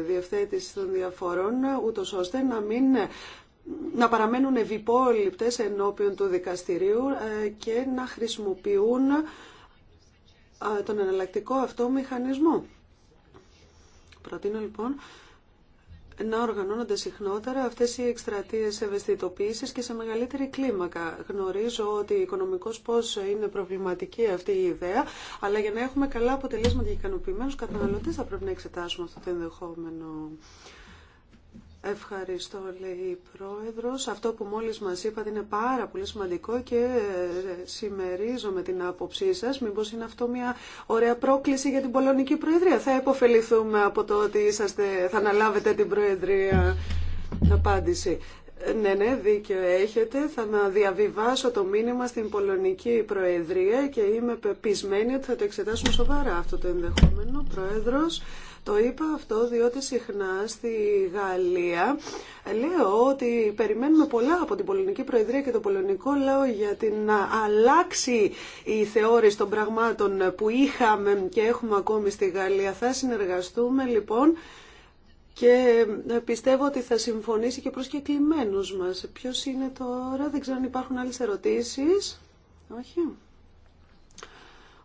S4: διευθέτησης των διαφορών, ούτως ώστε να μην να παραμένουν ευυπόλοιπτες ενώπιον του δικαστηρίου ε, και να χρησιμοποιούν ε, τον εναλλακτικό αυτό μηχανισμό. Προτείνω λοιπόν να οργανώνονται συχνότερα αυτές οι εκστρατείες ευαισθητοποίησης και σε μεγαλύτερη κλίμακα. Γνωρίζω ότι οικονομικός πώς είναι προβληματική αυτή η ιδέα, αλλά για να έχουμε καλά αποτελέσματα και ικανοποιημένους καταναλωτές θα πρέπει να εξετάσουμε αυτό το ενδεχόμενο. Ευχαριστώ, λέει η Πρόεδρος. Αυτό που μόλις μας είπατε είναι πάρα πολύ σημαντικό και ε, με την άποψή σας. Μήπως είναι αυτό μια ωραία πρόκληση για την Πολωνική Προεδρία. Θα υποφεληθούμε από το ότι είσαστε, θα αναλάβετε την Προεδρία. Απάντηση. Ναι, ναι, δίκιο έχετε. Θα να διαβιβάσω το μήνυμα στην Πολωνική Προεδρία και είμαι πεπισμένη ότι θα το εξετάσουμε σοβαρά αυτό το ενδεχόμενο. Πρόεδρος. Το είπα αυτό διότι συχνά στη Γαλλία λέω ότι περιμένουμε πολλά από την Πολωνική Προεδρία και το πολωνικό λαό για να αλλάξει η θεώρηση των πραγμάτων που είχαμε και έχουμε ακόμη στη Γαλλία. Θα συνεργαστούμε λοιπόν και πιστεύω ότι θα συμφωνήσει και προς κεκλημένους μας. Ποιος είναι τώρα, δεν ξέρω αν υπάρχουν άλλες ερωτήσεις. Όχι.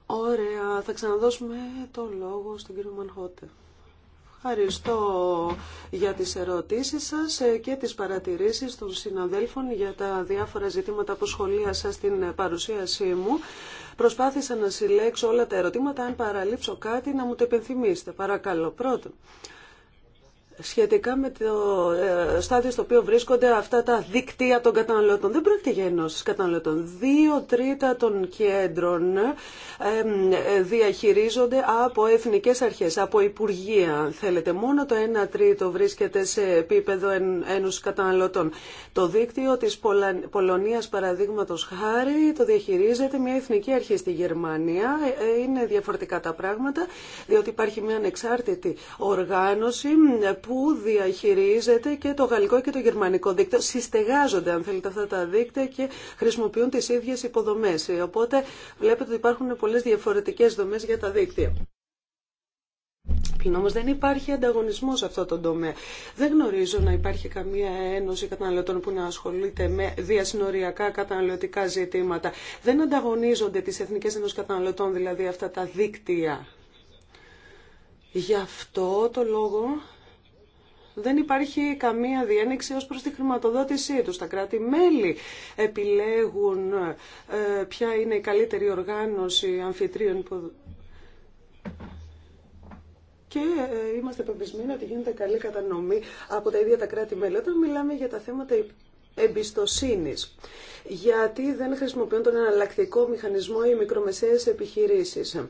S4: Ωραία, θα ξαναδώσουμε το λόγο στον κύριο Μανχώτε. Ευχαριστώ για τις ερωτήσεις σας ε, και τις παρατηρήσεις των συναδέλφων για τα διάφορα ζητήματα που σχολίασα στην παρουσίασή μου. Προσπάθησα να συλλέξω όλα τα ερωτήματα. Αν παραλείψω κάτι, να μου το επενθυμίσετε. Παρακαλώ. Πρώτον, σχετικά με το ε, στάδιο στο οποίο βρίσκονται αυτά τα δικτύα των καταναλωτών. Δεν πρόκειται για ενώσεις καταναλωτών. Δύο τρίτα των κέντρων διαχειρίζονται από εθνικές αρχές, από υπουργεία θέλετε. Μόνο το ένα τρίτο βρίσκεται σε επίπεδο ένωση καταναλωτών. Το δίκτυο της Πολωνία, Παραδείγματο χάρη το διαχειρίζεται μια εθνική αρχή στη Γερμανία. Ε, ε, είναι διαφορετικά τα πράγματα διότι υπάρχει μια ανεξάρτητη οργάνωση που διαχειρίζεται και το γαλλικό και το γερμανικό δίκτυο. Συστεγάζονται, αν θέλετε, αυτά τα δίκτυα και χρησιμοποιούν τι ίδιε υποδομέ. Οπότε βλέπετε ότι υπάρχουν πολλέ διαφορετικέ δομέ για τα δίκτυα. Πλην δεν υπάρχει ανταγωνισμό σε αυτό το τομέα. Δεν γνωρίζω να υπάρχει καμία ένωση καταναλωτών που να ασχολείται με διασυνοριακά καταναλωτικά ζητήματα. Δεν ανταγωνίζονται τι εθνικέ Ένωσε Καταναλωτών, δηλαδή αυτά τα δίκτυα. Γι' αυτό το λόγο δεν υπάρχει καμία διένεξη ως προς τη χρηματοδότησή τους. Τα κράτη-μέλη επιλέγουν ε, ποια είναι η καλύτερη οργάνωση αμφιτρίων και ε, είμαστε πεπισμένοι ότι γίνεται καλή κατανομή από τα ίδια τα κράτη-μέλη. Όταν μιλάμε για τα θέματα εμπιστοσύνη. Γιατί δεν χρησιμοποιούν τον εναλλακτικό μηχανισμό οι μικρομεσαίες επιχειρήσεις.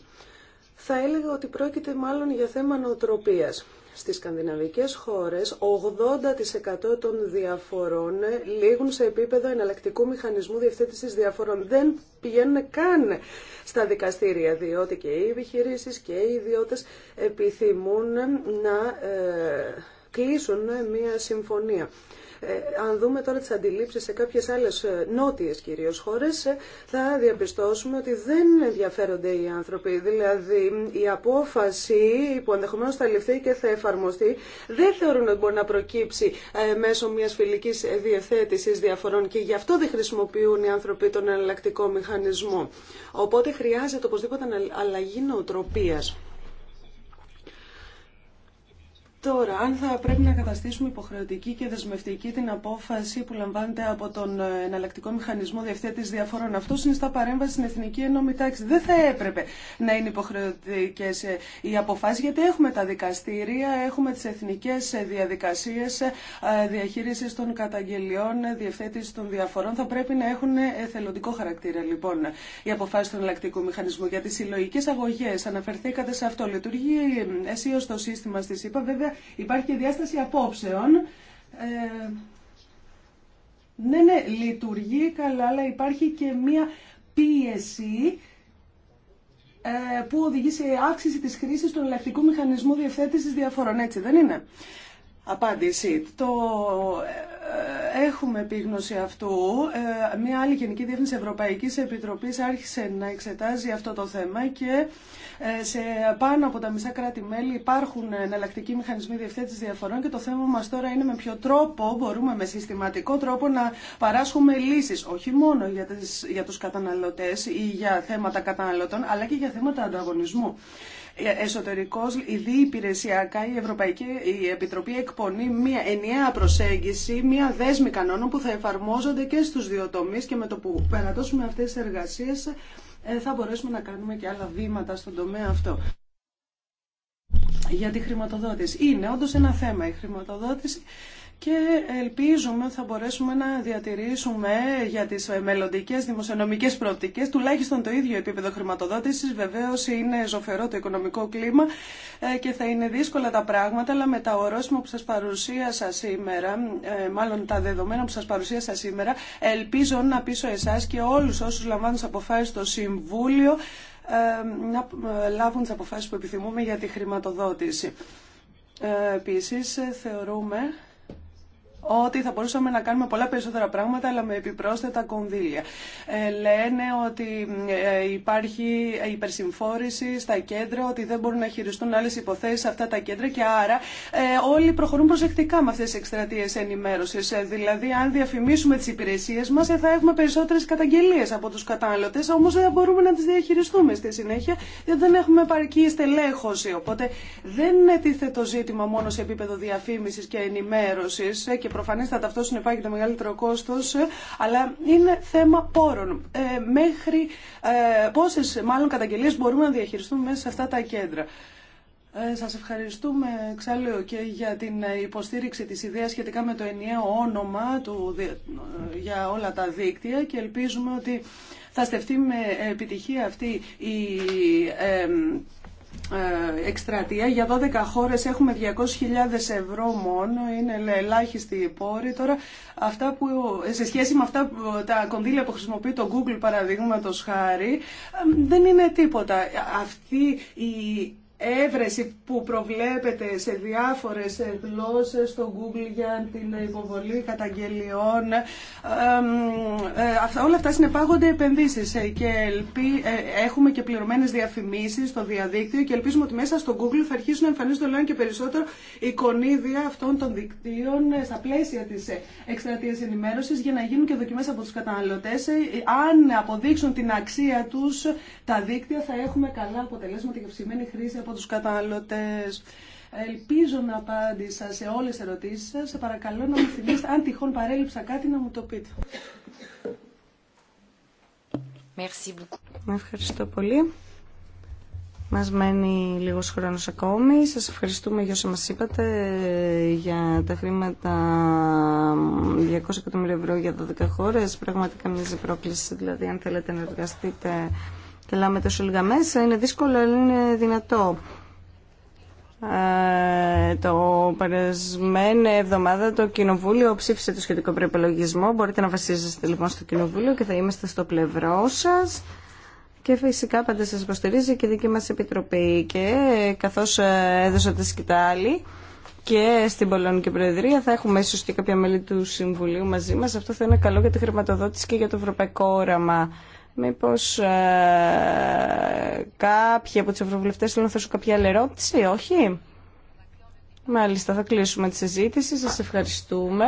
S4: Θα έλεγα ότι πρόκειται μάλλον για θέμα νοοτροπίας. Στις σκανδιναβικές χώρες 80% των διαφορών λήγουν σε επίπεδο εναλλακτικού μηχανισμού διευθέτησης διαφορών. Δεν πηγαίνουν καν στα δικαστήρια, διότι και οι επιχειρήσει και οι ιδιώτες επιθυμούν να ε, κλείσουν μια συμφωνία. Ε, αν δούμε τώρα τις αντιλήψεις σε κάποιες άλλες ε, νότιες κυρίως χώρες, ε, θα διαπιστώσουμε ότι δεν ενδιαφέρονται οι άνθρωποι. Δηλαδή, η απόφαση που ενδεχομένως θα ληφθεί και θα εφαρμοστεί δεν θεωρούν ότι μπορεί να προκύψει μέσω μιας φιλικής διευθέτησης διαφορών και γι' αυτό δεν χρησιμοποιούν οι άνθρωποι τον εναλλακτικό μηχανισμό. Οπότε χρειάζεται οπωσδήποτε αλλαγή νοοτροπίας. Τώρα, αν θα πρέπει να καταστήσουμε υποχρεωτική και δεσμευτική την απόφαση που λαμβάνεται από τον ε, εναλλακτικό μηχανισμό διευθέτηση διαφορών, αυτό είναι στα παρέμβαση στην Εθνική Ενόμη Τάξη. Δεν θα έπρεπε να είναι υποχρεωτικέ ε, οι αποφάσει, γιατί έχουμε τα δικαστήρια, έχουμε τι εθνικέ ε, διαδικασίε διαχείριση των καταγγελιών, διευθέτηση των διαφορών. Θα πρέπει να έχουν εθελοντικό χαρακτήρα, λοιπόν, οι αποφάσει του εναλλακτικού μηχανισμού. Για τι συλλογικέ αγωγέ, αναφερθήκατε σε αυτό. Λειτουργεί ω το σύστημα στη ΣΥΠΑ, βέβαια υπάρχει και διάσταση απόψεων. Ε, ναι, ναι, λειτουργεί καλά, αλλά υπάρχει και μία πίεση ε, που οδηγεί σε αύξηση της χρήσης του ελεκτικού μηχανισμού διευθέτησης διαφορών. Έτσι δεν είναι. Απάντηση. Το ε, ε, έχουμε επίγνωση αυτού. Ε, Μία άλλη Γενική Διεύθυνση Ευρωπαϊκής Επιτροπής άρχισε να εξετάζει αυτό το θέμα και ε, σε πάνω από τα μισά κράτη-μέλη υπάρχουν εναλλακτικοί μηχανισμοί διευθέτησης διαφορών και το θέμα μας τώρα είναι με ποιο τρόπο μπορούμε με συστηματικό τρόπο να παράσχουμε λύσεις, όχι μόνο για, τις, για τους καταναλωτές ή για θέματα καταναλωτών, αλλά και για θέματα ανταγωνισμού η ήδη υπηρεσιακά η Ευρωπαϊκή η Επιτροπή εκπονεί μια ενιαία προσέγγιση, μια δέσμη κανόνων που θα εφαρμόζονται και στους δύο τομείς και με το που περατώσουμε αυτές τις εργασίες ε, θα μπορέσουμε να κάνουμε και άλλα βήματα στον τομέα αυτό. Για τη χρηματοδότηση. Είναι όντω ένα θέμα η χρηματοδότηση και ελπίζουμε ότι θα μπορέσουμε να διατηρήσουμε για τις μελλοντικές δημοσιονομικές προοπτικές τουλάχιστον το ίδιο επίπεδο χρηματοδότησης. Βεβαίως είναι ζωφερό το οικονομικό κλίμα ε, και θα είναι δύσκολα τα πράγματα, αλλά με τα ορόσημα που σας παρουσίασα σήμερα, ε, μάλλον τα δεδομένα που σας παρουσίασα σήμερα, ελπίζω να πείσω εσάς και όλους όσους λαμβάνουν αποφάσεις στο Συμβούλιο ε, να λάβουν τις αποφάσεις που επιθυμούμε για τη χρηματοδότηση. Επίσης, θεωρούμε ότι θα μπορούσαμε να κάνουμε πολλά περισσότερα πράγματα, αλλά με επιπρόσθετα κονδύλια. Ε, λένε ότι ε, υπάρχει υπερσυμφόρηση στα κέντρα, ότι δεν μπορούν να χειριστούν άλλε υποθέσει αυτά τα κέντρα και άρα ε, όλοι προχωρούν προσεκτικά με αυτέ τι εκστρατείε ενημέρωση. δηλαδή, αν διαφημίσουμε τι υπηρεσίε μα, θα έχουμε περισσότερε καταγγελίε από του κατάλληλε, όμω δεν μπορούμε να τι διαχειριστούμε στη συνέχεια, γιατί δεν έχουμε επαρκή στελέχωση. Οπότε δεν είναι το ζήτημα μόνο σε επίπεδο διαφήμιση και ενημέρωση και προφανέστατα αυτό συνεπάγει το μεγαλύτερο κόστο, ε, αλλά είναι θέμα πόρων. Ε, μέχρι ε, πόσες μάλλον καταγγελίες μπορούμε να διαχειριστούμε μέσα σε αυτά τα κέντρα. Ε, σας ευχαριστούμε εξάλλου και για την υποστήριξη της ιδέας σχετικά με το ενιαίο όνομα του, για όλα τα δίκτυα και ελπίζουμε ότι θα στεφτεί με επιτυχία αυτή η ε, εκστρατεία. Για 12 χώρες έχουμε 200.000 ευρώ μόνο, είναι ελάχιστη η πόρη. Τώρα, αυτά που, σε σχέση με αυτά τα κονδύλια που χρησιμοποιεί το Google παραδείγματο χάρη, ε, δεν είναι τίποτα. Αυτή η έβρεση που προβλέπεται σε διάφορες γλώσσες στο Google για την υποβολή καταγγελιών. Ε, όλα αυτά συνεπάγονται επενδύσεις ε, και ελπί, ε, έχουμε και πληρωμένες διαφημίσεις στο διαδίκτυο και ελπίζουμε ότι μέσα στο Google θα αρχίσουν να εμφανίζονται όλο και περισσότερο εικονίδια αυτών των δικτύων στα πλαίσια της εκστρατείας ενημέρωσης για να γίνουν και δοκιμές από τους καταναλωτές. Αν αποδείξουν την αξία τους τα δίκτυα θα έχουμε καλά αποτελέσματα και ψημένη χρήση από τους καταναλωτές. Ελπίζω να απάντησα σε όλες τις ερωτήσεις σας. Σε παρακαλώ να μου θυμίσετε, αν τυχόν παρέλειψα κάτι, να μου το πείτε.
S2: Με
S1: Ευχαριστώ πολύ. Μας μένει λίγος χρόνος ακόμη. Σας ευχαριστούμε για όσα μας είπατε για τα χρήματα 200 εκατομμύρια ευρώ για 12 χώρες. Πραγματικά μοιάζει πρόκληση, δηλαδή αν θέλετε να εργαστείτε Τελάμε τόσο λίγα μέσα. Είναι δύσκολο, αλλά είναι δυνατό. Ε, το περασμένη εβδομάδα το Κοινοβούλιο ψήφισε το σχετικό προπολογισμό. Μπορείτε να βασίζεστε λοιπόν στο Κοινοβούλιο και θα είμαστε στο πλευρό σα. Και φυσικά πάντα σα υποστηρίζει και η δική μα Επιτροπή. Και καθώ ε, έδωσα τη σκητάλη και στην Πολωνική Προεδρία θα έχουμε ίσω και κάποια μέλη του Συμβουλίου μαζί μα. Αυτό θα είναι καλό για τη χρηματοδότηση και για το ευρωπαϊκό όραμα. Μήπως ε, κάποιοι από του ευρωβουλευτές θέλουν να θέσουν κάποια άλλη ερώτηση, όχι. Μάλιστα, θα κλείσουμε τη συζήτηση. Σας ευχαριστούμε.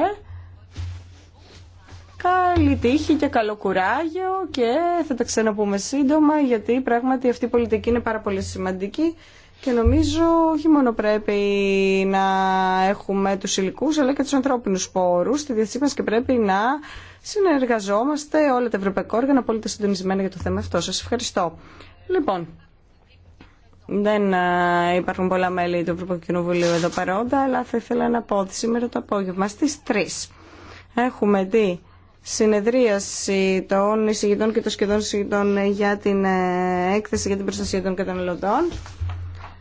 S1: Καλή τύχη και καλό κουράγιο και θα τα ξαναπούμε σύντομα γιατί πράγματι αυτή η πολιτική είναι πάρα πολύ σημαντική και νομίζω όχι μόνο πρέπει να έχουμε τους υλικούς αλλά και τους ανθρώπινους πόρους στη διαθήκη και πρέπει να συνεργαζόμαστε όλα τα ευρωπαϊκά όργανα πολύ συντονισμένα για το θέμα αυτό. Σας ευχαριστώ. Λοιπόν, δεν ε, υπάρχουν πολλά μέλη του Ευρωπαϊκού Κοινοβουλίου εδώ παρόντα, αλλά θα ήθελα να πω ότι σήμερα το απόγευμα στις 3 έχουμε δει συνεδρίαση των εισηγητών και των σχεδόν εισηγητών για την ε, έκθεση για την προστασία των καταναλωτών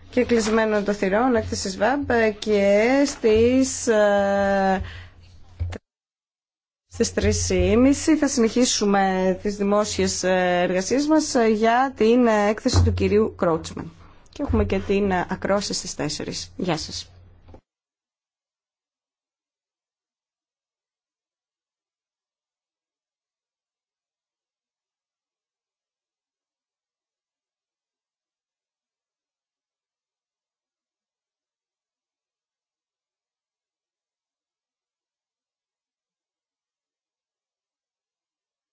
S1: και κλεισμένο το θυρών, έκθεση ΒΑΜΠ ε, και στις στις 3.30 θα συνεχίσουμε τις δημόσιες ε, εργασίες μας ε, για την ε, έκθεση του κυρίου Κρότσμαν. Και έχουμε και την ακρόαση στις
S3: 4. Γεια σας.